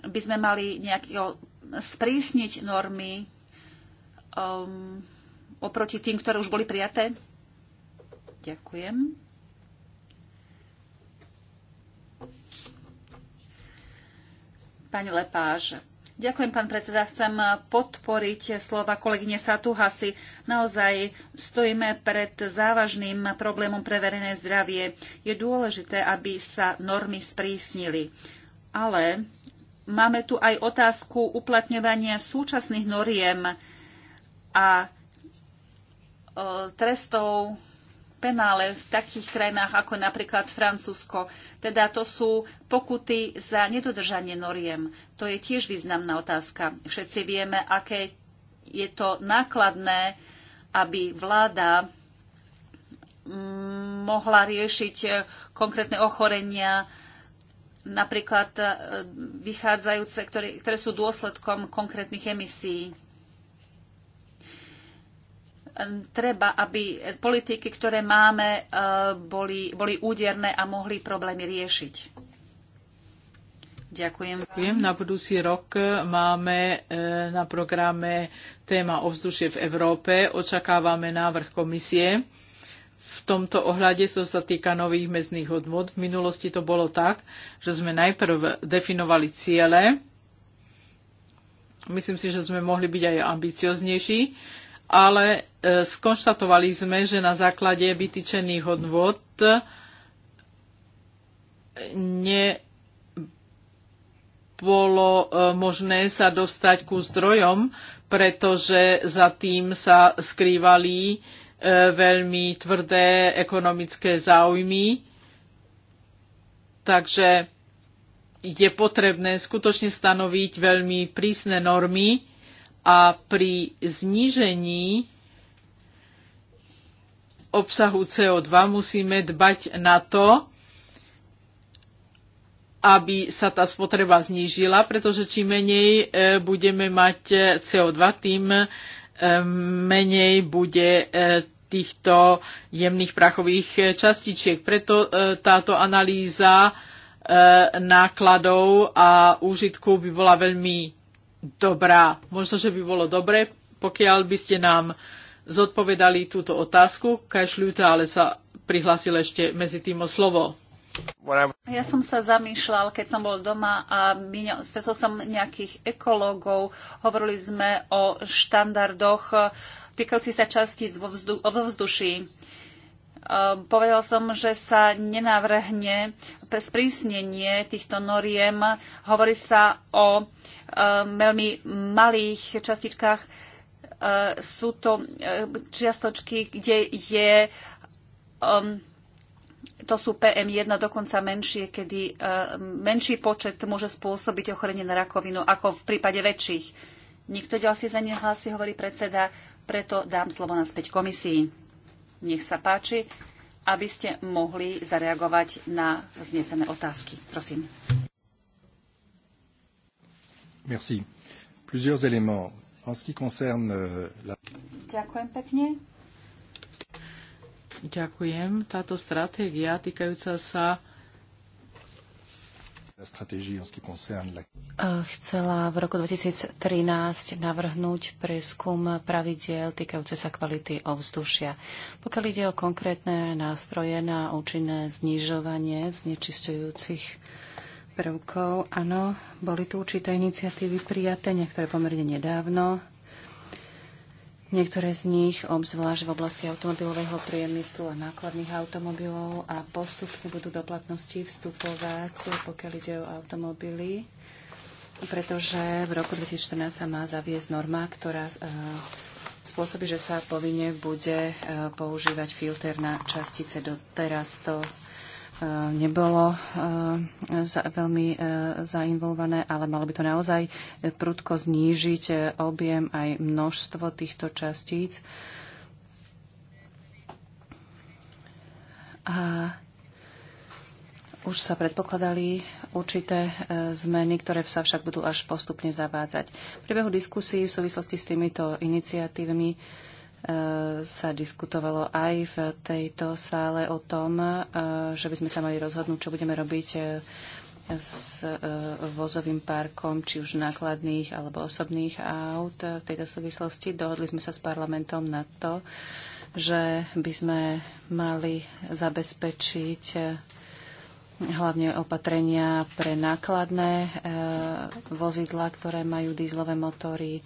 S3: by sme mali nejakého sprísniť normy um, oproti tým, ktoré už boli prijaté? Ďakujem. Pani Lepáž. Ďakujem, pán predseda. Chcem podporiť slova kolegyne Satuhasi. Naozaj stojíme pred závažným problémom pre verejné zdravie. Je dôležité, aby sa normy sprísnili. Ale máme tu aj otázku uplatňovania súčasných noriem a e, trestov penále v takých krajinách ako napríklad Francúzsko. Teda to sú pokuty za nedodržanie noriem. To je tiež významná otázka. Všetci vieme, aké je to nákladné, aby vláda mm, mohla riešiť e, konkrétne ochorenia, napríklad e, vychádzajúce, ktoré, ktoré sú dôsledkom konkrétnych emisí treba, aby politiky, ktoré máme, e, boli, boli úderné a mohli problémy riešiť.
S2: Ďakujem. Ďakujem. Na budúci rok máme e, na programe téma ovzdušie v Európe. Očakávame návrh komisie. V tomto ohľade, čo sa týka nových mezných hodnot, v minulosti to bolo tak, že sme najprv definovali ciele. Myslím si, že sme mohli byť aj ambicioznejší ale e, skonštatovali sme, že na základe vytýčených hodnot e, nebolo e, možné sa dostať ku zdrojom, pretože za tým sa skrývali veľmi tvrdé ekonomické záujmy. Takže je potrebné skutočne stanoviť veľmi prísne normy, a pri znížení obsahu CO2 musíme dbať na to, aby sa tá spotreba znížila, pretože čím menej e, budeme mať e, CO2, tým e, menej bude týchto jemných prachových častičiek. Preto táto analýza nákladov a úžitku by bola veľmi dobrá. Možno, že by bolo dobre, pokiaľ by ste nám zodpovedali túto otázku. Kaj ale sa prihlásil ešte medzi tým o slovo.
S3: Ja som sa zamýšľal, keď som bol doma a stretol som nejakých ekológov. Hovorili sme o štandardoch týkajúcich sa častíc vo, vzdu- vo vzduší. Ehm, povedal som, že sa nenavrhne sprísnenie týchto noriem. Hovorí sa o Um, veľmi malých častičkách. Uh, sú to uh, čiastočky, kde je um, to sú PM1 dokonca menšie, kedy uh, menší počet môže spôsobiť ochorenie na rakovinu ako v prípade väčších. Nikto ďalší za nehlási, hovorí predseda, preto dám slovo naspäť komisii. Nech sa páči, aby ste mohli zareagovať na vznesené otázky. Prosím. Plusieurs éléments. En ce qui concerne
S2: euh, la... Ďakujem pekne. Ďakujem. Táto stratégia týkajúca sa
S3: eh,
S4: Chcela v roku 2013 navrhnúť preskum pravidiel týkajúce sa kvality ovzdušia. Pokiaľ ide o konkrétne nástroje na účinné znižovanie znečisťujúcich prvkov. Áno, boli tu určité iniciatívy prijaté, niektoré pomerne nedávno. Niektoré z nich, obzvlášť v oblasti automobilového priemyslu a nákladných automobilov a postupne budú do platnosti vstupovať, pokiaľ ide o automobily, pretože v roku 2014 sa má zaviesť norma, ktorá e, spôsobí, že sa povinne bude e, používať filter na častice. teraz to E, nebolo e, veľmi e, zainvolované, ale malo by to naozaj prudko znížiť objem aj množstvo týchto častíc. A už sa predpokladali určité zmeny, ktoré sa však budú až postupne zavádzať. V priebehu diskusí v súvislosti s týmito iniciatívami sa diskutovalo aj v tejto sále o tom, e, že by sme sa mali rozhodnúť, čo budeme robiť e, s e, vozovým parkom, či už nákladných alebo osobných aut. V tejto súvislosti dohodli sme sa s parlamentom na to, že by sme mali zabezpečiť hlavne opatrenia pre nákladné vozidla, ktoré majú dýzlové motory,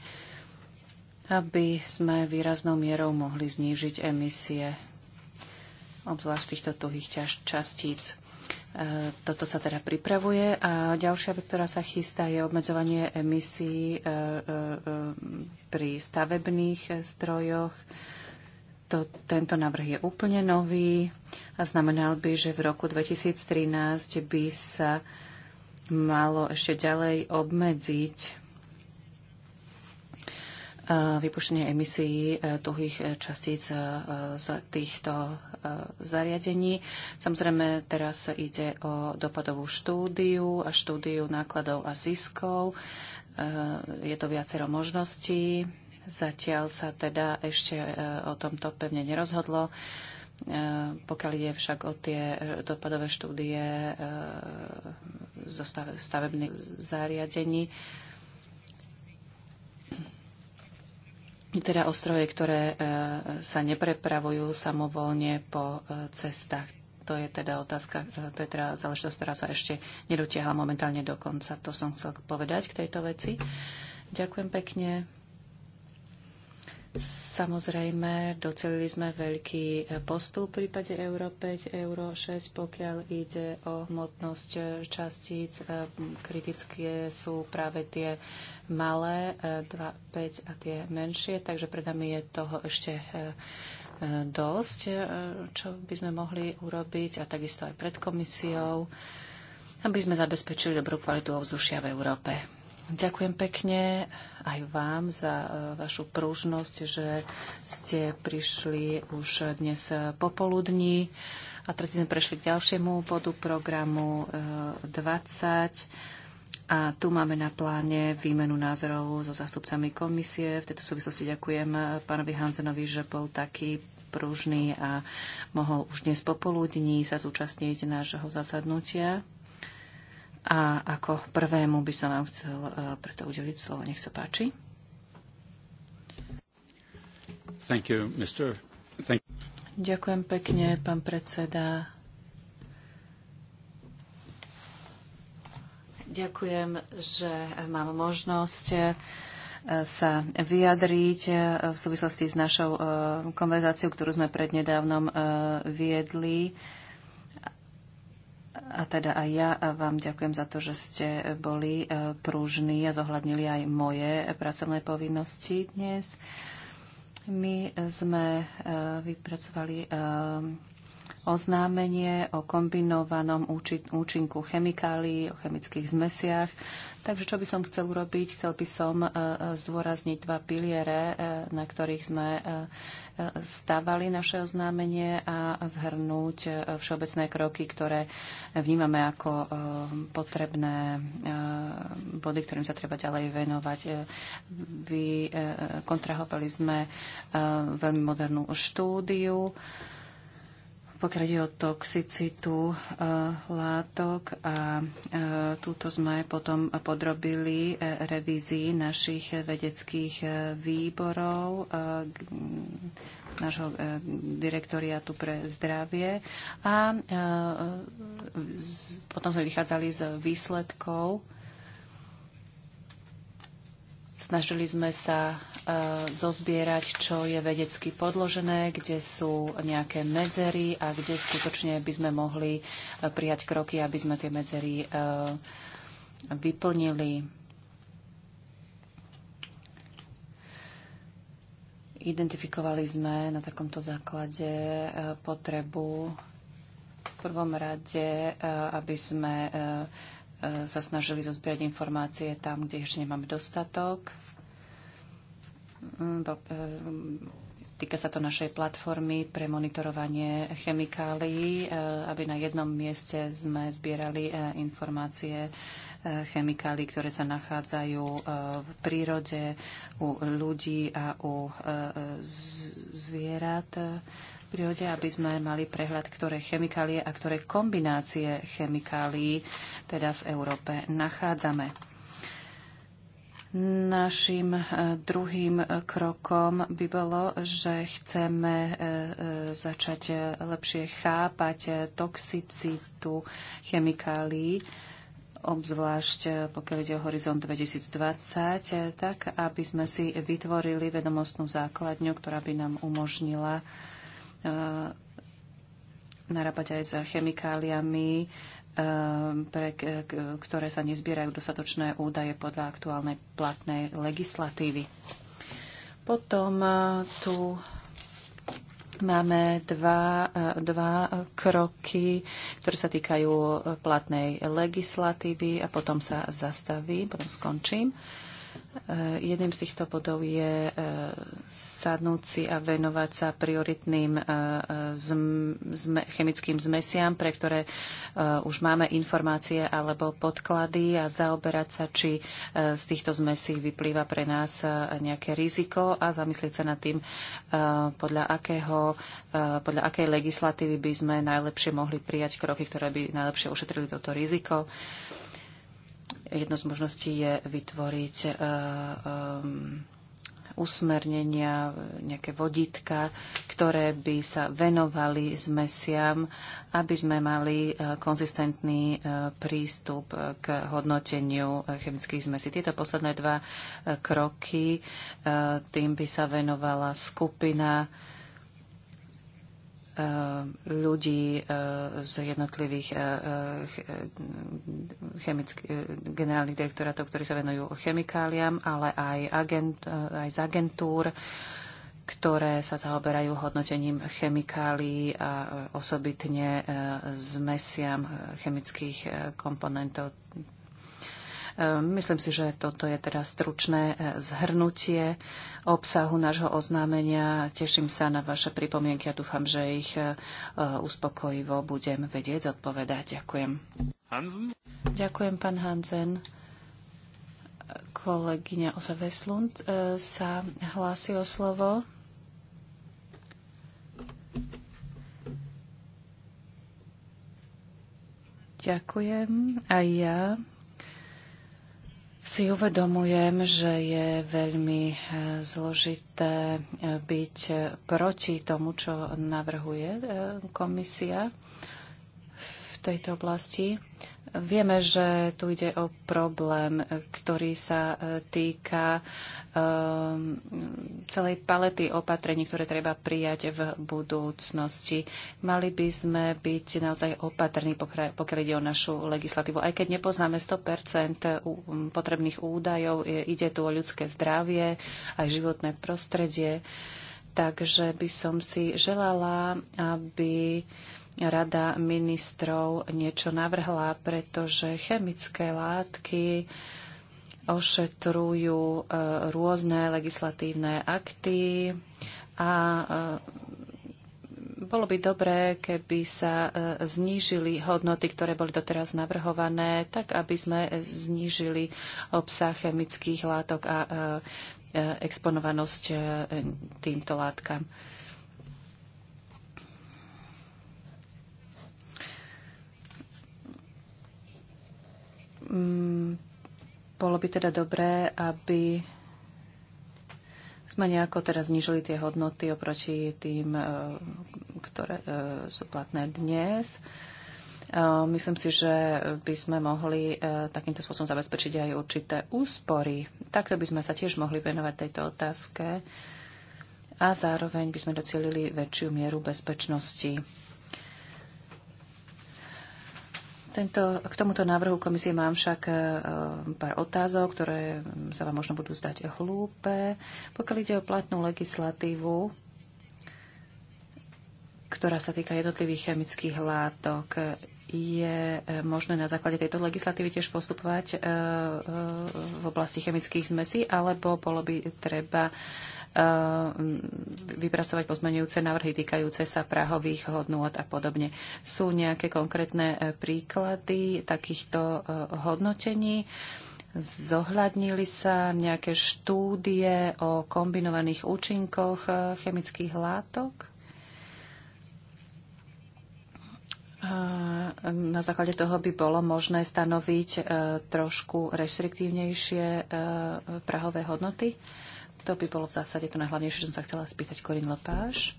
S4: aby sme výraznou mierou mohli znížiť emisie, obzvlášť týchto tuhých častíc. E, toto sa teda pripravuje a ďalšia vec, ktorá sa chystá, je obmedzovanie emisí e, e, pri stavebných strojoch. To, tento návrh je úplne nový a znamenal by, že v roku 2013 by sa malo ešte ďalej obmedziť vypuštenie emisí e, tuhých e, častíc e, z týchto zariadení. Samozrejme, teraz ide o dopadovú štúdiu a štúdiu nákladov a ziskov. Je to viacero možností. Zatiaľ sa teda ešte o tomto pevne nerozhodlo. Pokiaľ ide však o tie dopadové štúdie zo stavebných zariadení, teda ostroje, ktoré e, sa neprepravujú samovolne po e, cestách. To je teda otázka, to je teda záležitosť, ktorá sa ešte nedotiahla momentálne do konca. To som chcel povedať k tejto veci. Ďakujem pekne. Samozrejme, docelili sme veľký postup v prípade Euro 5, Euro 6, pokiaľ ide o hmotnosť častíc. E, kritické sú práve tie malé, 2, e, 5 a tie menšie, takže pred nami je toho ešte e, dosť, čo by sme mohli urobiť a takisto aj pred komisiou, aby sme zabezpečili dobrú kvalitu ovzdušia v Európe. Ďakujem pekne aj vám za e, vašu prúžnosť, že ste prišli už dnes e, popoludní. A teraz sme prešli k ďalšiemu bodu programu 20. E, a tu máme na pláne výmenu názorov so zástupcami komisie. V tejto súvislosti ďakujem pánovi Hanzenovi, že bol taký pružný a mohol už dnes popoludní sa zúčastniť nášho zasadnutia. A ako prvému by som vám chcel e, preto udeliť slovo. Nech sa páči.
S1: Thank you, Mr. Thank
S4: Ďakujem pekne, pán predseda. Ďakujem, že mám možnosť e, sa vyjadriť e, v súvislosti s našou konverzáciou, ktorú sme prednedávnom viedli a teda aj ja vám ďakujem za to, že ste boli e, prúžni a zohľadnili aj moje pracovné povinnosti dnes. My sme e, vypracovali e, oznámenie o kombinovanom účinku chemikálií, o chemických zmesiach. Takže čo by som chcel urobiť? Chcel by som zdôrazniť dva piliere, na ktorých sme stavali naše oznámenie a zhrnúť e, všeobecné kroky, ktoré vnímame ako e, potrebné e, body, ktorým sa treba ďalej venovať. Vy kontrahovali sme veľmi modernú štúdiu, pokiaľ ide o toxicitu eh, látok a eh, túto sme potom podrobili eh, revízii našich vedeckých výborov nášho direktoriatu pre zdravie a potom sme vychádzali z výsledkov Snažili sme sa e, zozbierať, čo je vedecky podložené, kde sú nejaké medzery a kde skutočne by sme mohli e, prijať kroky, aby sme tie medzery e, vyplnili. Identifikovali sme na takomto základe potrebu v prvom rade, aby sme E, sa snažili zozbierať informácie tam, kde ešte nemáme dostatok. Mm, e, týka sa to našej platformy pre monitorovanie chemikálií, e, aby na jednom mieste sme zbierali informácie chemikálií, ktoré sa nachádzajú v prírode, u ľudí a u zvierat prírode, aby sme mali prehľad, ktoré chemikálie a ktoré kombinácie chemikálií teda v Európe nachádzame. Našim e, druhým krokom by bolo, že chceme e, e, začať lepšie chápať toxicitu chemikálií obzvlášť pokiaľ ide o horizont 2020, tak aby sme si vytvorili vedomostnú základňu, ktorá by nám umožnila Eh, narábať aj s chemikáliami, eh, pre, ktoré sa nezbierajú dostatočné údaje podľa aktuálnej platnej legislatívy. Potom eh, tu máme dva, dva kroky, ktoré sa týkajú platnej legislatívy a potom sa zastavím, potom skončím. Eh, jedným z týchto bodov je eh, sadnúť si a venovať sa prioritným eh, chemickým zmesiam, pre ktoré už máme informácie alebo podklady a zaoberať sa, či z týchto zmesí vyplýva pre nás nejaké riziko a zamyslieť sa nad tým, podľa, akého, podľa akej legislatívy by sme najlepšie mohli prijať kroky, ktoré by najlepšie ušetrili toto riziko. Jedno z možností je vytvoriť eh, eh, um, usmernenia, nejaké vodítka, ktoré by sa venovali zmesiam, aby sme mali eh, konzistentný prístup k hodnoteniu chemických zmesí. Tieto posledné dva kroky, tým by sa venovala skupina Eh, ľudí eh, z jednotlivých eh, chemick- generálnych direktorátov, ktorí sa venujú chemikáliám, ale aj, agent, aj z agentúr, ktoré sa zaoberajú hodnotením chemikálií a osobitne zmesiam chemických komponentov Ehm, myslím si, že toto je teraz stručné eh, zhrnutie obsahu nášho oznámenia. Teším sa na vaše pripomienky a dúfam, že ich eh, eh, uspokojivo budem vedieť odpovedať. Ďakujem. Hansen? Ďakujem, pán Hansen. Kolegyňa Osa Veslund sa hlási o slovo. Ďakujem. A ja si uvedomujem, že je veľmi e, zložité e, byť e, proti tomu, čo navrhuje komisia v tejto oblasti. Vieme, že tu ide o problém, ktorý sa týka Ehm, celej palety opatrení, ktoré treba prijať v budúcnosti. Mali by sme byť naozaj opatrní, pokiaľ ide o našu legislatívu. Aj keď nepoznáme 100% potrebných údajov, ide tu o ľudské zdravie, aj životné prostredie. Takže by som si želala, aby Rada ministrov niečo navrhla, pretože chemické látky ošetrujú e, rôzne legislatívne akty a e, bolo by dobré, keby sa e, znížili hodnoty, ktoré boli doteraz navrhované, tak aby sme znížili obsah chemických látok a exponovanosť týmto látkam. Mm bolo by teda dobré, aby sme nejako teraz znižili tie hodnoty oproti tým, e, ktoré e, sú platné dnes. E, myslím si, že by sme mohli takýmto spôsobom zabezpečiť aj určité úspory. Takto by sme sa tiež mohli venovať tejto otázke a zároveň by sme docielili väčšiu mieru bezpečnosti. Tento, k tomuto návrhu komisie mám však e, pár otázok, ktoré sa vám možno budú zdať hlúpe. Pokiaľ ide o platnú legislatívu, ktorá sa týka jednotlivých chemických látok, je e, možné na základe tejto legislatívy tiež postupovať e, v oblasti chemických zmesí, alebo bolo by treba E, vypracovať pozmenujúce návrhy týkajúce sa prahových hodnôt a podobne. Sú nejaké konkrétne e, príklady takýchto e, hodnotení? Zohľadnili sa nejaké štúdie o kombinovaných účinkoch chemických látok? Na základe toho by bolo možné stanoviť trošku reštriktívnejšie prahové hodnoty? To by bolo v zásade to najhlavnejšie, čo som sa chcela spýtať Korin Lepáš.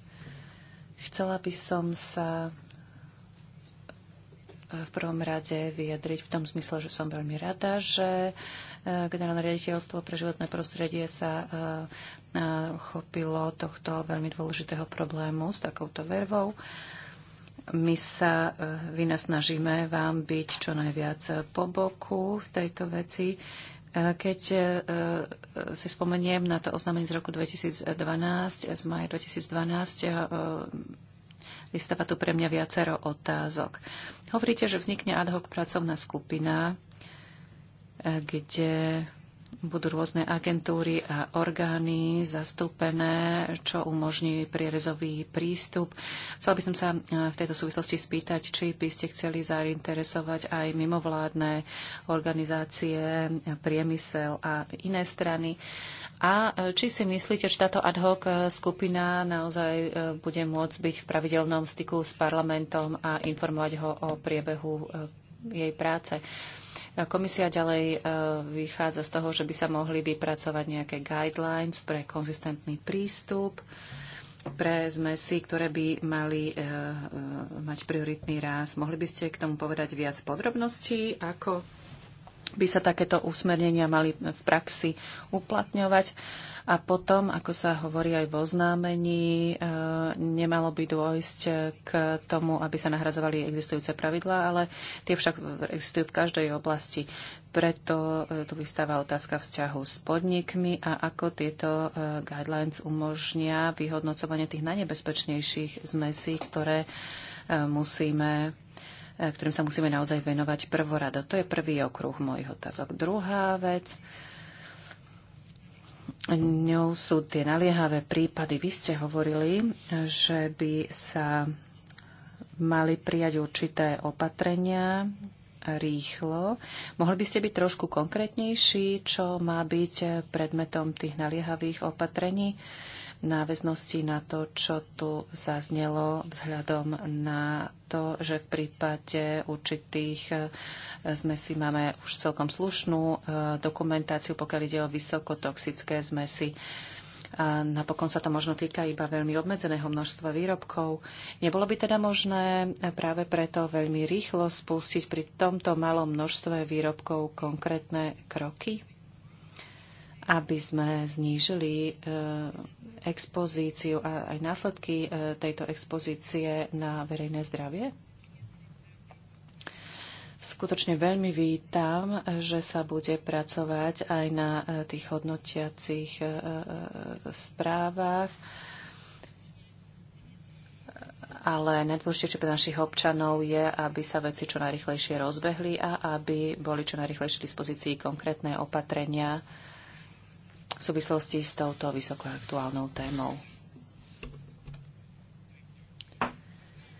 S4: Chcela by som sa e, v prvom rade vyjadriť v tom zmysle, že som veľmi rada, že e, generálne riaditeľstvo pre životné prostredie sa e, chopilo tohto veľmi dôležitého problému s takouto vervou. My sa vynasnažíme vám byť čo najviac po boku v tejto veci. Keď e, e, si spomeniem na to oznámenie z roku 2012, z maja 2012, e, vystáva tu pre mňa viacero otázok. Hovoríte, že vznikne ad hoc pracovná skupina, kde budú rôzne agentúry a orgány zastúpené, čo umožní prierezový prístup. Chcel by som sa e, v tejto súvislosti spýtať, či by ste chceli zainteresovať aj mimovládne organizácie, priemysel a iné strany. A e, či si myslíte, že táto ad hoc e, skupina naozaj bude môcť byť v pravidelnom styku s parlamentom a informovať ho o priebehu jej práce? Komisia ďalej e, vychádza z toho, že by sa mohli vypracovať nejaké guidelines pre konzistentný prístup pre zmesy, ktoré by mali e, e, mať prioritný ráz. Mohli by ste k tomu povedať viac podrobností, ako by sa takéto usmernenia mali v praxi uplatňovať? A potom, ako sa hovorí aj vo oznámení, e, nemalo by dôjsť k tomu, aby sa nahradzovali existujúce pravidlá, ale tie však existujú v každej oblasti. Preto e, tu vystáva otázka vzťahu s podnikmi a ako tieto e, guidelines umožnia vyhodnocovanie tých najnebezpečnejších zmesí, ktoré musíme ktorým sa musíme naozaj venovať prvorado. To je prvý okruh mojich otázok. Druhá vec, ňou sú tie naliehavé prípady. Vy ste hovorili, že by sa mali prijať určité opatrenia rýchlo. Mohli by ste byť trošku konkrétnejší, čo má byť predmetom tých naliehavých opatrení? náväznosti na to, čo tu zaznelo vzhľadom na to, že v prípade určitých zmesí e, máme už celkom slušnú e, dokumentáciu, pokiaľ ide o vysokotoxické zmesy. A napokon sa to možno týka iba veľmi obmedzeného množstva výrobkov. Nebolo by teda možné e, práve preto veľmi rýchlo spustiť pri tomto malom množstve výrobkov konkrétne kroky? aby sme znížili eh, expozíciu a aj následky eh, tejto expozície na verejné zdravie? Skutočne veľmi vítam, že sa bude pracovať aj na eh, tých hodnotiacich správach, ale najdôležitejšie pre našich občanov je, aby sa veci čo najrychlejšie rozbehli a aby boli čo najrychlejšie dispozícii konkrétne opatrenia, v súvislosti s touto vysoko aktuálnou témou.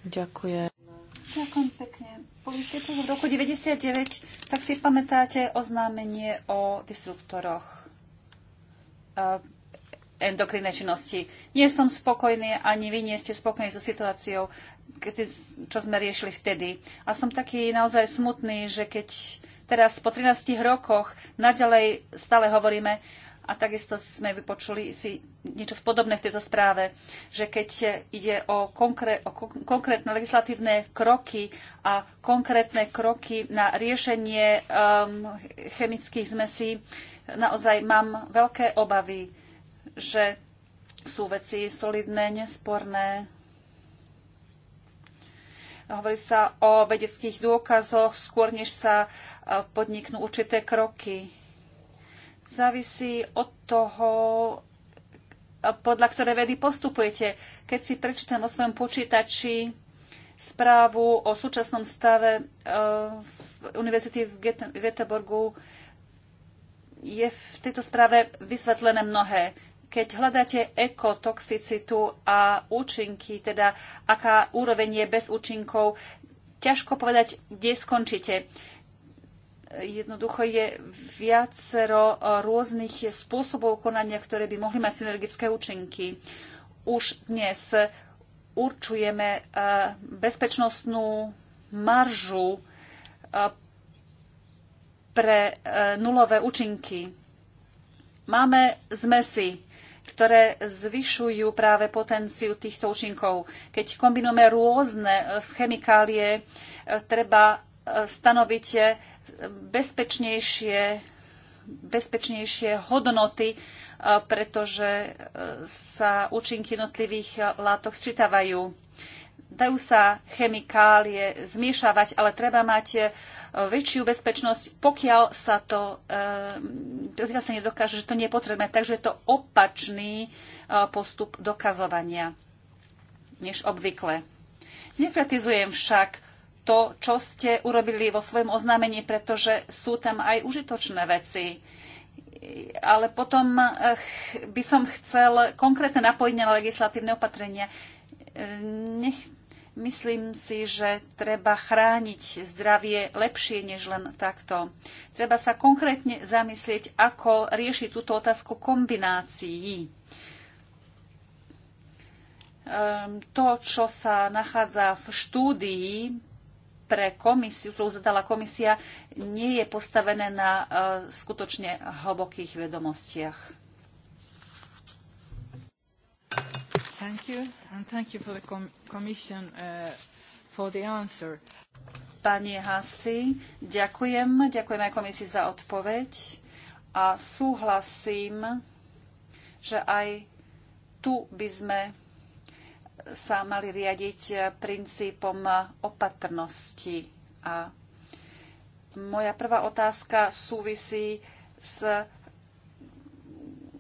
S4: Ďakujem.
S3: Ďakujem pekne. Politika v roku 99, tak si pamätáte oznámenie o disruptoroch eh, endokrinné činnosti. Nie som spokojný, ani vy nie ste spokojní so situáciou, čo sme riešili vtedy. A som taký naozaj smutný, že keď teraz po 13 rokoch naďalej stále hovoríme, a takisto sme vypočuli si niečo podobné v tejto správe, že keď ide o, konkré, o konkrétne legislatívne kroky a konkrétne kroky na riešenie um, chemických zmesí, naozaj mám veľké obavy, že sú veci solidné, nesporné. Hovorí sa o vedeckých dôkazoch skôr, než sa uh, podniknú určité kroky závisí od toho, podľa ktorej vedy postupujete. Keď si prečítam o svojom počítači správu o súčasnom stave e, v Univerzity v Göteborgu, je v tejto správe vysvetlené mnohé. Keď hľadáte ekotoxicitu a účinky, teda aká úroveň je bez účinkov, ťažko povedať, kde skončíte. Jednoducho je viacero e, rôznych spôsobov konania, ktoré by mohli mať synergické účinky. Už dnes určujeme e, bezpečnostnú maržu e, pre nulové účinky. Máme zmesy, ktoré zvyšujú práve potenciu týchto účinkov. Keď kombinujeme rôzne chemikálie, treba stanoviť bezpečnejšie, bezpečnejšie hodnoty, e, pretože e, sa účinky jednotlivých e, látok sčítavajú. Dajú sa chemikálie zmiešavať, ale treba mať väčšiu bezpečnosť, pokiaľ sa to, pokiaľ sa nedokáže, že to nie je potrebné. Takže je to opačný postup dokazovania než obvykle. Nekratizujem však to, čo ste urobili vo svojom oznámení, pretože sú tam aj užitočné veci. Ale potom eh, by som chcel konkrétne napojiť na legislatívne opatrenia. Eh, nech, myslím si, že treba chrániť zdravie lepšie než len takto. Treba sa konkrétne zamyslieť, ako riešiť túto otázku kombinácií ehm, to, čo sa nachádza v štúdii pre komisiu, ktorú zadala komisia, nie je postavené na e, skutočne hlbokých vedomostiach. Pani Hasi, ďakujem. Ďakujem aj komisii za odpoveď. A súhlasím, že aj tu by sme sa mali riadiť e, princípom e, opatrnosti. A moja prvá otázka súvisí s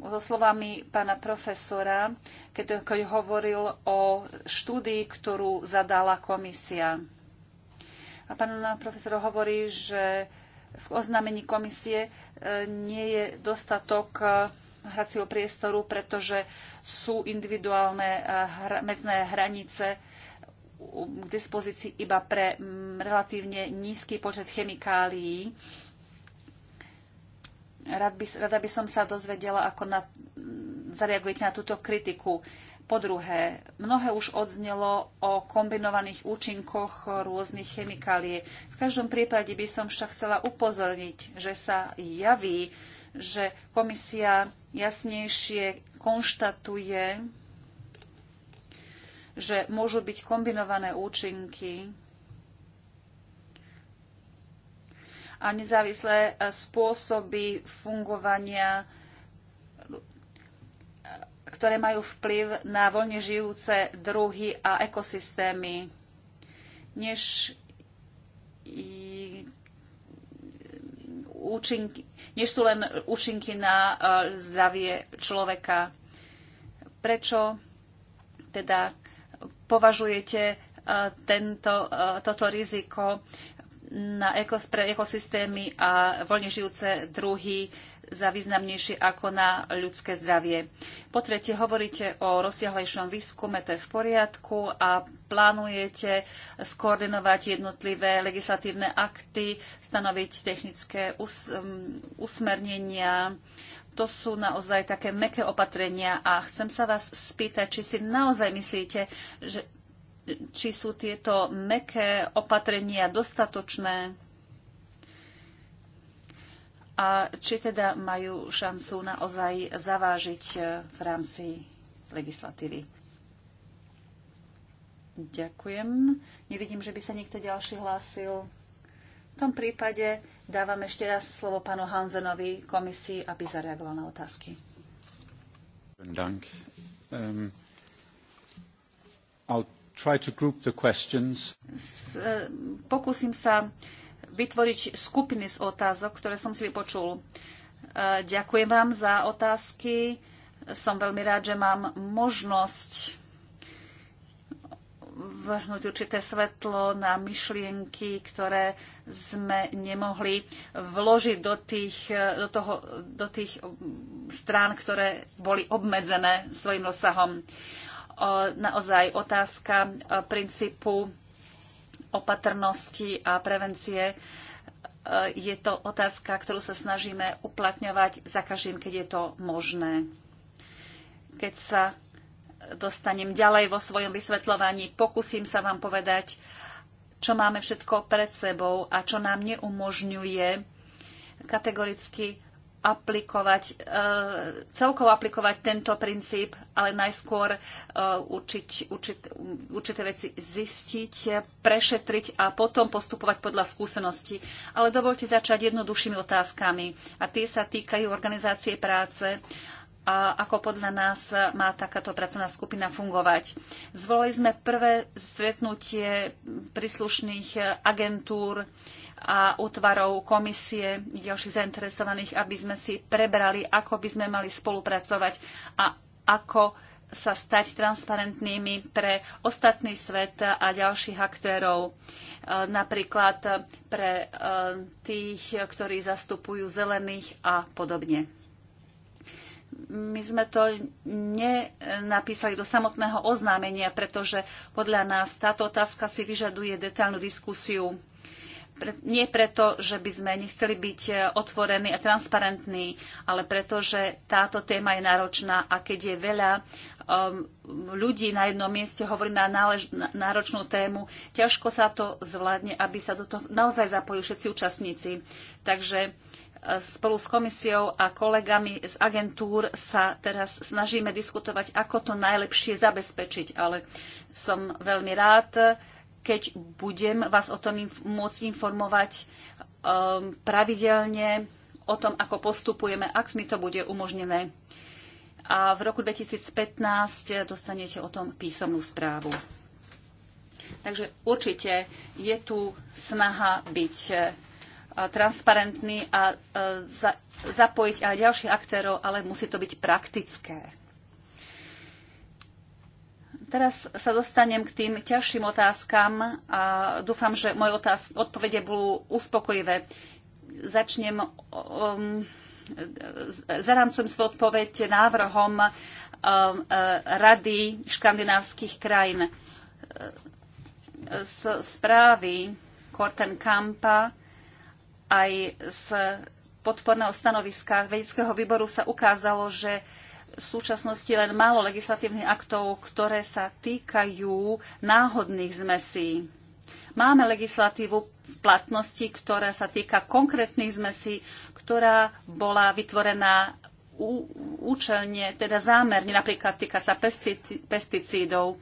S3: so slovami pána profesora, keď, keď hovoril o štúdii, ktorú zadala komisia. A pán profesor hovorí, že v oznámení komisie e, nie je dostatok hracieho priestoru, pretože sú individuálne eh, medzné hranice k dispozícii iba pre mm, relatívne nízky počet chemikálií. Rad by, rada by som sa dozvedela, ako na, mm, zareagujete na túto kritiku. Po druhé, mnohé už odznelo o kombinovaných účinkoch rôznych chemikálií. V každom prípade by som však chcela upozorniť, že sa javí, že komisia jasnejšie konštatuje, že môžu byť kombinované účinky a nezávislé e, spôsoby fungovania, ktoré majú vplyv na voľne žijúce druhy a ekosystémy, než účinky, než sú len účinky na e, zdravie človeka. Prečo teda považujete e, tento, e, toto riziko na ekos, pre ekosystémy a voľne žijúce druhy za významnejšie ako na ľudské zdravie. Po tretie, hovoríte o rozsiahlejšom výskume, to je v poriadku a plánujete skoordinovať jednotlivé legislatívne akty, stanoviť technické us- um, usmernenia. To sú naozaj také meké opatrenia a chcem sa vás spýtať, či si naozaj myslíte, že či sú tieto meké opatrenia dostatočné a či teda majú šancu naozaj zavážiť e, v rámci legislatívy. Ďakujem. Nevidím, že by sa niekto ďalší hlásil. V tom prípade dávam ešte raz slovo panu Hanzenovi komisii, aby zareagoval na otázky.
S1: Dank. Um, I'll try to group the questions.
S3: S, e, pokúsim sa uh, vytvoriť skupiny z otázok, ktoré som si vypočul. E, ďakujem vám za otázky. Som veľmi rád, že mám možnosť vrhnúť určité svetlo na myšlienky, ktoré sme nemohli vložiť do tých, e, do, toho, do tých strán, ktoré boli obmedzené svojim rozsahom. Naozaj otázka e, princípu opatrnosti a prevencie. E, je to otázka, ktorú sa snažíme uplatňovať za každým, keď je to možné. Keď sa dostanem ďalej vo svojom vysvetľovaní, pokúsim sa vám povedať, čo máme všetko pred sebou a čo nám neumožňuje kategoricky aplikovať, e, celkovo aplikovať tento princíp, ale najskôr e, učiť, učiť, určité veci zistiť, prešetriť a potom postupovať podľa skúseností. Ale dovolte začať jednoduchšími otázkami. A tie sa týkajú organizácie práce a ako podľa nás má takáto pracovná skupina fungovať. Zvolili sme prvé stretnutie príslušných agentúr, a útvarov komisie ďalších zainteresovaných, aby sme si prebrali, ako by sme mali spolupracovať a ako sa stať transparentnými pre ostatný svet a ďalších aktérov. E, napríklad pre e, tých, ktorí zastupujú zelených a podobne. My sme to nenapísali do samotného oznámenia, pretože podľa nás táto otázka si vyžaduje detailnú diskusiu nie preto, že by sme nechceli byť e, otvorení a transparentní, ale preto, že táto téma je náročná a keď je veľa um, ľudí na jednom mieste hovorí na, nálež, na náročnú tému, ťažko sa to zvládne, aby sa do toho naozaj zapojili všetci účastníci. Takže e, spolu s komisiou a kolegami z agentúr sa teraz snažíme diskutovať, ako to najlepšie zabezpečiť. Ale som veľmi rád, keď budem vás o tom inf- môcť informovať um, pravidelne o tom, ako postupujeme, ak mi to bude umožnené. A v roku 2015 dostanete o tom písomnú správu. Takže určite je tu snaha byť eh, transparentný a eh, zapojiť aj ďalších aktérov, ale musí to byť praktické. Teraz sa dostanem k tým ťažším otázkam a dúfam, že moje otázky, odpovede budú uspokojivé. Začnem, um, zarancujem svoju odpoveď návrhom um, Rady škandinávskych krajín. Z správy Korten Kampa aj z podporného stanoviska vedeckého výboru sa ukázalo, že v súčasnosti len málo legislatívnych aktov, ktoré sa týkajú náhodných zmesí. Máme legislatívu v platnosti, ktorá sa týka konkrétnych zmesí, ktorá bola vytvorená účelne, teda zámerne, napríklad týka sa pesticídov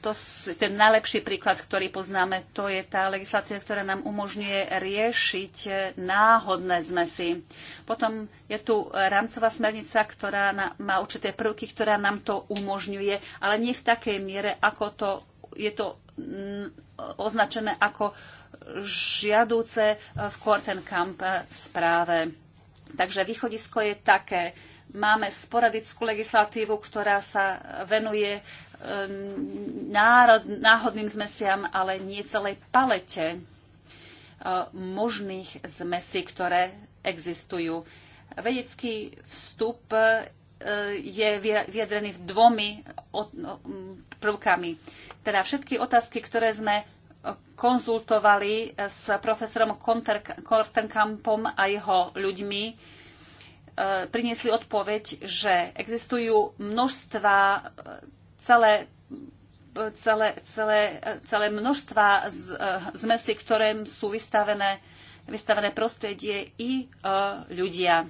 S3: to, ten najlepší príklad, ktorý poznáme, to je tá legislatíva, ktorá nám umožňuje riešiť náhodné zmesy. Potom je tu rámcová smernica, ktorá má určité prvky, ktorá nám to umožňuje, ale nie v takej miere, ako to je to mm, označené ako žiadúce e, v Kortenkamp e, správe. Takže východisko je také, máme sporadickú legislatívu, ktorá sa venuje E, národ, náhodným zmesiam, ale nie celej palete e, možných zmesí, ktoré existujú. Vedecký vstup e, je vyjadrený dvomi no, prvkami. Teda všetky otázky, ktoré sme konzultovali s profesorom Kortenkampom a jeho ľuďmi, priniesli odpoveď, že existujú množstva celé celé, celé, celé množstva zmesí, ktorým sú vystavené, vystavené prostredie i e, ľudia.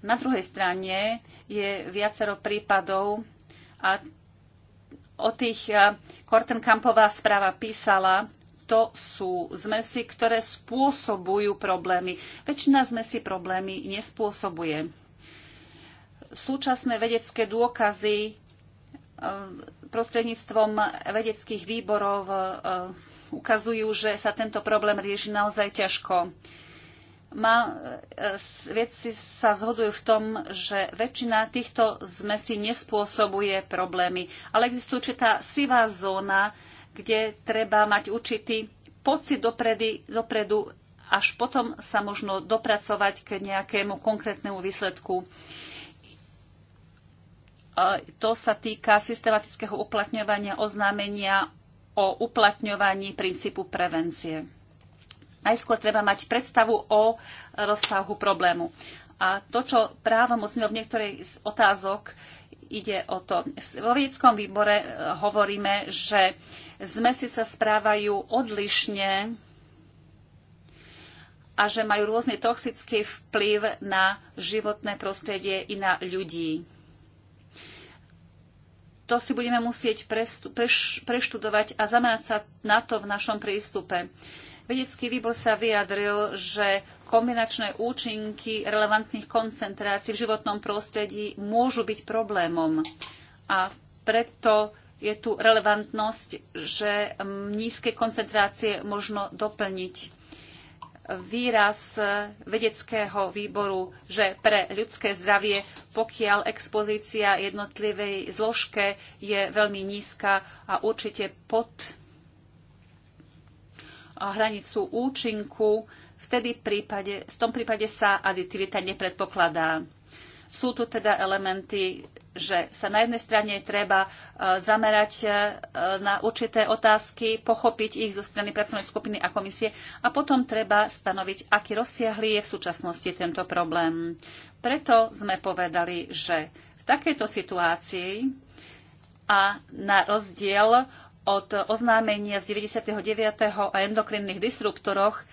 S3: Na druhej strane je viacero prípadov a o tých e, Kortenkampová správa písala, to sú zmesy, ktoré spôsobujú problémy. Väčšina zmesí problémy nespôsobuje. Súčasné vedecké dôkazy E, prostredníctvom vedeckých výborov e, ukazujú, že sa tento problém rieši naozaj ťažko. Má, e, vedci sa zhodujú v tom, že väčšina týchto zmesí nespôsobuje problémy, ale existuje určitá sivá zóna, kde treba mať určitý pocit dopredy, dopredu, až potom sa možno dopracovať k nejakému konkrétnemu výsledku. Uh, E, to sa týka systematického uplatňovania oznámenia o uplatňovaní princípu prevencie. Najskôr treba mať predstavu o rozsahu problému. A to, čo právo mocnilo v niektorej z otázok, ide o to. Vo vedeckom výbore e, hovoríme, že zmesi sa správajú odlišne a že majú rôzny toxický vplyv na životné prostredie i na ľudí to si budeme musieť preštudovať a zamerať sa na to v našom prístupe. Vedecký výbor sa vyjadril, že kombinačné účinky relevantných koncentrácií v životnom prostredí môžu byť problémom. A preto je tu relevantnosť, že nízke koncentrácie možno doplniť výraz vedeckého výboru, že pre ľudské zdravie, pokiaľ expozícia jednotlivej zložke je veľmi nízka a určite pod hranicu účinku, vtedy prípade, v tom prípade sa aditivita nepredpokladá. Sú tu teda elementy že sa na jednej strane treba e, zamerať e, na určité otázky, pochopiť ich zo strany pracovnej skupiny a komisie a potom treba stanoviť, aký rozsiahlý je v súčasnosti tento problém. Preto sme povedali, že v takejto situácii a na rozdiel od oznámenia z 99. o endokrinných disruptoroch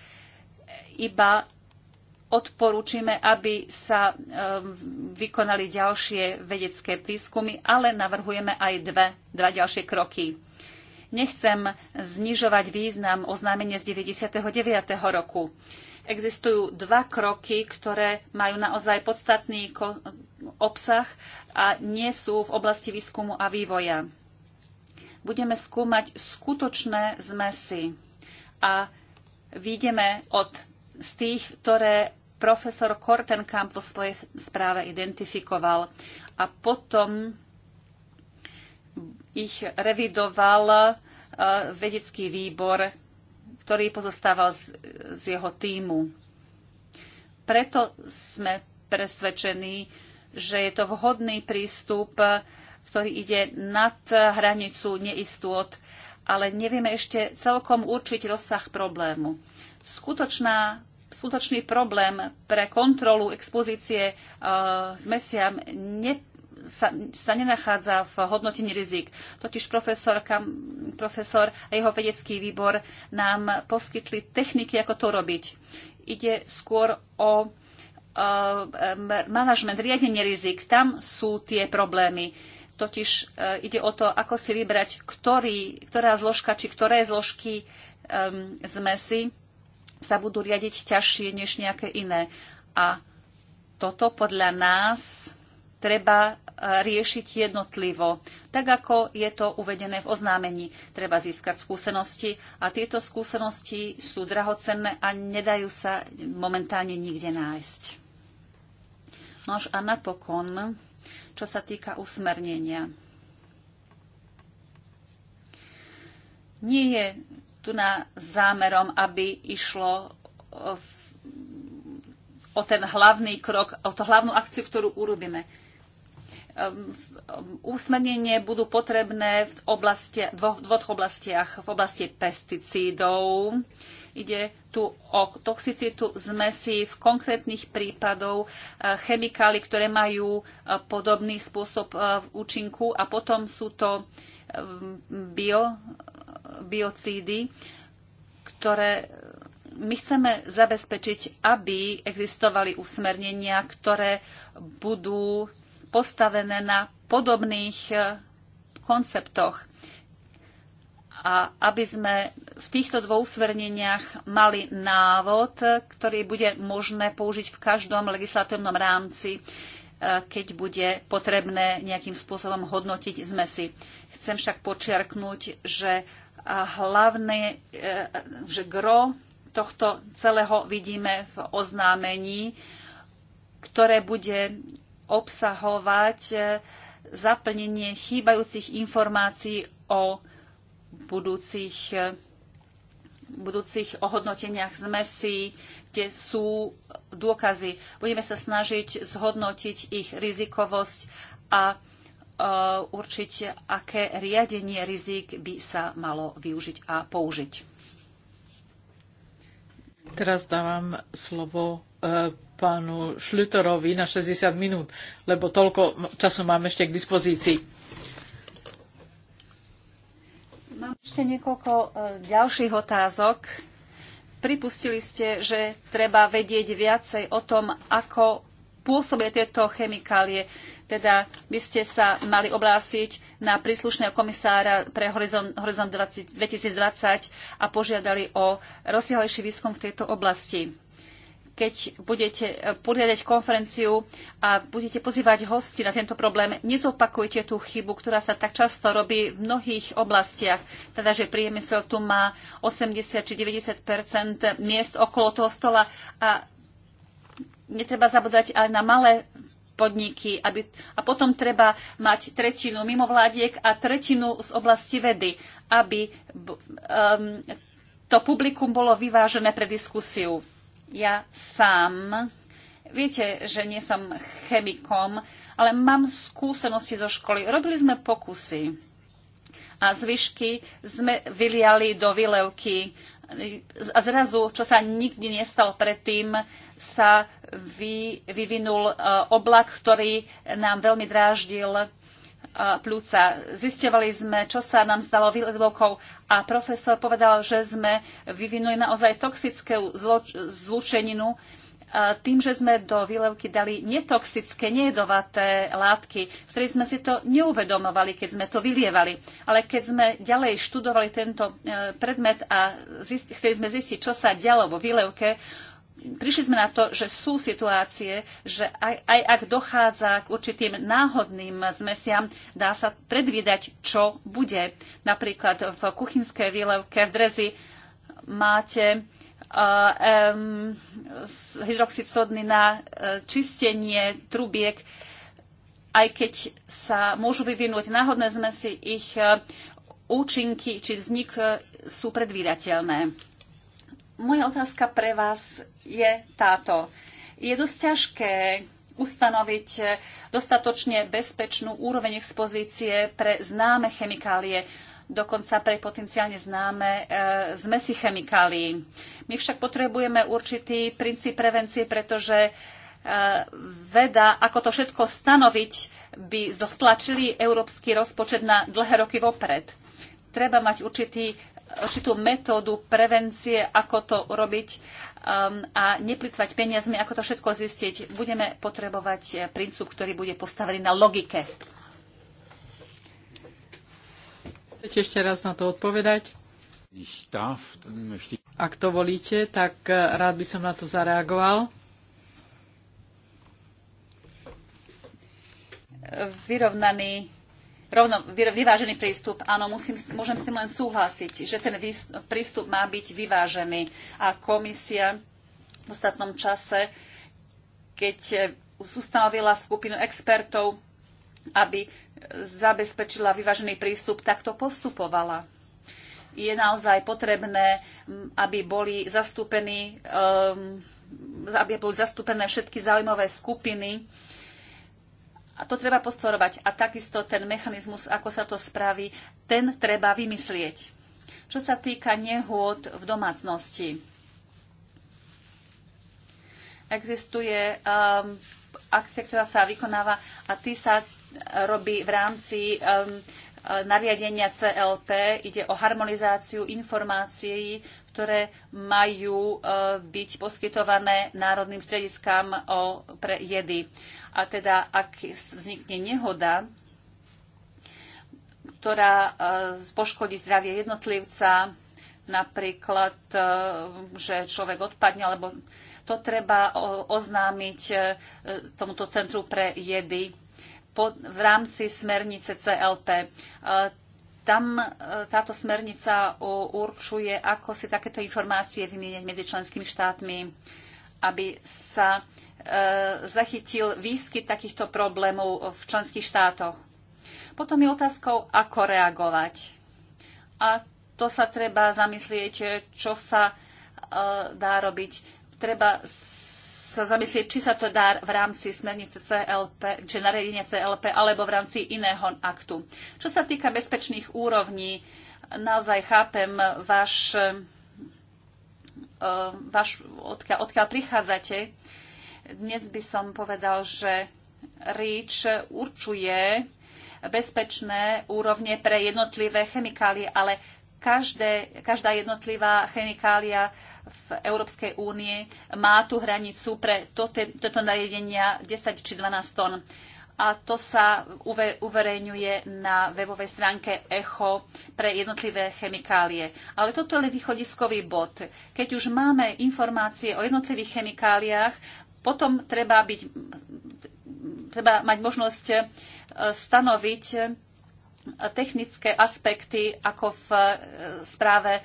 S3: iba odporúčime, aby sa e, vykonali ďalšie vedecké výskumy, ale navrhujeme aj dve, dva ďalšie kroky. Nechcem znižovať význam oznámenia z 99. roku. Existujú dva kroky, ktoré majú naozaj podstatný obsah a nie sú v oblasti výskumu a vývoja. Budeme skúmať skutočné zmesy a výjdeme od z tých, ktoré profesor Kortenkamp vo svojej správe identifikoval. A potom ich revidoval e, vedecký výbor, ktorý pozostával z, z jeho týmu. Preto sme presvedčení, že je to vhodný prístup, ktorý ide nad hranicu neistôt, ale nevieme ešte celkom určiť rozsah problému. Skutočná skutočný problém pre kontrolu expozície zmesiam e, ne, sa, sa nenachádza v hodnotení rizik. Totiž profesor, kam, profesor a jeho vedecký výbor nám poskytli techniky, ako to robiť. Ide skôr o e, manažment, riadenie rizik, tam sú tie problémy. Totiž e, ide o to, ako si vybrať, ktorý, ktorá zložka či ktoré zložky z zmesi sa budú riadiť ťažšie než nejaké iné. A toto podľa nás treba e, riešiť jednotlivo, tak ako je to uvedené v oznámení. Treba získať skúsenosti a tieto skúsenosti sú drahocenné a nedajú sa momentálne nikde nájsť. Nož a napokon, čo sa týka usmernenia. Nie je tu na zámerom, aby išlo e, o ten hlavný krok, o tú hlavnú akciu, ktorú urobíme. Úsmernenie e, budú potrebné v oblasti, dvoch, dvoch oblastiach. V oblasti pesticídov ide tu o toxicitu zmesí v konkrétnych prípadov e, chemikály, ktoré majú podobný spôsob účinku a potom sú to bio biocídy, ktoré my chceme zabezpečiť, aby existovali usmernenia, ktoré budú postavené na podobných e, konceptoch a aby sme v týchto dvoch usmerneniach mali návod, ktorý bude možné použiť v každom legislatívnom rámci, e, keď bude potrebné nejakým spôsobom hodnotiť zmesy. Chcem však počiarknúť, že a hlavné, e, že gro tohto celého vidíme v oznámení, ktoré bude obsahovať e, zaplnenie chýbajúcich informácií o budúcich, e, budúcich ohodnoteniach mesi, kde sú dôkazy. Budeme sa snažiť zhodnotiť ich rizikovosť a Uh, určiť, aké riadenie rizik by sa malo využiť a použiť.
S2: Teraz dávam slovo uh, pánu Šlutorovi na 60 minút, lebo toľko času mám ešte k dispozícii.
S3: Mám ešte niekoľko uh, ďalších otázok. Pripustili ste, že treba vedieť viacej o tom, ako pôsobia tieto chemikálie. Teda by ste sa mali oblásiť na príslušného komisára pre Horizon, Horizon 20, 2020 a požiadali o rozsiahlejší výskum v tejto oblasti. Keď budete eh, poriadať konferenciu a budete pozývať hosti na tento problém, nezopakujte tú chybu, ktorá sa tak často robí v mnohých oblastiach. Teda, že priemysel tu má 80 či 90 miest okolo toho stola a netreba zabúdať aj na malé podniky aby, a potom treba mať tretinu mimovládiek a tretinu z oblasti vedy, aby um, to publikum bolo vyvážené pre diskusiu. Ja sám, viete, že nie som chemikom, ale mám skúsenosti zo školy. Robili sme pokusy a zvyšky sme vyliali do vylevky a zrazu, čo sa nikdy nestal predtým, uh, sa vy, vyvinul e, oblak, ktorý nám veľmi dráždil e, plúca. Zistevali sme, čo sa nám stalo výhľadovkou a profesor povedal, že sme vyvinuli naozaj toxickú zlúčeninu e, tým, že sme do výlevky dali netoxické, nejedovaté látky, ktoré sme si to neuvedomovali, keď sme to vylievali. Ale keď sme ďalej študovali tento predmet a zist, chceli sme zistiť, čo sa dialo vo výlevke, prišli sme na to, že sú situácie, že aj, aj ak dochádza k určitým náhodným zmesiam, dá sa predvídať, čo bude. Napríklad v kuchynskej výlevke v drezi máte uh, um, hydroxid sodný na uh, čistenie trubiek, aj keď sa môžu vyvinúť náhodné zmesi, ich uh, účinky či vznik uh, sú predvídateľné. Moja otázka pre vás je táto. Je dosť ťažké ustanoviť eh, dostatočne bezpečnú úroveň expozície pre známe chemikálie, dokonca pre potenciálne známe e, zmesi chemikálií. My však potrebujeme určitý princíp prevencie, pretože e, veda, ako to všetko stanoviť, by ztlačili európsky rozpočet na dlhé roky vopred. Treba mať určitý určitú metódu prevencie, ako to urobiť um, a neplitvať peniazmi, ako to všetko zistiť. Budeme potrebovať eh, princíp, ktorý bude postavený na logike.
S2: Chcete ešte raz na to odpovedať? Ak to volíte, tak eh, rád by som na to zareagoval.
S3: Vyrovnaný rovno, vyvážený prístup. Áno, musím, môžem s tým len súhlasiť, že ten prístup má byť vyvážený. A komisia v ostatnom čase, keď e, ustanovila skupinu expertov, aby e, zabezpečila vyvážený prístup, takto postupovala. Je naozaj potrebné, aby boli zastúpení um, aby boli zastúpené všetky záujmové skupiny a to treba podporovať. A takisto ten mechanizmus, ako sa to spraví, ten treba vymyslieť. Čo sa týka nehôd v domácnosti, existuje um, akcia, ktorá sa vykonáva a tý sa uh, robí v rámci um, uh, nariadenia CLP. Ide o harmonizáciu informácií ktoré majú e, byť poskytované národným strediskám pre jedy. A teda, ak vznikne nehoda, ktorá e, poškodí zdravie jednotlivca, napríklad, e, že človek odpadne, alebo to treba oznámiť tomuto centru pre jedy v rámci smernice CLP. Tam e, táto smernica určuje, ako si takéto informácie vymieňať medzi členskými štátmi, aby sa e, zachytil výskyt takýchto problémov v členských štátoch. Potom je otázkou, ako reagovať. A to sa treba zamyslieť, čo sa e, dá robiť. Treba sa zamyslieť, či sa to dá v rámci smernice CLP, či nariadenia CLP, alebo v rámci iného aktu. Čo sa týka bezpečných úrovní, naozaj chápem váš, e, váš odkiaľ, odkiaľ prichádzate. Dnes by som povedal, že REACH určuje bezpečné úrovne pre jednotlivé chemikálie, ale každé, každá jednotlivá chemikália v Európskej únie má tú hranicu pre toto, nariadenia 10 či 12 tón. A to sa uverejňuje na webovej stránke ECHO pre jednotlivé chemikálie. Ale toto je východiskový bod. Keď už máme informácie o jednotlivých chemikáliách, potom treba, byť, treba mať možnosť e, stanoviť technické aspekty, ako v e, správe e,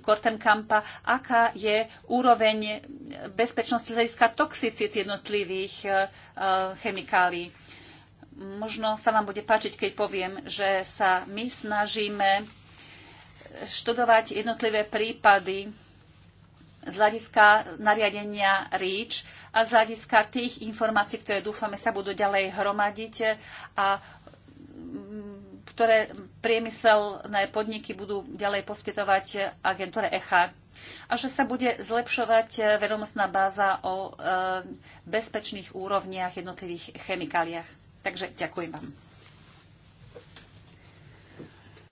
S3: Kortenkampa, aká je úroveň bezpečnosti hľadiska toxicity jednotlivých e, chemikálií. Možno sa vám bude páčiť, keď poviem, že sa my snažíme študovať jednotlivé prípady z hľadiska nariadenia REACH a z hľadiska tých informácií, ktoré dúfame sa budú ďalej hromadiť a ktoré priemyselné podniky budú ďalej poskytovať agentúre ECHA a že sa bude zlepšovať eh, vedomostná báza o eh, bezpečných úrovniach jednotlivých chemikáliách. Takže ďakujem vám.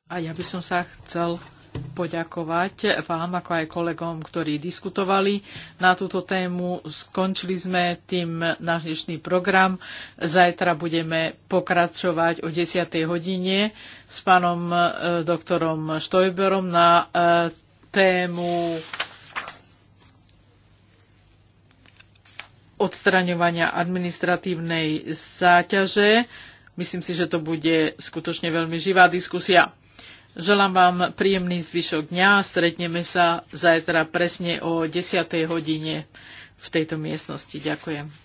S2: A ja by som sa chcel poďakovať vám, ako aj kolegom, ktorí diskutovali na túto tému. Skončili sme tým náš dnešný program. Zajtra budeme pokračovať o 10. hodine s pánom e, doktorom Štojberom na e, tému odstraňovania administratívnej záťaže. Myslím si, že to bude skutočne veľmi živá diskusia. Želám vám príjemný zvyšok dňa. Stretneme sa zajtra presne o 10. hodine v tejto miestnosti. Ďakujem.